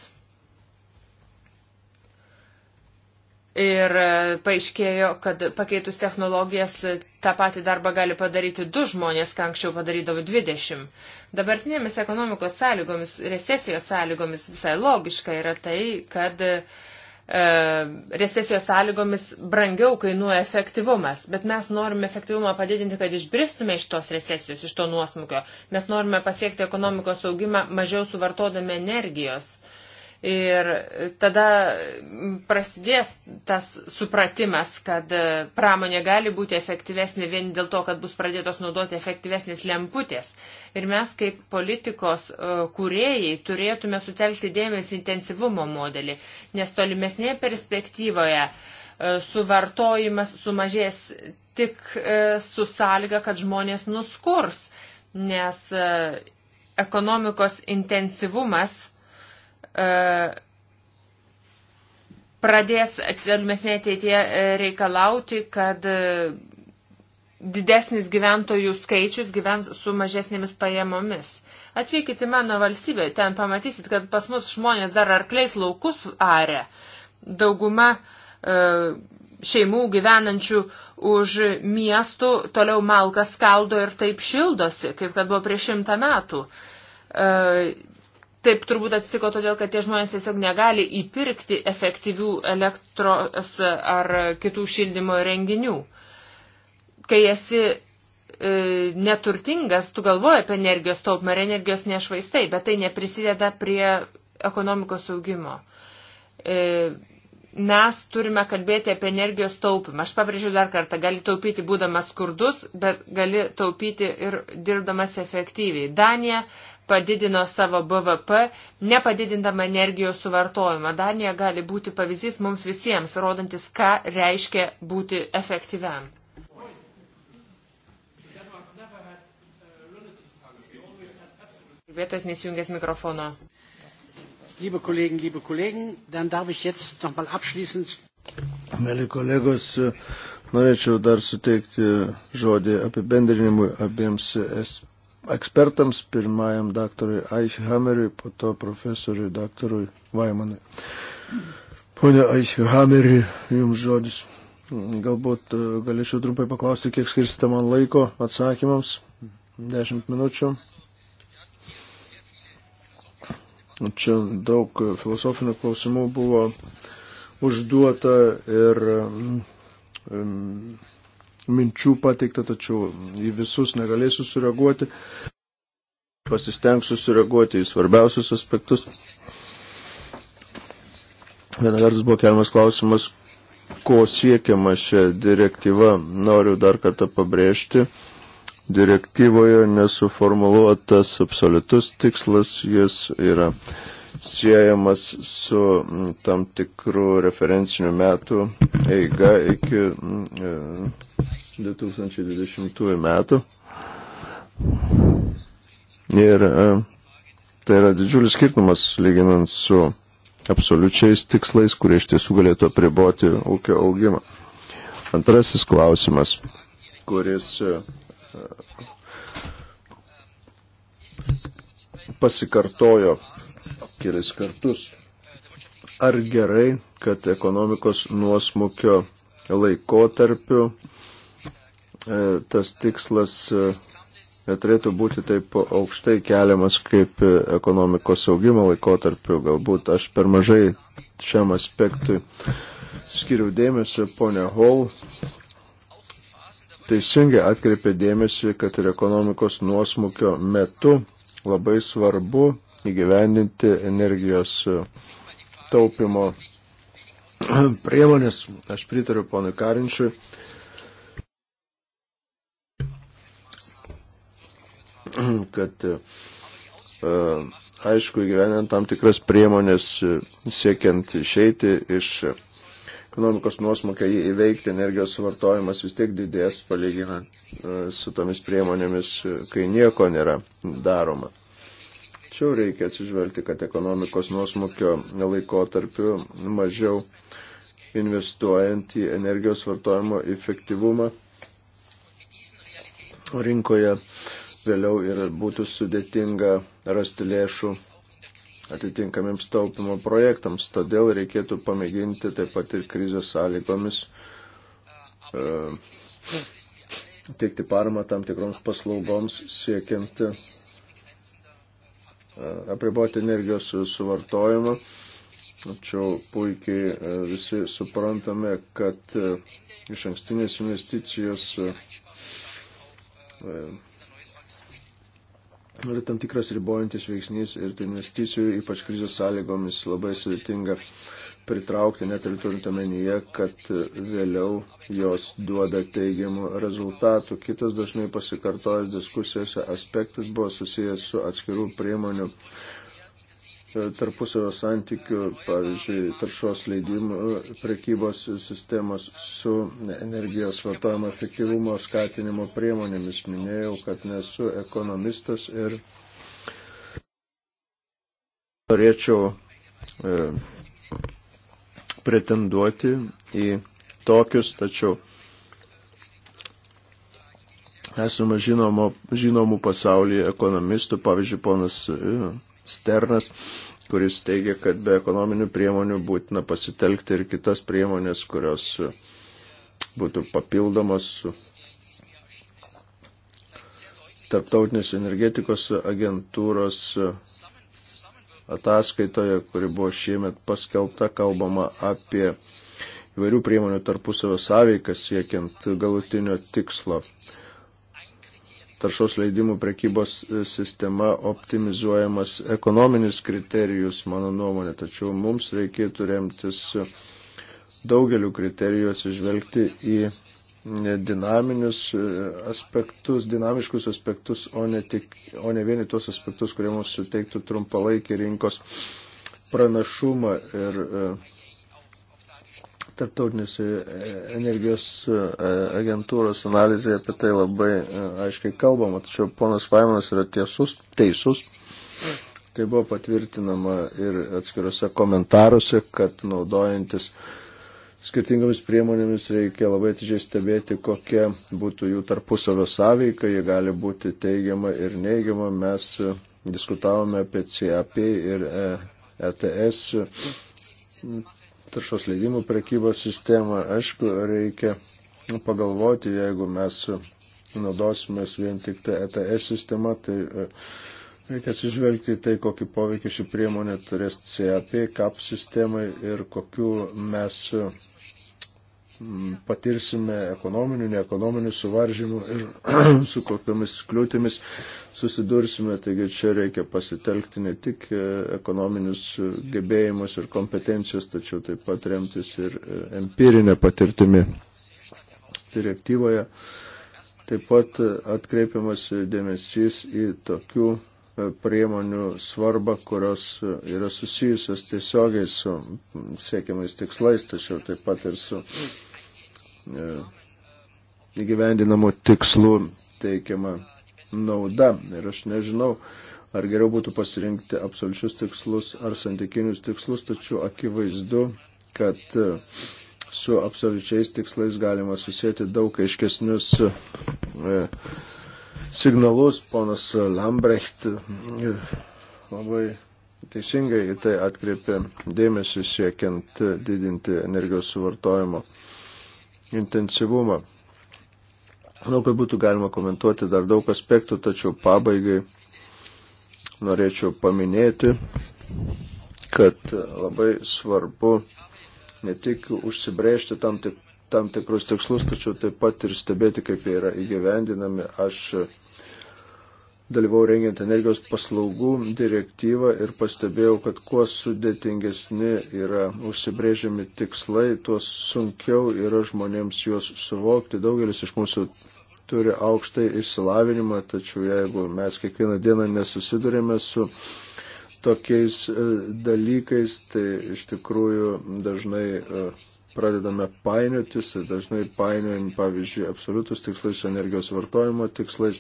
Ir e, paaiškėjo, kad pakeitus technologijas tą patį darbą gali padaryti du žmonės, ką anksčiau padarydavo 20. Dabartinėmis ekonomikos sąlygomis, recesijos sąlygomis visai logiška yra tai, kad uh, E, recesijos sąlygomis brangiau kainuoja efektyvumas, bet mes norime efektyvumą padidinti, kad išbristume iš tos recesijos, iš to nuosmukio. Mes norime pasiekti ekonomikos augimą mažiau suvartodami energijos. Uh, Ir tada prasidės tas supratimas, kad pramonė gali būti efektyvesnė vien dėl to, kad bus pradėtos naudoti efektyvesnės lemputės. Ir mes kaip politikos e, kūrėjai turėtume sutelkti dėmesį intensyvumo modelį, nes tolimesnėje perspektyvoje e, suvartojimas sumažės tik e, su sąlyga, kad žmonės nuskurs, nes ekonomikos intensyvumas E, pradės tolimesnėje ateityje e, reikalauti, kad e, didesnis gyventojų skaičius gyvens su mažesnėmis pajamomis. Atvykit į mano valstybę, ten pamatysit, kad pas mus žmonės dar arkliais laukus arė. Dauguma e, šeimų gyvenančių už miestų toliau malkas skaldo ir taip šildosi, kaip kad buvo prieš šimtą metų. E, Taip turbūt atsitiko todėl, kad tie žmonės tiesiog negali įpirkti efektyvių elektros ar kitų šildymo renginių. Kai esi e, neturtingas, tu galvoji apie energijos taupimą ir energijos nešvaistai, bet tai neprisideda prie ekonomikos augimo. E, mes turime kalbėti apie energijos taupimą. Aš pabrėžiu dar kartą, gali taupyti būdamas skurdus, bet gali taupyti ir dirbdamas efektyviai. Danija padidino savo BVP, nepadidindama energijos suvartojimą. Danija gali būti pavyzdys mums visiems, rodantis, ką reiškia būti efektyviam. Kalbėtojas nesijungęs mikrofono. Liebe Kollegen, liebe Kollegen, dann darf ich jetzt nochmal abschließend. Mėly kolegos, norėčiau dar suteikti žodį apibendrinimui abiems ekspertams, pirmajam daktarui Eichhammeriui, po to profesoriui daktarui Vaimanui. Pone Eichhammeri, jums žodis. Galbūt e, galėčiau trumpai paklausti, kiek skirsite man laiko atsakymams. Dešimt minučių. Čia daug filosofinių klausimų buvo užduota ir minčių pateikta, tačiau į visus negalėsiu sureaguoti. Pasistengsiu sureaguoti į svarbiausius aspektus. Viena vertus buvo keliamas klausimas, ko siekiama šią direktyvą. Noriu dar kartą pabrėžti, direktyvoje nesuformuluotas absoliutus tikslas, jis yra siejamas su mm, tam tikrų referencinių metų eiga iki 2020 mm, e, metų. Ir e, tai yra didžiulis skirtumas lyginant su absoliučiais tikslais, kurie iš tiesų galėtų apriboti ūkio augimą. Antrasis klausimas, kuris e, pasikartojo kelis kartus. Ar gerai, kad ekonomikos nuosmukio laikotarpiu e, tas tikslas neturėtų būti taip aukštai keliamas kaip ekonomikos augimo laikotarpiu. Galbūt aš per mažai šiam aspektui skiriu dėmesio, ponia Hall teisingai atkreipė dėmesį, kad ir ekonomikos nuosmukio metu labai svarbu įgyvendinti energijos e, taupimo (clears throat) priemonės. Aš pritariu ponui Karinčiui. (clears throat) kad e, e, aišku, gyvenant tam tikras priemonės siekiant išeiti iš ekonomikos nuosmukę įveikti, energijos suvartojimas vis tiek didės, palyginant e, su tomis priemonėmis, e, kai nieko nėra daroma. Tačiau reikia atsižvelgti, kad ekonomikos nuosmukio laikotarpiu mažiau investuojant į energijos vartojimo efektyvumą rinkoje vėliau ir būtų sudėtinga rasti lėšų atitinkamiems taupimo projektams. Todėl reikėtų pamėginti taip pat ir krizės sąlygomis e, teikti paramą tam tikroms paslaugoms siekiant e, apriboti energijos suvartojimą. Tačiau puikiai e, visi suprantame, kad e, iš ankstinės investicijos e, e yra tam tikras ribojantis veiksnys ir tai investicijų, ypač krizės sąlygomis, labai sudėtinga pritraukti, net ir turint omenyje, kad vėliau jos duoda teigiamų rezultatų. Kitas dažnai pasikartojęs diskusijose aspektas buvo susijęs su atskirų priemonių tarpusavio santykių, pavyzdžiui, taršos leidimų prekybos sistemos su energijos vartojimo efektyvumo skatinimo priemonėmis. Minėjau, kad nesu ekonomistas ir norėčiau e, pretenduoti į tokius, tačiau esame žinomų, žinomų pasaulyje ekonomistų, pavyzdžiui, ponas. E, Sternas, kuris teigia, kad be ekonominių priemonių būtina pasitelkti ir kitas priemonės, kurios e, būtų papildomos Tarptautinės energetikos agentūros e, ataskaitoje, kuri buvo šiemet paskelbta, kalbama apie įvairių priemonių tarpusavio sąveiką siekiant galutinio tikslo taršos leidimų prekybos e, sistema optimizuojamas ekonominis kriterijus, mano nuomonė, tačiau mums reikėtų remtis daugeliu kriterijų atsižvelgti į dinaminius e, aspektus, dinamiškus aspektus, o ne, tik, o ne vieni tos aspektus, kurie mums suteiktų trumpalaikį rinkos pranašumą ir uh, Tartautinės e, energijos e, agentūros analizėje apie tai labai e, aiškiai kalbama, tačiau ponas Vaimanas yra tiesus, teisus. Tai buvo patvirtinama ir atskiruose komentaruose, kad naudojantis skirtingomis priemonėmis reikia labai atidžiai stebėti, kokia būtų jų tarpusavio sąveika, ji gali būti teigiama ir neigiama. Mes diskutavome apie CAP ir ETS taršos leidimų prekybos sistemą. Aišku, reikia pagalvoti, jeigu mes naudosimės vien tik tai ETS sistema, tai e, reikia atsižvelgti į tai, kokį poveikį ši priemonė turės CAP, CAP sistemai ir kokiu mes Mm, patirsime ekonominių, neekonominių suvaržymų ir (clears throat) su kokiamis kliūtimis susidursime. Taigi čia reikia pasitelkti ne tik e, ekonominius e, gebėjimus ir kompetencijas, tačiau taip pat remtis ir e, empirinę patirtimį direktyvoje. Taip pat atkreipiamas dėmesys į tokių E, priemonių svarbą, kurios yra susijusios tiesiogiai su siekiamais tikslais, tačiau taip pat ir su e, įgyvendinamų tikslų teikiama nauda. Ir aš nežinau, ar geriau būtų pasirinkti absoliučius tikslus ar santykinius tikslus, tačiau akivaizdu, kad e, su absoliučiais tikslais galima susėti daug aiškesnius signalus, ponas Lambrecht labai teisingai į tai atkreipė dėmesį siekiant didinti energijos suvartojimo intensyvumą. Manau, kad būtų galima komentuoti dar daug aspektų, tačiau pabaigai norėčiau paminėti, kad labai svarbu ne tik užsibrėžti tam tik tam tikrus tikslus, tačiau taip pat ir stebėti, kaip jie yra įgyvendinami. Aš dalyvau rengiant energijos paslaugų direktyvą ir pastebėjau, kad kuo sudėtingesni yra užsibrėžiami tikslai, tuo sunkiau yra žmonėms juos suvokti. Daugelis iš mūsų turi aukštai išsilavinimą, tačiau jeigu mes kiekvieną dieną nesusidurėme su tokiais e, dalykais, tai iš tikrųjų dažnai uh, pradedame painiotis ir dažnai painiojam, pavyzdžiui, absoliutus tikslais su energijos vartojimo tikslais.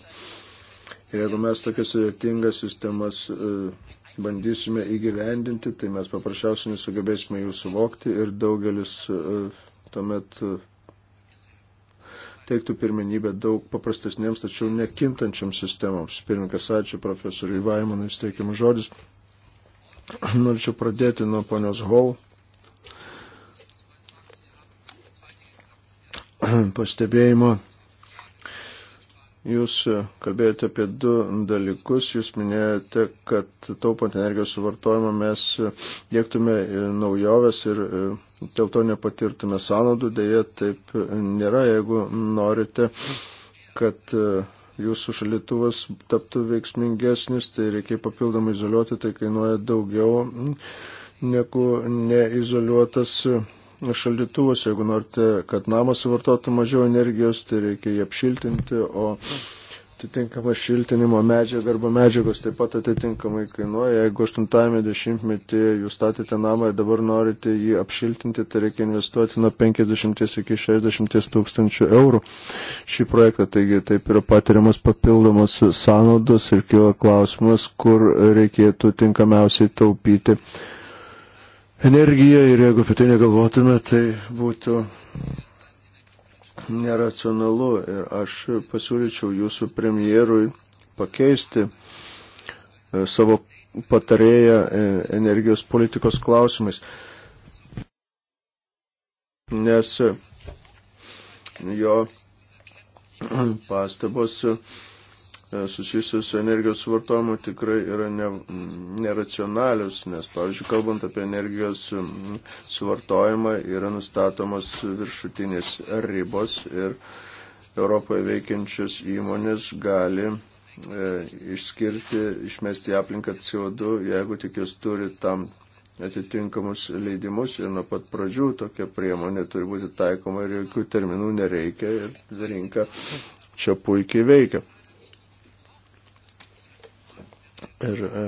Jeigu mes tokias sudėtingas sistemas e, bandysime įgyvendinti, tai mes paprasčiausiai nesugebėsime jų suvokti ir daugelis e, tuomet e, teiktų pirmenybę daug paprastesniems, tačiau nekintančiams sistemoms. Pirmininkas, ačiū profesoriui Vaimanui, steikiamas žodis. Norėčiau pradėti nuo ponios Hall (clears throat) pastebėjimo. Jūs kalbėjote apie du dalykus. Jūs minėjote, kad taupant energijos suvartojimą mes dėktume naujoves ir e, dėl to nepatirtume sąnaudų. Deja, taip nėra. Jeigu norite, kad e, jūsų šalituvas taptų veiksmingesnis, tai reikia papildomai izoliuoti, tai kainuoja daugiau negu neizoliuotas šaldytuvus. Jeigu norite, kad namas suvartotų mažiau energijos, tai reikia jį apšiltinti, o atitinkama šiltinimo medžiaga arba medžiagos taip pat atitinkamai kainuoja. Jeigu 80-ame dešimtmetyje jūs statėte namą ir dabar norite jį apšiltinti, tai reikia investuoti nuo 50 iki 60 tūkstančių eurų šį projektą. Taigi taip yra patiriamas papildomas sąnaudos ir kyla klausimas, kur reikėtų tinkamiausiai taupyti energiją ir jeigu apie tai negalvotume, tai būtų neracionalu ir aš pasiūlyčiau jūsų premjerui pakeisti e, savo patarėją e, energijos politikos klausimais. Nes jo pastabos E, susijusios su energijos suvartojimu tikrai yra ne, neracionalius, nes, pavyzdžiui, kalbant apie energijos suvartojimą, yra nustatomos viršutinės ribos ir Europoje veikiančios įmonės gali e, išskirti, išmesti aplinką CO2, jeigu tik jos turi tam atitinkamus leidimus ir nuo pat pradžių tokia priemonė turi būti taikoma ir jokių terminų nereikia ir rinka čia puikiai veikia. Ir e,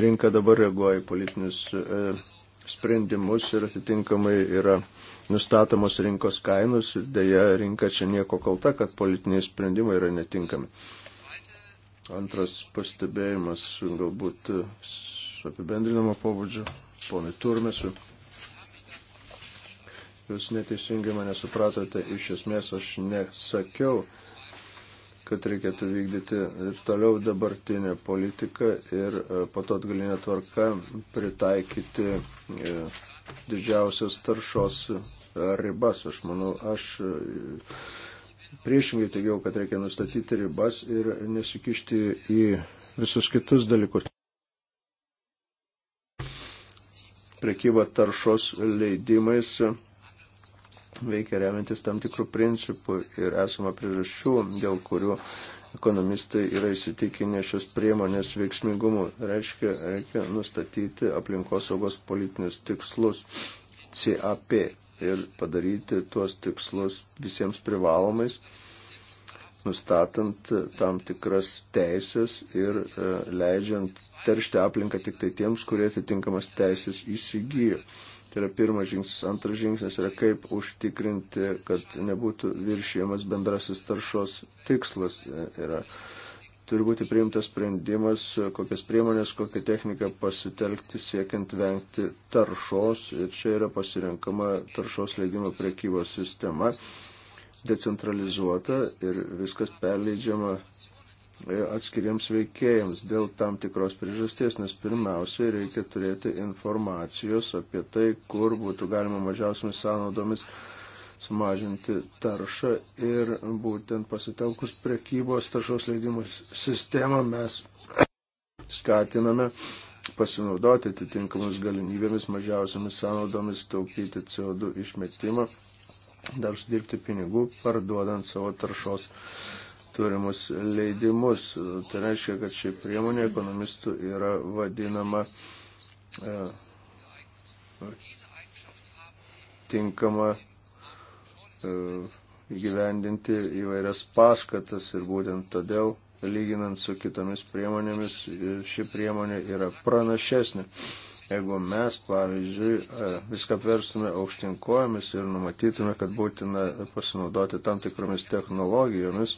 rinka dabar reaguoja į politinius e, sprendimus ir atitinkamai yra nustatomos rinkos kainos ir dėja rinka čia nieko kalta, kad politiniai sprendimai yra netinkami. Antras pastebėjimas galbūt apibendrinamo pobūdžio, ponai Turmesu. Jūs neteisingai mane supratote, iš esmės aš nesakiau, kad reikėtų vykdyti ir toliau dabartinę politiką ir e, po to atgalinę tvarką pritaikyti e, didžiausios taršos e, ribas. Aš manau, aš priešingai teigiau, kad reikia nustatyti ribas ir nesikišti į visus kitus dalykus. Prekyba taršos leidimais veikia remiantis tam tikrų principų ir esama priežasčių, dėl kurių ekonomistai yra įsitikinę šios priemonės veiksmingumu. Reiškia, reikia nustatyti aplinkosaugos politinius tikslus CAP ir padaryti tuos tikslus visiems privalomais, nustatant tam tikras teisės ir e, leidžiant teršti aplinką tik tai tiems, kurie atitinkamas teisės įsigijo. Tai yra pirmas žingsnis. Antras žingsnis yra kaip užtikrinti, kad nebūtų viršijamas bendrasis taršos tikslas. Yra, turi būti priimtas sprendimas, kokias priemonės, kokią techniką pasitelkti siekiant vengti taršos. Ir čia yra pasirinkama taršos leidimo priekybos sistema, decentralizuota ir viskas perleidžiama atskiriems veikėjams dėl tam tikros priežasties, nes pirmiausiai reikia turėti informacijos apie tai, kur būtų galima mažiausiamis sąnaudomis sumažinti taršą ir būtent pasitelkus prekybos taršos leidimų sistemą mes skatiname pasinaudoti atitinkamus galimybėmis mažiausiamis sąnaudomis taupyti CO2 išmetimą, dar uždirbti pinigų, parduodant savo taršos turimus leidimus. Tai reiškia, kad ši priemonė ekonomistų yra vadinama e, tinkama e, įgyvendinti įvairias paskatas ir būtent todėl, lyginant su kitomis priemonėmis, ši priemonė yra pranašesnė. Jeigu mes, pavyzdžiui, e, viską verstume aukštinkojomis ir numatytume, kad būtina pasinaudoti tam tikromis technologijomis,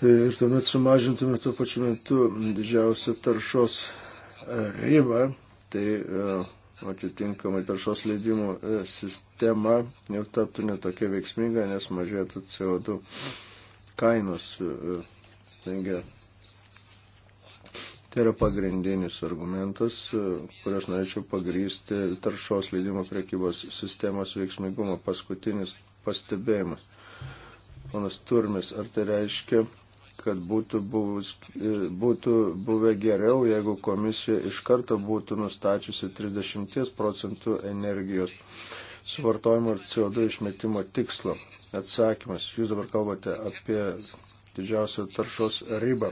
Tai ir tuomet sumažintume tuo pačiu metu didžiausią taršos e, ribą, tai e, atitinkamai taršos leidimų e, sistema jau taptų netokia veiksminga, nes mažėtų CO2 kainos. Taigi, tai yra pagrindinis argumentas, kurį aš norėčiau pagrysti taršos leidimo prekybos sistemos veiksmingumo paskutinis pastebėjimas. Ponas Turmis, ar tai reiškia, kad būtų, buvus, e, būtų buvę geriau, jeigu komisija iš karto būtų nustačiusi 30 procentų energijos suvartojimo ir CO2 išmetimo tikslo. Atsakymas, jūs dabar kalbate apie didžiausią taršos ribą,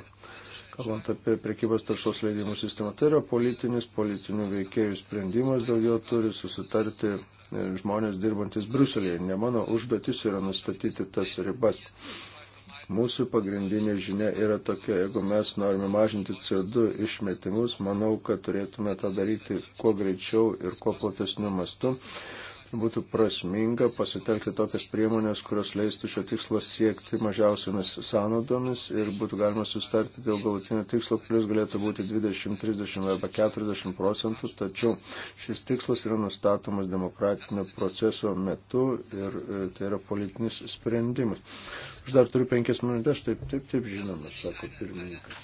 kalbant apie prekybos taršos leidimų sistemą. Tai yra politinis, politinių veikėjų sprendimas, dėl jo turi susitarti e, žmonės dirbantis Bruselėje. Ne mano užduotis yra nustatyti tas ribas. Mūsų pagrindinė žinia yra tokia, jeigu mes norime mažinti CO2 išmetimus, manau, kad turėtume tą daryti kuo greičiau ir kuo platesniu mastu. Būtų prasminga pasitelkti tokias priemonės, kurios leistų šio tikslo siekti mažiausiamis sąnaudomis ir būtų galima sustarti dėl galutinio tikslo, kuris galėtų būti 20, 30 arba 40 procentų, tačiau šis tikslas yra nustatomas demokratinio proceso metu ir e, tai yra politinis sprendimas Aš dar turiu penkias minutės, taip, taip, taip žinoma, sako pirmininkas.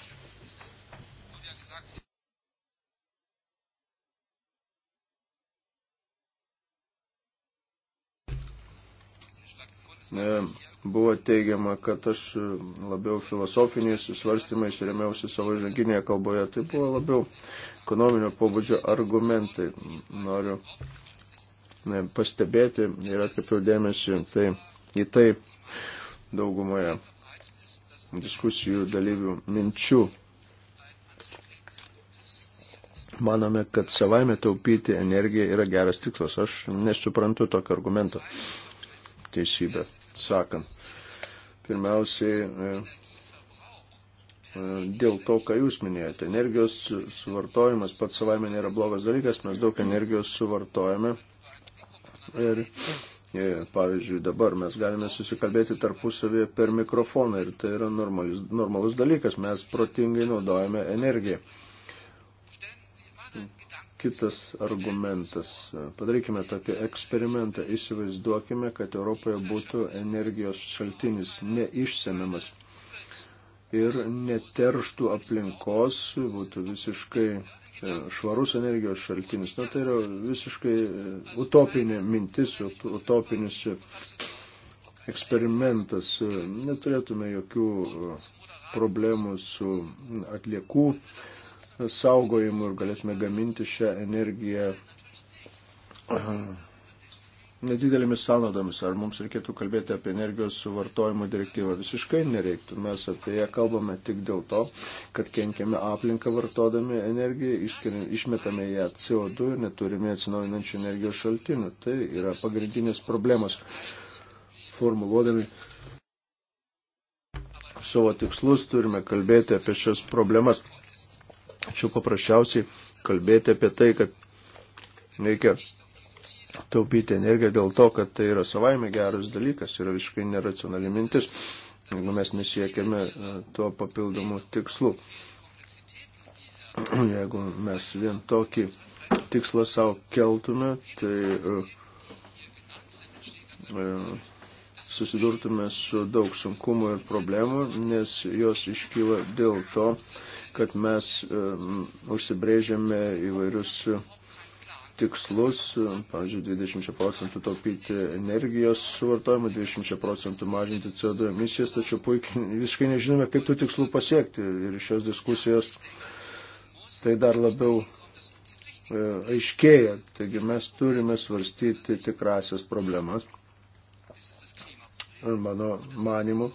E, buvo teigiama, kad aš labiau filosofiniais svarstymais remiausi savo žanginėje kalboje. Tai buvo labiau ekonominio pobūdžio argumentai. Noriu e, pastebėti ir atkreipiau dėmesį tai, į tai, daugumoje diskusijų dalyvių minčių. Manome, kad savaime taupyti energiją yra geras tikslas. Aš nesuprantu tokio argumento. Teisybė, sakant. Pirmiausiai, e, e, dėl to, ką jūs minėjote, energijos suvartojimas pats savaime nėra blogas dalykas, mes daug energijos suvartojame. Ir E, pavyzdžiui, dabar mes galime susikalbėti tarpusavėje per mikrofoną ir tai yra normalis, normalus dalykas, mes protingai naudojame energiją. Kitas argumentas. Padarykime tokį eksperimentą. Įsivaizduokime, kad Europoje būtų energijos šaltinis neišsemiamas ir neterštų aplinkos, būtų visiškai E, švarus energijos šaltinis. Na, nu, tai yra visiškai e, utopinė mintis, utopinis e, eksperimentas. Neturėtume jokių problemų su atliekų saugojimu ir galėtume gaminti šią energiją nedidelėmis sąnaudomis. Ar mums reikėtų kalbėti apie energijos suvartojimo direktyvą? Visiškai nereiktų. Mes apie ją kalbame tik dėl to, kad kenkiame aplinką vartodami energiją, išmetame ją CO2 ir neturime atsinaujinančių energijos šaltinių. Tai yra pagrindinės problemos formuluodami savo tikslus, turime kalbėti apie šias problemas. Tačiau paprasčiausiai kalbėti apie tai, kad reikia taupyti energiją dėl to, kad tai yra savaime geras dalykas, yra visiškai neracionali mintis, jeigu mes nesiekime e, tuo papildomu tikslu. (clears throat) Jeigu mes vien tokį tikslą savo keltume, tai e, e, susidurtume su daug sunkumų ir problemų, nes jos iškyla dėl to, kad mes užsibrėžiame įvairius uh, tikslus, pavyzdžiui, 20 procentų taupyti energijos suvartojimą, 20 procentų mažinti CO2 emisijas, tačiau puikiai visiškai nežinome, kaip tų tikslų pasiekti. Ir šios diskusijos tai dar labiau e, aiškėja. Taigi mes turime svarstyti tikrasias problemas. Ir mano manimu,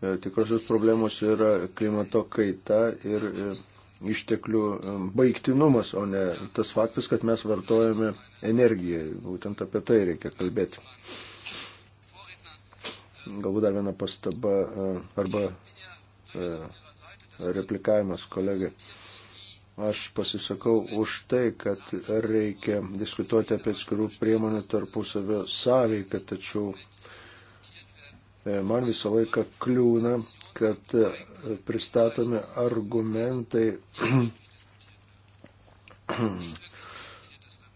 e, tikrosios problemos yra klimato kaita ir e, išteklių baigtinumas, o ne tas faktas, kad mes vartojame energiją. Būtent apie tai reikia kalbėti. Galbūt dar viena pastaba e, arba e, replikavimas kolegai. Aš pasisakau už tai, kad reikia diskutuoti apie atskirų priemonių tarpusavio sąveiką, tačiau e, man visą laiką kliūna kad e, pristatomi argumentai (clears throat)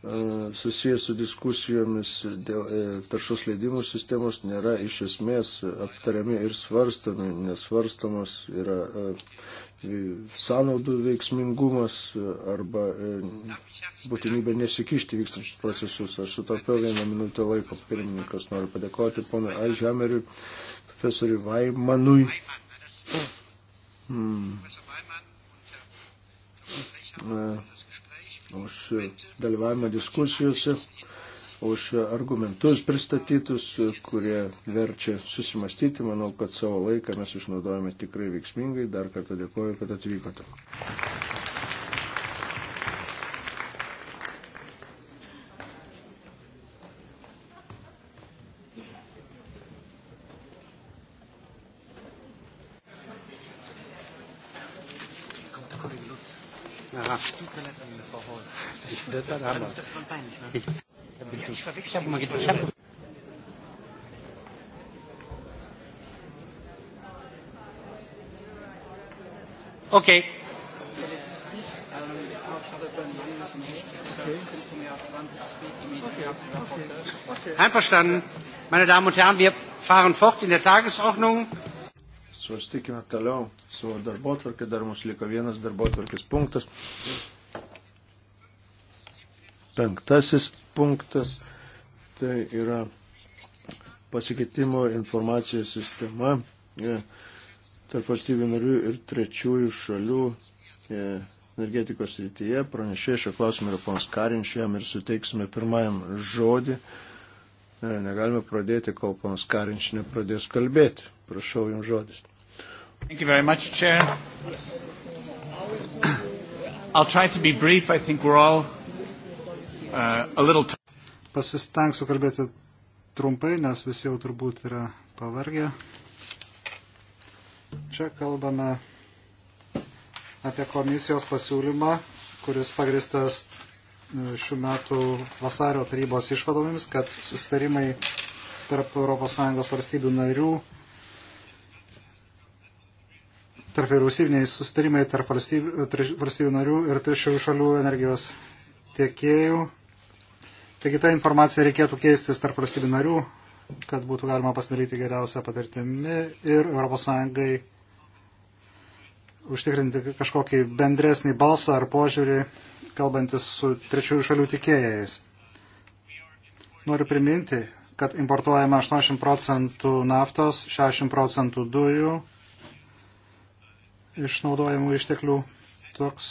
e, susijęs su diskusijomis dėl e, taršos leidimų sistemos nėra iš esmės aptariami ir svarstami, nesvarstamos yra sąnaudų veiksmingumas arba būtinybė nesikišti vykstančius procesus. Aš sutapiau vieną minutę laiko. Pirmininkas noriu padėkoti ponui Alžemeriui, profesoriui Vaimanui. Hmm. Už dalyvavimą diskusijose, už argumentus pristatytus, kurie verčia susimastyti. Manau, kad savo laiką mes išnaudojame tikrai veiksmingai. Dar kartą dėkoju, kad atvykote. siapa begitu siapa Okay. Einverstanden. Meine Damen und Herren, wir fahren fort in der Tagesordnung. Svarstykime toliau savo darbo tvarkę, dar mums liko vienas darbo tvarkės punktas. Penktasis punktas Tai yra pasikeitimo informacijos sistema e, tarp valstybių narių ir trečiųjų šalių e, energetikos srityje. Pranešėjai šio klausimo yra ponas Karinš, jam ir suteiksime pirmajam žodį. E, negalime pradėti, kol ponas Karinš nepradės kalbėti. Prašau jums žodis. Thank you very much, Chair. I'll try to be brief. I think we're all uh, a little. Pasistengsiu kalbėti trumpai, nes visi jau turbūt yra pavargę. Čia kalbame apie komisijos pasiūlymą, kuris pagristas e, šių metų vasario tarybos išvadomis, kad susitarimai tarp ES valstybių narių, tarp vyriausybiniai susitarimai tarp valstybių, valstybių narių ir trečiųjų šalių energijos tiekėjų Taigi tą informaciją reikėtų keistis tarp valstybių narių, kad būtų galima pasidaryti geriausią patirtimi ir ES užtikrinti kažkokį bendresnį balsą ar požiūrį, kalbantis su trečiųjų šalių tikėjais. Noriu priminti, kad importuojama 80 procentų naftos, 60 procentų dujų išnaudojimų išteklių. Toks,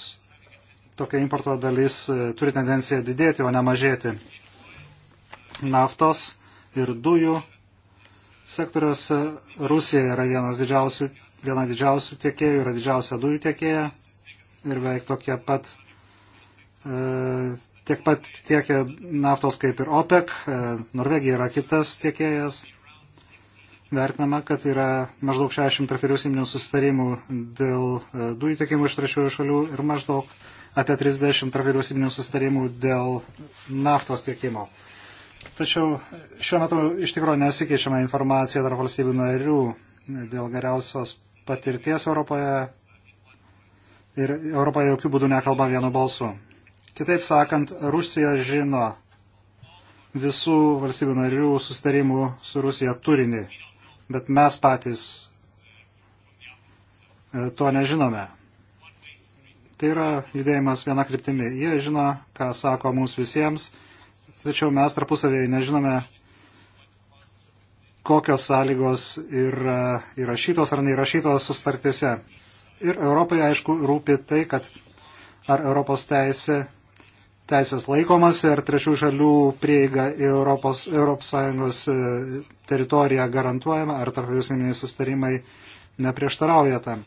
tokia importo dalis e, turi tendenciją didėti, o ne mažėti naftos ir dujų sektoriuose. Rusija yra vienas didžiausių, viena didžiausių tiekėjų, yra didžiausia dujų tiekėja ir beveik tokie pat, e, tiek pat tiekia naftos kaip ir OPEC. E, Norvegija yra kitas tiekėjas. Vertinama, kad yra maždaug 60 vyriausybinių susitarimų dėl e, dujų tiekimo iš trečiųjų šalių ir maždaug apie 30 vyriausybinių susitarimų dėl naftos tiekimo. Tačiau šiuo metu iš tikrųjų nesikeičiama informacija tarp valstybių narių dėl geriausios patirties Europoje ir Europa jokių būdų nekalba vienu balsu. Kitaip sakant, Rusija žino visų valstybių narių sustarimų su Rusija turinį, bet mes patys e, to nežinome. Tai yra judėjimas viena kryptimi. Jie žino, ką sako mums visiems tačiau mes tarpusavėje nežinome, kokios sąlygos yra įrašytos ar neįrašytos sustartėse. Ir Europai, aišku, rūpi tai, kad ar Europos teisė, teisės laikomasi, ar trečių šalių prieiga į Europos, Europos Sąjungos e, teritoriją garantuojama, ar tarptautiniai sustarimai neprieštarauja tam.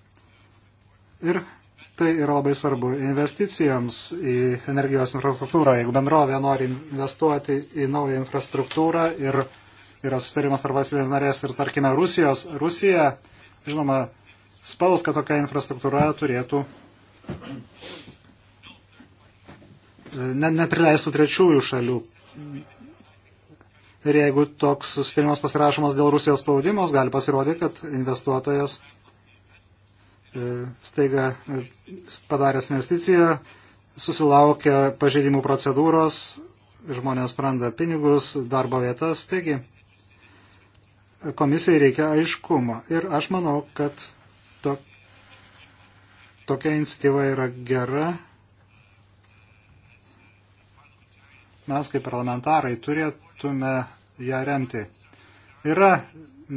Ir Tai yra labai svarbu investicijoms į energijos infrastruktūrą. Jeigu bendrovė nori investuoti į naują infrastruktūrą ir yra sustarimas tarp valstybės narės ir, tarkime, Rusijos, Rusija, žinoma, spaus, kad tokia infrastruktūra turėtų ne, neprileistų trečiųjų šalių. Ir jeigu toks susitarimas pasirašomas dėl Rusijos spaudimos, gali pasirodyti, kad investuotojas E, staiga e, padaręs investiciją, susilaukia pažeidimų procedūros, žmonės praranda pinigus, darbo vietas, taigi komisijai reikia aiškumo. Ir aš manau, kad to, tokia iniciatyva yra gera. Mes kaip parlamentarai turėtume ją remti. Yra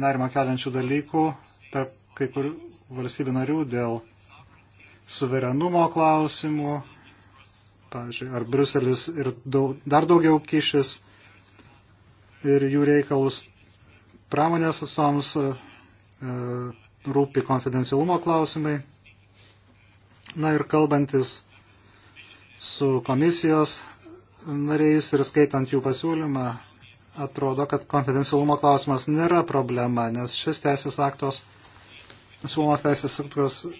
nerimo keliančių dalykų, tarp kai kur valstybių narių dėl suverenumo klausimų, pavyzdžiui, ar Bruselis ir daug, dar daugiau kišis ir jų reikalus. Pramonės atstovams e, rūpi konfidencialumo klausimai. Na ir kalbantis su komisijos nariais ir skaitant jų pasiūlymą, atrodo, kad konfidencialumo klausimas nėra problema, nes šis teisės aktos siūlomas teisės aktas e,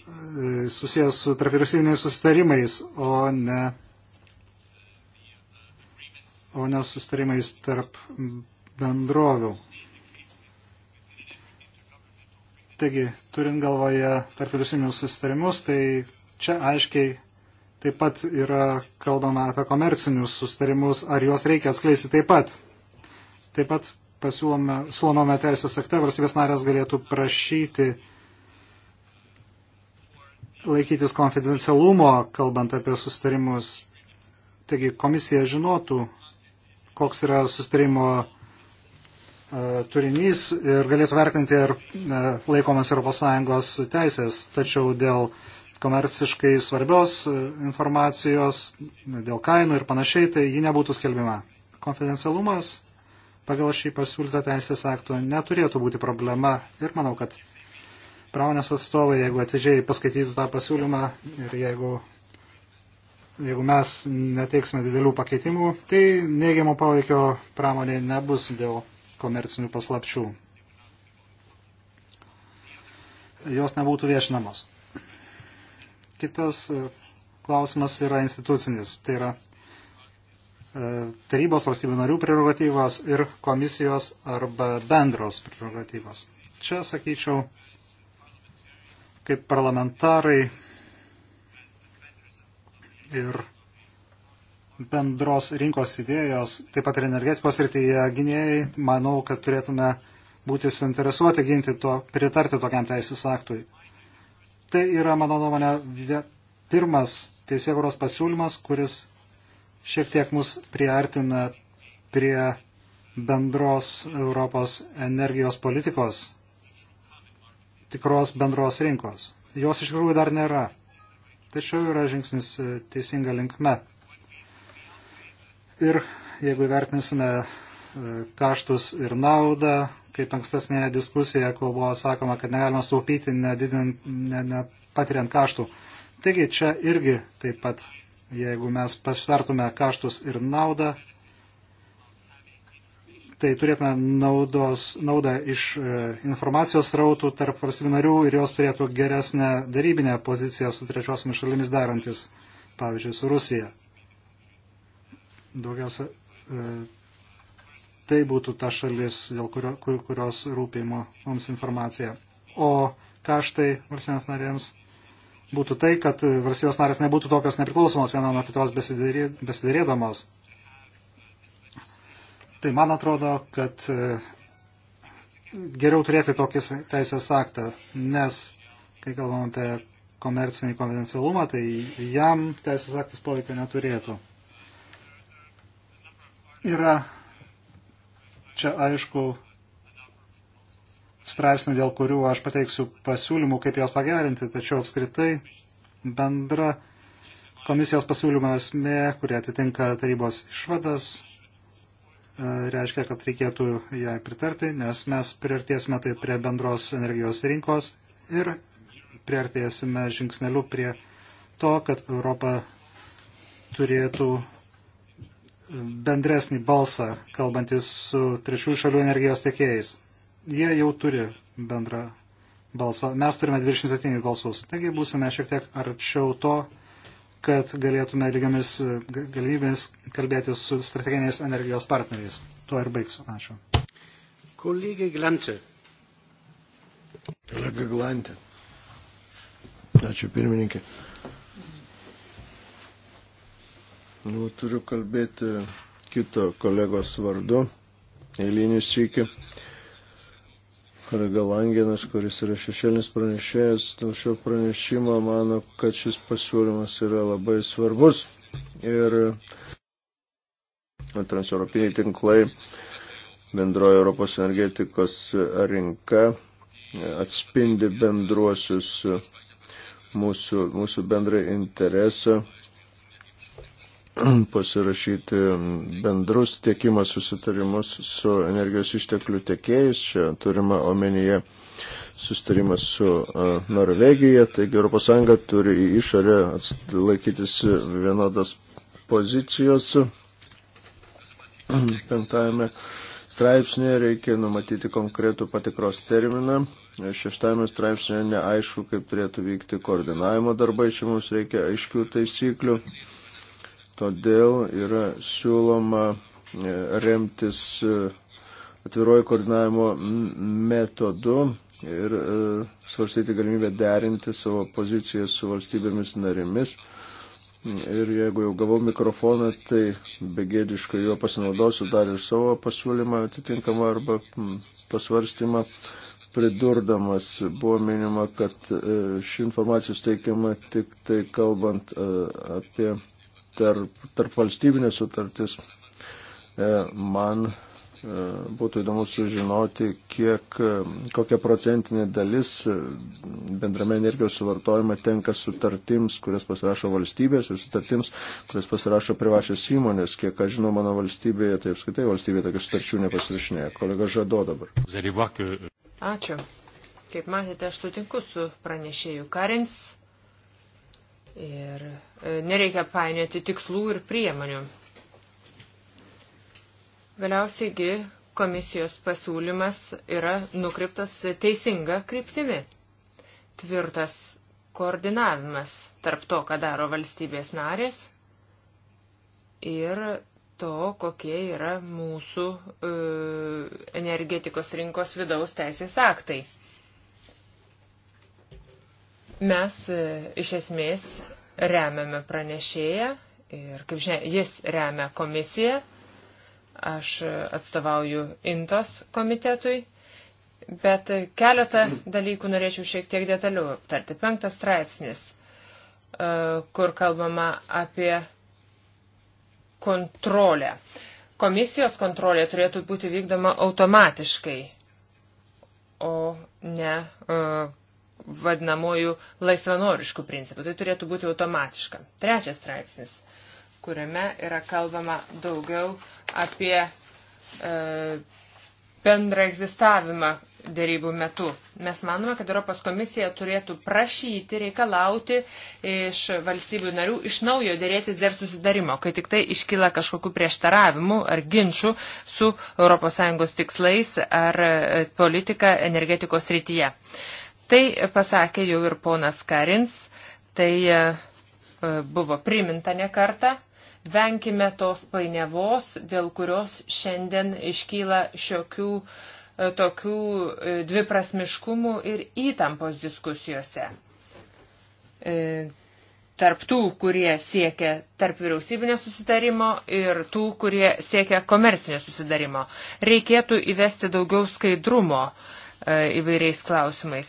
susijęs su tarpvyriausybiniais susitarimais, o ne, o ne susitarimais tarp bendrovių. Taigi, turint galvoje tarpvyriausybinius susitarimus, tai čia aiškiai taip pat yra kalbama apie komercinius susitarimus, ar juos reikia atskleisti taip pat. Taip pat pasiūlome, siūlomame teisės akte valstybės narės galėtų prašyti laikytis konfidencialumo, kalbant apie sustarimus. Taigi komisija žinotų, koks yra sustarimo e, turinys ir galėtų vertinti, ar e, laikomas ES teisės. Tačiau dėl komerciškai svarbios e, informacijos, dėl kainų ir panašiai, tai ji nebūtų skelbima. Konfidencialumas pagal šį pasiūlytą teisės aktų neturėtų būti problema ir manau, kad pramonės atstovai, jeigu atidžiai paskaitytų tą pasiūlymą ir jeigu, jeigu mes neteiksime didelių pakeitimų, tai neigiamo poveikio pramonė nebus dėl komercinių paslapčių. Jos nebūtų viešinamos. Kitas e, klausimas yra institucinis. Tai yra e, tarybos valstybių narių prerogatyvos ir komisijos arba bendros prerogatyvos. Čia, sakyčiau, kaip parlamentarai ir bendros rinkos idėjos, taip pat ir energetikos rytyje gynėjai, manau, kad turėtume būti suinteresuoti ginti to, pritarti tokiam teisės aktui. Tai yra, mano nuomonė, pirmas teisėkuros pasiūlymas, kuris šiek tiek mus priartina prie bendros Europos energijos politikos tikros bendros rinkos. Jos iš tikrųjų dar nėra. Tačiau yra žingsnis e, teisinga linkme. Ir jeigu vertinsime e, kaštus ir naudą, kaip ankstesnėje diskusijoje, kur buvo sakoma, kad negalima staupyti, nedidint, ne, nepatiriant kaštų. Taigi čia irgi taip pat, jeigu mes pasvertume kaštus ir naudą, tai turėtume naudos, naudą iš e, informacijos rautų tarp valstybinarių ir jos turėtų geresnę darybinę poziciją su trečiosiomis šalimis darantis, pavyzdžiui, su Rusija. Daugiausia e, tai būtų ta šalis, dėl kurio, kur, kurios rūpimo mums informacija. O kaštai valstybės narėms būtų tai, kad valstybės narės nebūtų tokios nepriklausomos viena nuo kitos besidarėdamos. Tai man atrodo, kad e, geriau turėti tokį teisės aktą, nes, kai kalbam apie komercinį konfidencialumą, tai jam teisės aktas poveikio neturėtų. Yra čia aišku straipsnių, dėl kurių aš pateiksiu pasiūlymų, kaip jos pagerinti, tačiau apskritai bendra komisijos pasiūlymo esmė, kurie atitinka tarybos išvadas, E, reiškia, kad reikėtų jai pritarti, nes mes priartėsime tai prie bendros energijos rinkos ir priartėsime žingsneliu prie to, kad Europa turėtų bendresnį balsą, kalbantis su trečių šalių energijos tiekėjais. Jie jau turi bendrą balsą. Mes turime 27 balsus. Taigi būsime šiek tiek arčiau to, kad galėtume lygiamis e, galimybėmis kalbėti su strateginiais energijos partneriais. Tuo ir baigsiu. Ačiū. Kolegė Glantė. Kolegė Glantė. Ačiū pirmininkė. Nu, turiu kalbėti kito kolegos vardu, eilinį sykį kolega Langenas, kuris yra šešėlis pranešėjas, dėl šio pranešimo mano, kad šis pasiūlymas yra labai svarbus. Ir transeuropiniai tinklai, bendroji Europos energetikos rinka atspindi bendruosius mūsų, mūsų bendrą interesą pasirašyti bendrus tiekimo susitarimus su energijos išteklių tiekėjais. Čia turima omenyje susitarimas su e, Norvegija, taigi ES turi į išorę laikytis vienodas pozicijos. Penktame straipsnėje reikia numatyti konkretų patikros terminą. Šeštame straipsnėje neaišku, kaip turėtų vykti koordinavimo darbai, čia mums reikia aiškių taisyklių. Todėl yra siūloma e, remtis e, atviroji koordinavimo metodu ir e, svarstyti galimybę derinti savo poziciją su valstybėmis narimis. Ir jeigu jau gavau mikrofoną, tai begėdiškai juo pasinaudosiu dar ir savo pasiūlymą atitinkamą arba pasvarstymą. Pridurdamas buvo minima, kad ši informacija suteikiama tik tai kalbant apie tarp, tarp valstybinės sutartis. E, man e, būtų įdomu sužinoti, kiek, e, kokia procentinė dalis bendrame energijos suvartojime tenka sutartims, kurias pasirašo valstybės ir sutartims, kurias pasirašo privačios įmonės. Kiek aš žinau, mano valstybėje, tai apskaitai valstybėje tokių sutarčių nepasirašinėja. Kolega Žado dabar. Ačiū. Kaip matėte, aš sutinku su pranešėju Karins Ir e, nereikia painioti tikslų ir priemonių. Galiausiaigi komisijos pasiūlymas yra nukreiptas teisinga kryptimi. Tvirtas koordinavimas tarp to, ką daro valstybės narės ir to, kokie yra mūsų e, energetikos rinkos vidaus teisės aktai. Mes e, iš esmės remiame pranešėją ir, kaip žinia, jis remia komisiją. Aš atstovauju Intos komitetui, bet keletą dalykų norėčiau šiek tiek detaliau aptarti. Penktas straipsnis, e, kur kalbama apie kontrolę. Komisijos kontrolė turėtų būti vykdoma automatiškai, o ne e, vadinamojų laisvanoriškų principų. Tai turėtų būti automatiška. Trečias straipsnis, kuriame yra kalbama daugiau apie e, bendrą egzistavimą dėrybų metu. Mes manome, kad Europos komisija turėtų prašyti, reikalauti iš valstybių narių iš naujo dėrėtis dėl susidarimo, kai tik tai iškyla kažkokiu prieštaravimu ar ginčiu su ES tikslais ar e, politika energetikos rytyje. E, Tai pasakė jau ir ponas Karins, tai e, buvo priminta nekarta. Venkime tos painiavos, dėl kurios šiandien iškyla šiokių e, tokių e, dviprasmiškumų ir įtampos diskusijose. Tarptų, kurie siekia tarp vyriausybinio susidarimo ir tų, kurie siekia komercinio susidarimo. Reikėtų įvesti daugiau skaidrumo E, įvairiais klausimais.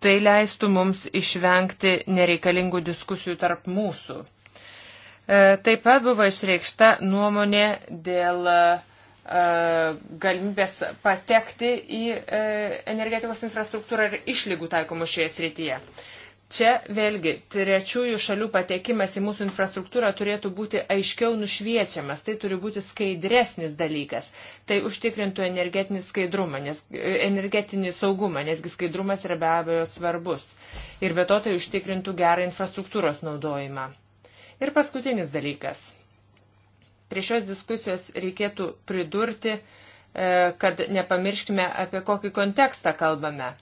Tai leistų mums išvengti nereikalingų diskusijų tarp mūsų. E, taip pat buvo išreikšta nuomonė dėl e, galimybės patekti į energetikos infrastruktūrą ir išlygų taikomų šioje srityje. Čia vėlgi trečiųjų šalių patekimas į mūsų infrastruktūrą turėtų būti aiškiau nušviečiamas, tai turi būti skaidresnis dalykas. Tai užtikrintų energetinį skaidrumą, nes, energetinį saugumą, nesgi skaidrumas yra be abejo svarbus. Ir be to tai užtikrintų gerą infrastruktūros naudojimą. Ir paskutinis dalykas. Prie šios diskusijos reikėtų pridurti, uh, E, kad nepamirškime, apie kokį kontekstą kalbame.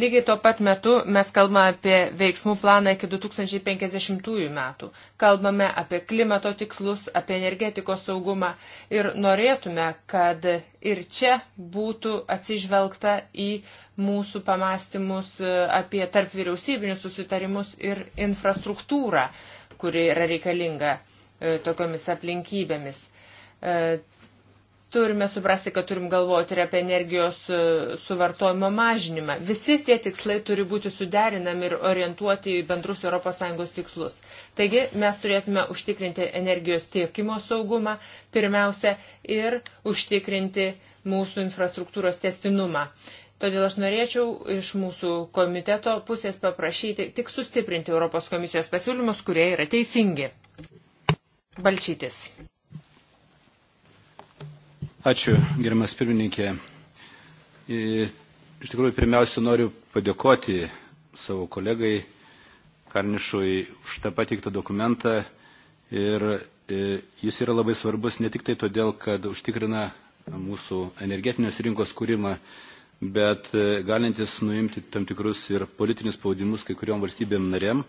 Lygiai tuo pat metu mes kalbame apie veiksmų planą iki 2050 metų. Kalbame apie klimato tikslus, apie energetikos saugumą ir norėtume, kad ir čia būtų atsižvelgta į mūsų pamastymus e, apie tarp vyriausybinius susitarimus ir infrastruktūrą, kuri yra reikalinga e, tokiomis aplinkybėmis turime suprasti, kad turim galvoti ir apie energijos e, suvartojimo mažinimą. Visi tie tikslai turi būti suderinami ir orientuoti į bendrus ES tikslus. Taigi mes turėtume užtikrinti energijos tiekimo saugumą pirmiausia ir užtikrinti mūsų infrastruktūros testinumą. Todėl aš norėčiau iš mūsų komiteto pusės paprašyti tik sustiprinti Europos komisijos pasiūlymus, kurie yra teisingi. Balčytis. Ačiū, gerimas pirmininkė. E, iš tikrųjų, pirmiausia, noriu padėkoti savo kolegai Karnišui už tą pateiktą dokumentą. Ir e, jis yra labai svarbus ne tik tai todėl, kad užtikrina mūsų energetinės rinkos kūrimą, bet e, galintis nuimti tam tikrus ir politinius spaudimus kai kuriuom valstybėm narėm,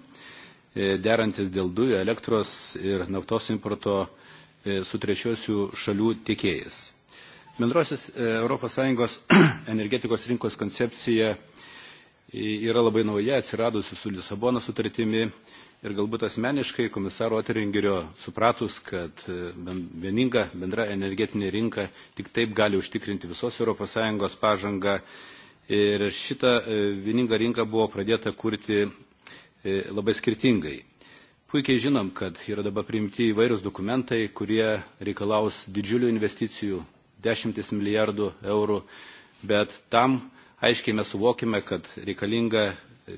derantis dėl dujų, elektros ir naftos importo su trečiosių šalių tiekėjais. Bendrosios ES (clears throat) energetikos rinkos koncepcija e, yra labai nauja, atsiradusi su Lisabono sutartimi ir galbūt asmeniškai komisaro Oteringerio supratus, kad e, vieninga bendra energetinė rinka tik taip gali užtikrinti visos ES pažangą. Ir šita e, vieninga rinka buvo pradėta kurti labai skirtingai. Puikiai žinom, kad yra dabar priimti įvairūs dokumentai, kurie reikalaus didžiulių investicijų dešimtis milijardų eurų, bet tam aiškiai mes suvokime, kad reikalinga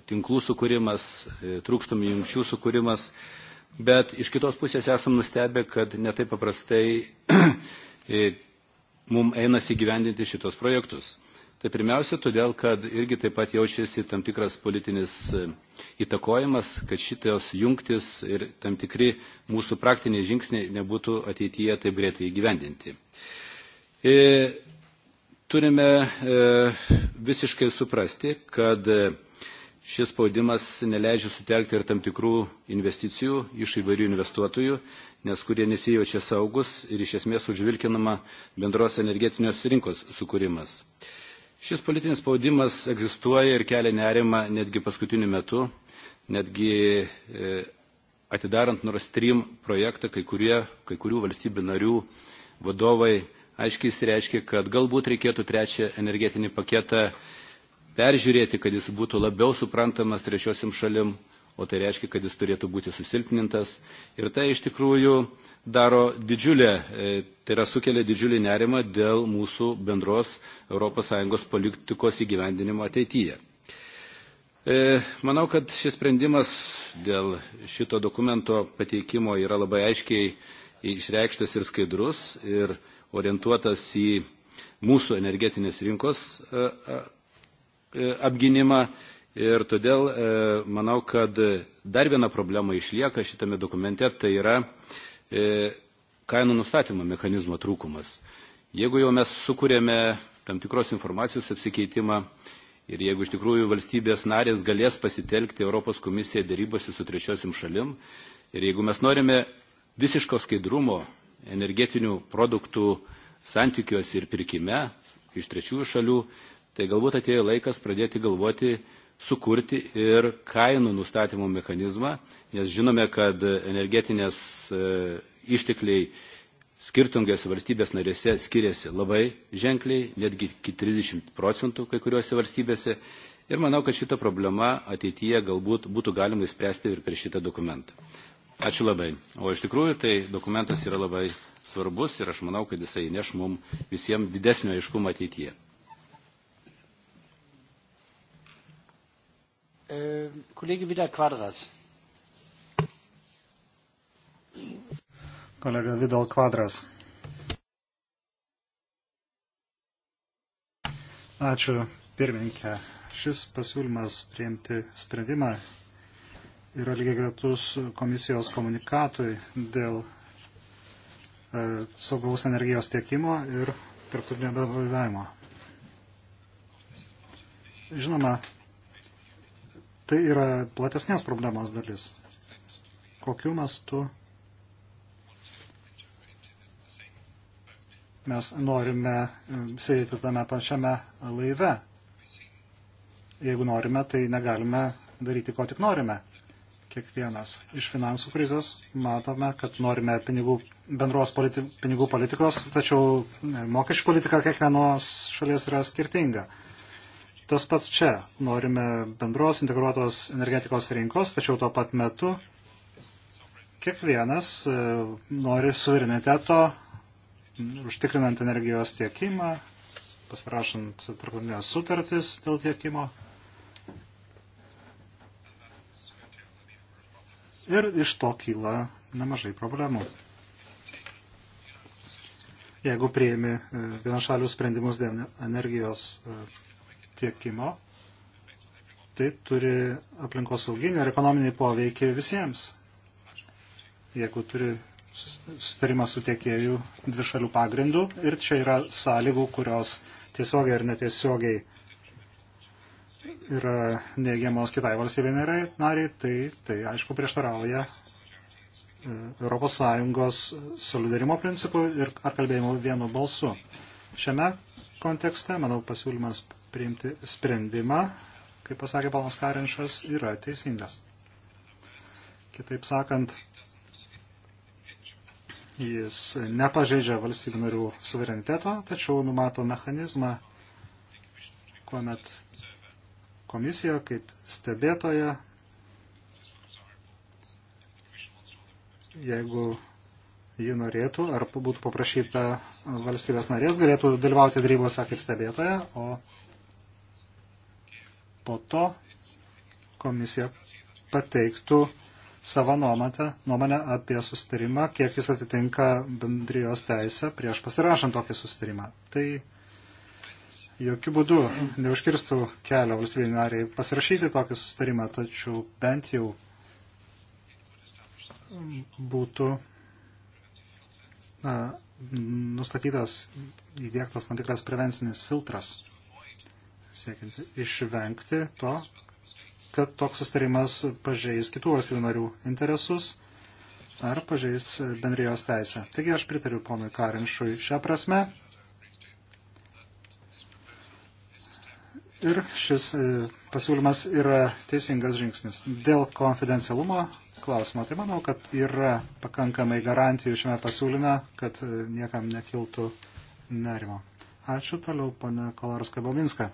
tinklų sukūrimas, e, trūkstamų jungčių sukūrimas, bet iš kitos pusės esam nustebę, kad netai paprastai (clears throat) e, mums einasi gyvendinti šitos projektus. Tai pirmiausia, todėl, kad irgi taip pat jaučiasi tam tikras politinis e, įtakojimas, kad šitos jungtis ir tam tikri mūsų praktiniai žingsniai nebūtų ateityje taip greitai įgyvendinti. E, E, turime e, visiškai suprasti, kad šis spaudimas neleidžia sutelkti ir tam tikrų investicijų iš įvairių investuotojų, nes kurie nesijaučia saugus ir iš esmės užvilkinama bendros energetinios rinkos sukūrimas. Šis politinis spaudimas egzistuoja ir kelia nerimą netgi paskutiniu metu, netgi e, atidarant Nord Stream projektą, kai, kurie, kai kurių valstybių narių vadovai aiškiai įsireiškė, kad galbūt reikėtų trečią energetinį paketą peržiūrėti, kad jis būtų labiau suprantamas trečiosiam šalim, o tai reiškia, kad jis turėtų būti susilpnintas. Ir tai iš tikrųjų daro didžiulę, e, tai yra sukelia didžiulį nerimą dėl mūsų bendros ES politikos įgyvendinimo ateityje. E, manau, kad šis sprendimas dėl šito dokumento pateikimo yra labai aiškiai išreikštas ir skaidrus ir orientuotas į mūsų energetinės rinkos e, e, e, apginimą. Ir todėl manau, kad dar viena problema išlieka šitame dokumente, tai yra kainų nustatymo mechanizmo trūkumas. Jeigu jau mes sukūrėme tam tikros informacijos apsikeitimą ir jeigu iš tikrųjų valstybės narės galės pasitelkti Europos komisiją dėrybose su trečiosiam šalim ir jeigu mes norime visiško skaidrumo energetinių produktų santykiuose ir pirkime iš trečiųjų šalių, tai galbūt atėjo laikas pradėti galvoti, sukurti ir kainų nustatymo mechanizmą, nes žinome, kad energetinės e, ištekliai skirtingose valstybės narėse skiriasi labai ženkliai, netgi iki 30 procentų kai kuriuose valstybėse. Ir manau, kad šitą problemą ateityje galbūt būtų galima įspręsti ir per šitą dokumentą. Ačiū labai. O iš tikrųjų tai dokumentas yra labai svarbus ir aš manau, kad jisai neš mum visiems didesnio aiškumo ateityje. Kolegė Vida Kvadras. Kolega Vidal Kvadras. Ačiū pirmininkė. Šis pasiūlymas priimti sprendimą yra lygiai gretus komisijos komunikatui dėl e, saugaus energijos tiekimo ir tarptautinio bendradarbiavimo. Žinoma, tai yra platesnės problemos dalis. Kokiu mastu mes norime e, sėdėti tame pačiame laive. Jeigu norime, tai negalime daryti, ko tik norime kiekvienas. Iš finansų krizės matome, kad norime pinigų, bendros politi, pinigų politikos, tačiau mokesčių politika kiekvienos šalies yra skirtinga. Tas pats čia. Norime bendros integruotos energetikos rinkos, tačiau tuo pat metu kiekvienas e, nori suvereniteto, užtikrinant energijos tiekimą, pasirašant tarptautinės sutartis dėl tiekimo ir iš to kyla nemažai problemų. Jeigu prieimi e, vienašalius sprendimus dėl energijos e, tiekimo, tai turi aplinkosauginį ir ekonominį poveikį visiems. Jeigu turi susitarimą su tiekėjų dvišalių pagrindų ir čia yra sąlygų, kurios tiesiogiai ar netiesiogiai yra neigiamos kitai valstybei nariai, tai, tai aišku prieštarauja ES solidarimo principų ir ar kalbėjimo vienu balsu. Šiame kontekste, manau, pasiūlymas priimti sprendimą, kaip pasakė Palmas Karinšas, yra teisingas. Kitaip sakant, jis nepažeidžia valstybių narių suvereniteto, tačiau numato mechanizmą, kuomet komisija kaip stebėtoja, jeigu ji norėtų, ar būtų paprašyta valstybės narės, galėtų dalyvauti darybose kaip stebėtoja, o po to komisija pateiktų savo nuomonę, nuomonę apie sustarimą, kiek jis atitinka bendrijos teisę prieš pasirašant tokį sustarimą. Tai jokių būdų neužkirstų kelio valstybei nariai pasirašyti tokį sustarimą, tačiau bent jau būtų na, nustatytas įdėktas tam tikras prevencinis filtras, siekiant išvengti to, kad toks sustarimas pažeis kitų valstybių narių interesus ar pažeis bendrijos teisę. Taigi aš pritariu ponui Karinšui šią prasme Ir šis e, pasiūlymas yra teisingas žingsnis. Dėl konfidencialumo klausimo, tai manau, kad yra pakankamai garantijų šiame pasiūlyme, kad e, niekam nekiltų nerimo. Ačiū toliau, pane Kolarska Bobinska.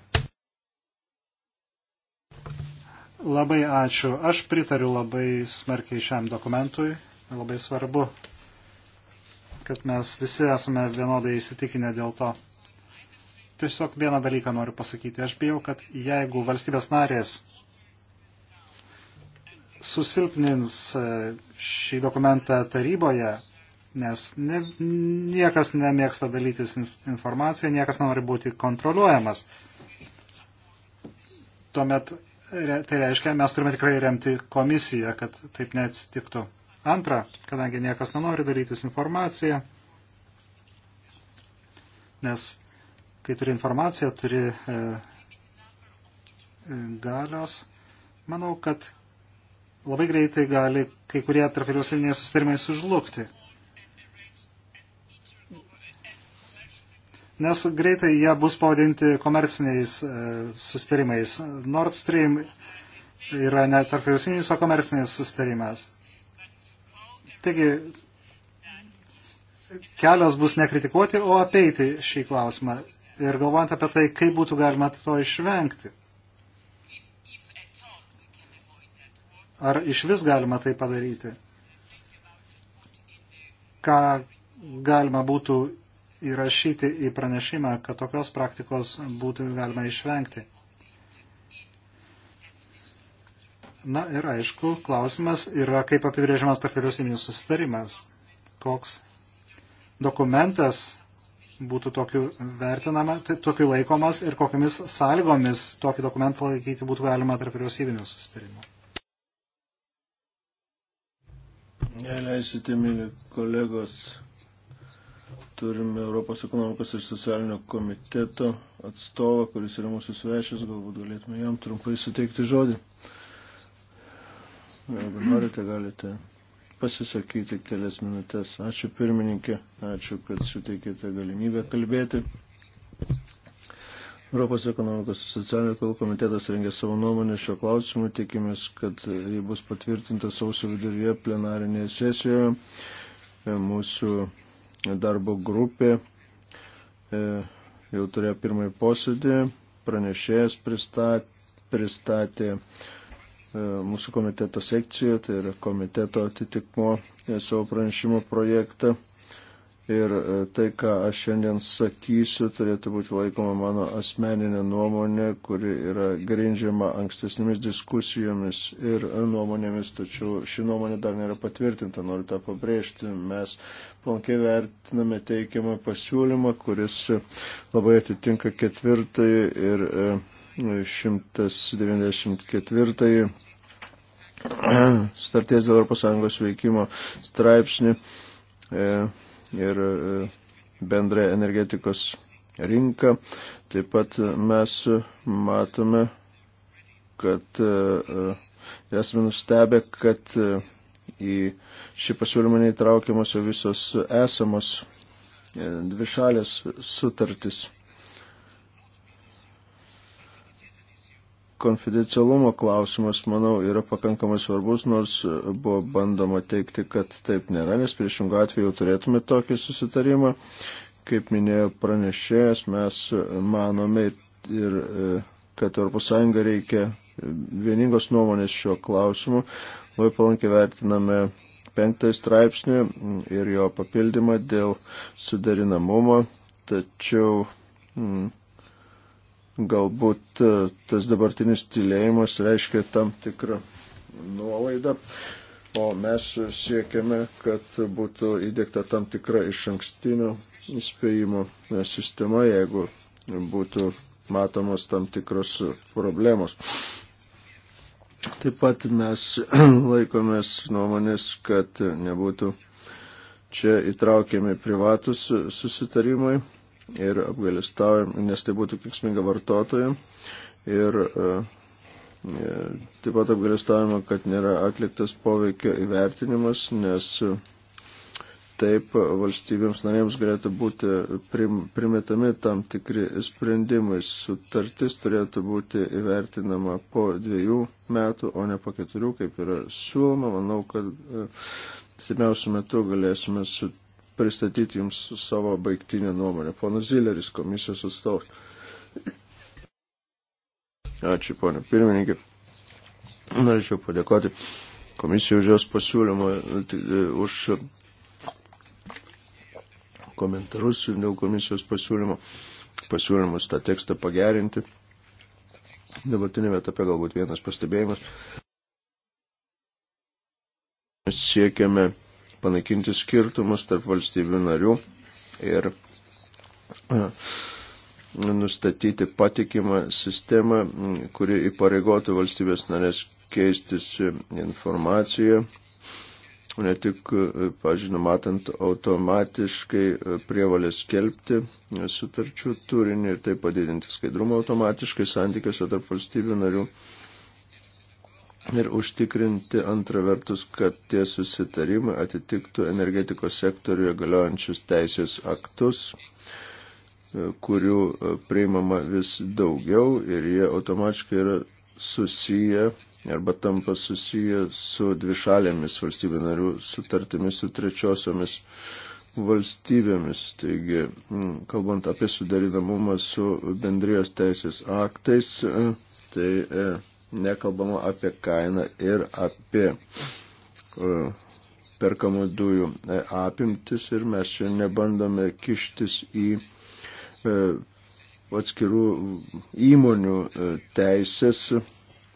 Labai ačiū. Aš pritariu labai smarkiai šiam dokumentui. Labai svarbu, kad mes visi esame vienodai įsitikinę dėl to. Tiesiog vieną dalyką noriu pasakyti. Aš bijau, kad jeigu valstybės narės susilpnins e, šį dokumentą taryboje, nes ne, niekas nemėgsta dalytis informaciją, niekas nenori būti kontroliuojamas. Tuomet tai reiškia, mes turime tikrai remti komisiją, kad taip neatsitiktų. Antra, kadangi niekas nenori dalytis informaciją, nes kai turi informaciją, turi e, e, galios. Manau, kad labai greitai gali kai kurie tarpvyriausybiniai susitarimai sužlugti. Nes greitai jie bus pavadinti komerciniais e, susitarimais. Nord Stream yra ne tarpvyriausybinis, o komercinis susitarimas. Taigi, kelias bus nekritikuoti, o apeiti šį klausimą ir galvojant apie tai, kaip būtų galima to išvengti. Ar iš vis galima tai padaryti? Ką galima būtų įrašyti į pranešimą, kad tokios praktikos būtų galima išvengti? Na ir aišku, klausimas yra, kaip apibrėžiamas tarp vyriausybinis susitarimas. Koks dokumentas būtų tokiu vertinama, tai tokiu laikomas ir kokiamis sąlygomis tokį dokumentą laikyti būtų galima tarp vyriausybinių susitarimų. Neleisite, mėly kolegos, turime Europos ekonomikos ir socialinio komiteto atstovą, kuris yra mūsų svečias, galbūt galėtume jam trumpai suteikti žodį. Jeigu norite, galite pasisakyti kelias minutės. Ačiū pirmininkė, ačiū, kad suteikėte galimybę kalbėti. Europos ekonomikos ir socialinių reikalų komitetas rengė savo nuomonę šio klausimu, tikimės, kad ji bus patvirtinta sausio viduryje plenarinėje sesijoje. E, mūsų darbo grupė e, jau turėjo pirmąjį posėdį, pranešėjas pristatė, pristatė E, mūsų komiteto sekcijoje, tai yra komiteto atitikmo e, savo pranešimo projektą. Ir e, tai, ką aš šiandien sakysiu, turėtų būti laikoma mano asmeninė nuomonė, kuri yra grindžiama ankstesnėmis diskusijomis ir nuomonėmis, tačiau ši nuomonė dar nėra patvirtinta, noriu tą pabrėžti. Mes plankiai vertiname teikiamą pasiūlymą, kuris labai atitinka ketvirtąjį ir 194 starties (clears throat) dėl ES veikimo straipsnį e, ir e, bendrą energetikos rinką. Taip pat mes matome, kad e, esame nustebę, kad į šį pasiūlymą neįtraukiamos visos esamos dvišalės sutartis. konfidencialumo klausimas, manau, yra pakankamai svarbus, nors e, buvo bandoma teikti, kad taip nėra, nes priešingų atveju turėtume tokį susitarimą. Kaip minėjo pranešėjas, mes manome ir e, kad ES reikia vieningos nuomonės šiuo klausimu. Labai palankiai vertiname penktąjį straipsnį ir jo papildymą dėl suderinamumo, tačiau mm, Galbūt e, tas dabartinis tylėjimas reiškia tam tikrą nuolaidą, o mes siekiame, kad būtų įdėkta tam tikra iš ankstinio įspėjimo sistema, jeigu būtų matomos tam tikros problemos. Taip pat mes (clears throat) laikomės nuomonės, kad nebūtų čia įtraukiami privatus susitarimai, ir apgailestaujam, nes tai būtų kiksminga vartotojai. Ir e, e, taip pat apgailestaujama, kad nėra atliktas poveikio įvertinimas, nes e, taip valstybėms narėms galėtų būti prim, primetami tam tikri sprendimai. Sutartis turėtų būti įvertinama po dviejų metų, o ne po keturių, kaip yra siūloma. Manau, kad pirmiausių metų galėsime sutikti pristatyti Jums savo baigtinę nuomonę. Ponas Zileris, komisijos atstovas. Ačiū, ponė pirmininkė. Norėčiau padėkoti komisijai už jos pasiūlymą, tai, e, už komentarus ir dėl komisijos pasiūlymo, pasiūlymus tą tekstą pagerinti. Dabartinėme etape galbūt vienas pastebėjimas. Mes siekiame panaikinti skirtumus tarp valstybių narių ir e, nustatyti patikimą sistemą, kuri įpareigotų valstybės narės keistis informaciją, ne tik, e, pažiūrėjau, matant automatiškai e, prievalės skelbti sutarčių turinį ir tai padidinti skaidrumą automatiškai santykiuose tarp valstybių narių ir užtikrinti antra vertus, kad tie susitarimai atitiktų energetikos sektoriuje galiojančius teisės aktus, e, kurių e, priimama vis daugiau ir jie automatiškai yra susiję arba tampa susiję su dvišalėmis valstybių narių sutartimis su trečiosiomis valstybėmis. Taigi, kalbant apie sudarinamumą su bendrijos teisės aktais, e, tai nekalbama apie kainą ir apie uh, perkamų dujų e, apimtis ir mes čia nebandome kištis į uh, atskirų įmonių uh, teisės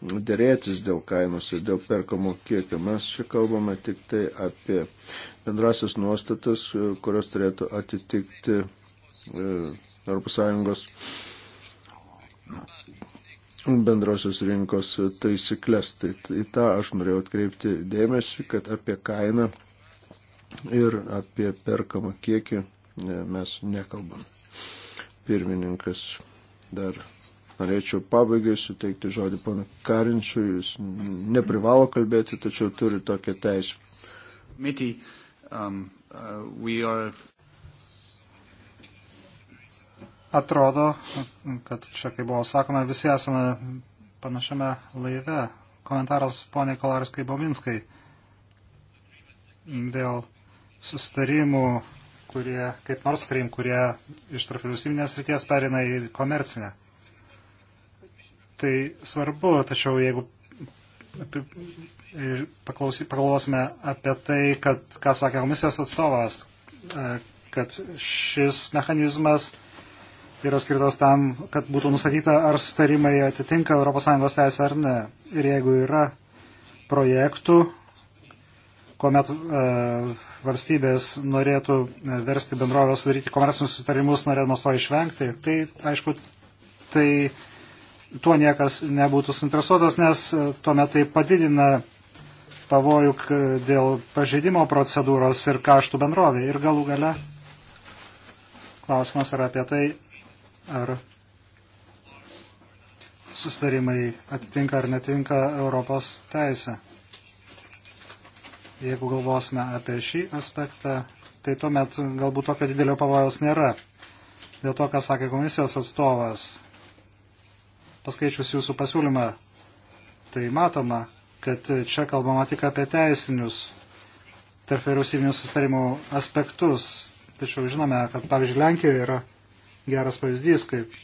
dėrėtis dėl kainos ir dėl perkamų kiekio. Mes čia kalbame tik tai apie bendrasias nuostatas, kurios turėtų atitikti ES bendrosios rinkos taisyklės. Tai į tą aš norėjau atkreipti dėmesį, kad apie kainą ir apie perkamą kiekį mes nekalbam. Pirmininkas dar norėčiau pabaigai suteikti žodį pana Karinčiui, jis neprivalo kalbėti, tačiau turi tokią teisę. Miti, um, uh, are... Atrodo, kad čia, kaip buvo sakoma, visi esame panašiame laive. Komentaras poniai Kolarskai Bominskai dėl sustarimų, kurie, kaip Nord Stream, kurie iš tarp vyriausybinės ryties perina į komercinę. Tai svarbu, tačiau jeigu paklausime apie tai, kad, ką sakė komisijos atstovas, kad šis mechanizmas yra skirtas tam, kad būtų nustatyta, ar sutarimai atitinka ES teisę ar ne. Ir jeigu yra projektų, kuomet e, valstybės norėtų e, versti bendrovės sudaryti komercinius sutarimus, norėdamos to išvengti, tai aišku, tai tuo niekas nebūtų suinteresuotas, nes e, tuomet tai padidina pavojų dėl pažeidimo procedūros ir kaštų bendrovė. Ir galų gale klausimas yra apie tai, ar susitarimai atitinka ar netinka Europos teisę. Jeigu galvosime apie šį aspektą, tai tuomet galbūt tokio didelio pavojaus nėra. Dėl to, ką sakė komisijos atstovas, paskaičius jūsų pasiūlymą, tai matoma, kad čia kalbama tik apie teisinius tarp vyriausybinių sustarimų aspektus. Tačiau žinome, kad pavyzdžiui Lenkijoje yra geras pavyzdys, kaip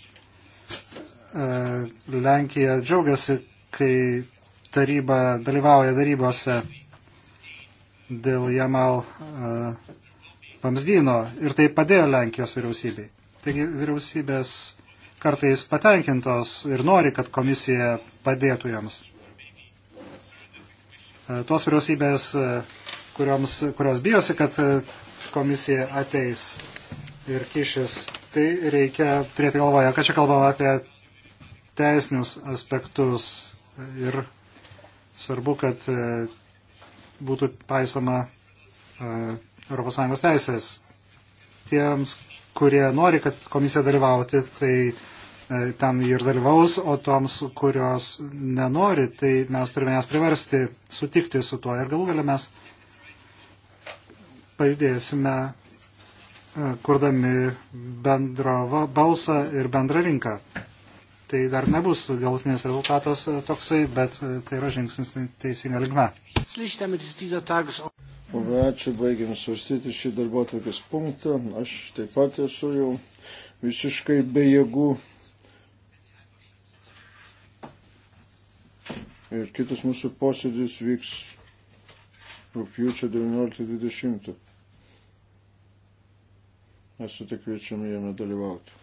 e, Lenkija džiaugiasi, kai taryba dalyvauja darybose dėl Jamal vamzdyno e, ir tai padėjo Lenkijos vyriausybei. Taigi vyriausybės kartais patenkintos ir nori, kad komisija padėtų joms. E, tos vyriausybės, kurioms, kurios bijosi, kad komisija ateis ir kišis, tai reikia turėti galvoje, kad čia kalbama apie teisinius aspektus ir svarbu, kad e, būtų paisoma ES teisės. Tiems, kurie nori, kad komisija dalyvauti, tai e, ten ir dalyvaus, o toms, kurios nenori, tai mes turime jas priversti sutikti su tuo ir galų galę mes pajudėsime E, kurdami bendro balsą ir bendrą rinką. Tai dar nebus galutinis rezultatas e, toksai, bet e, tai yra žingsnis teisinga linkme. Labai ačiū, baigiam svarstyti šį darbo atvarkės punktą. Aš taip pat esu jau visiškai be jėgų. Ir kitas mūsų posėdis vyks rūpjūčio 19.20. Esu tik kviečiami jame dalyvauti.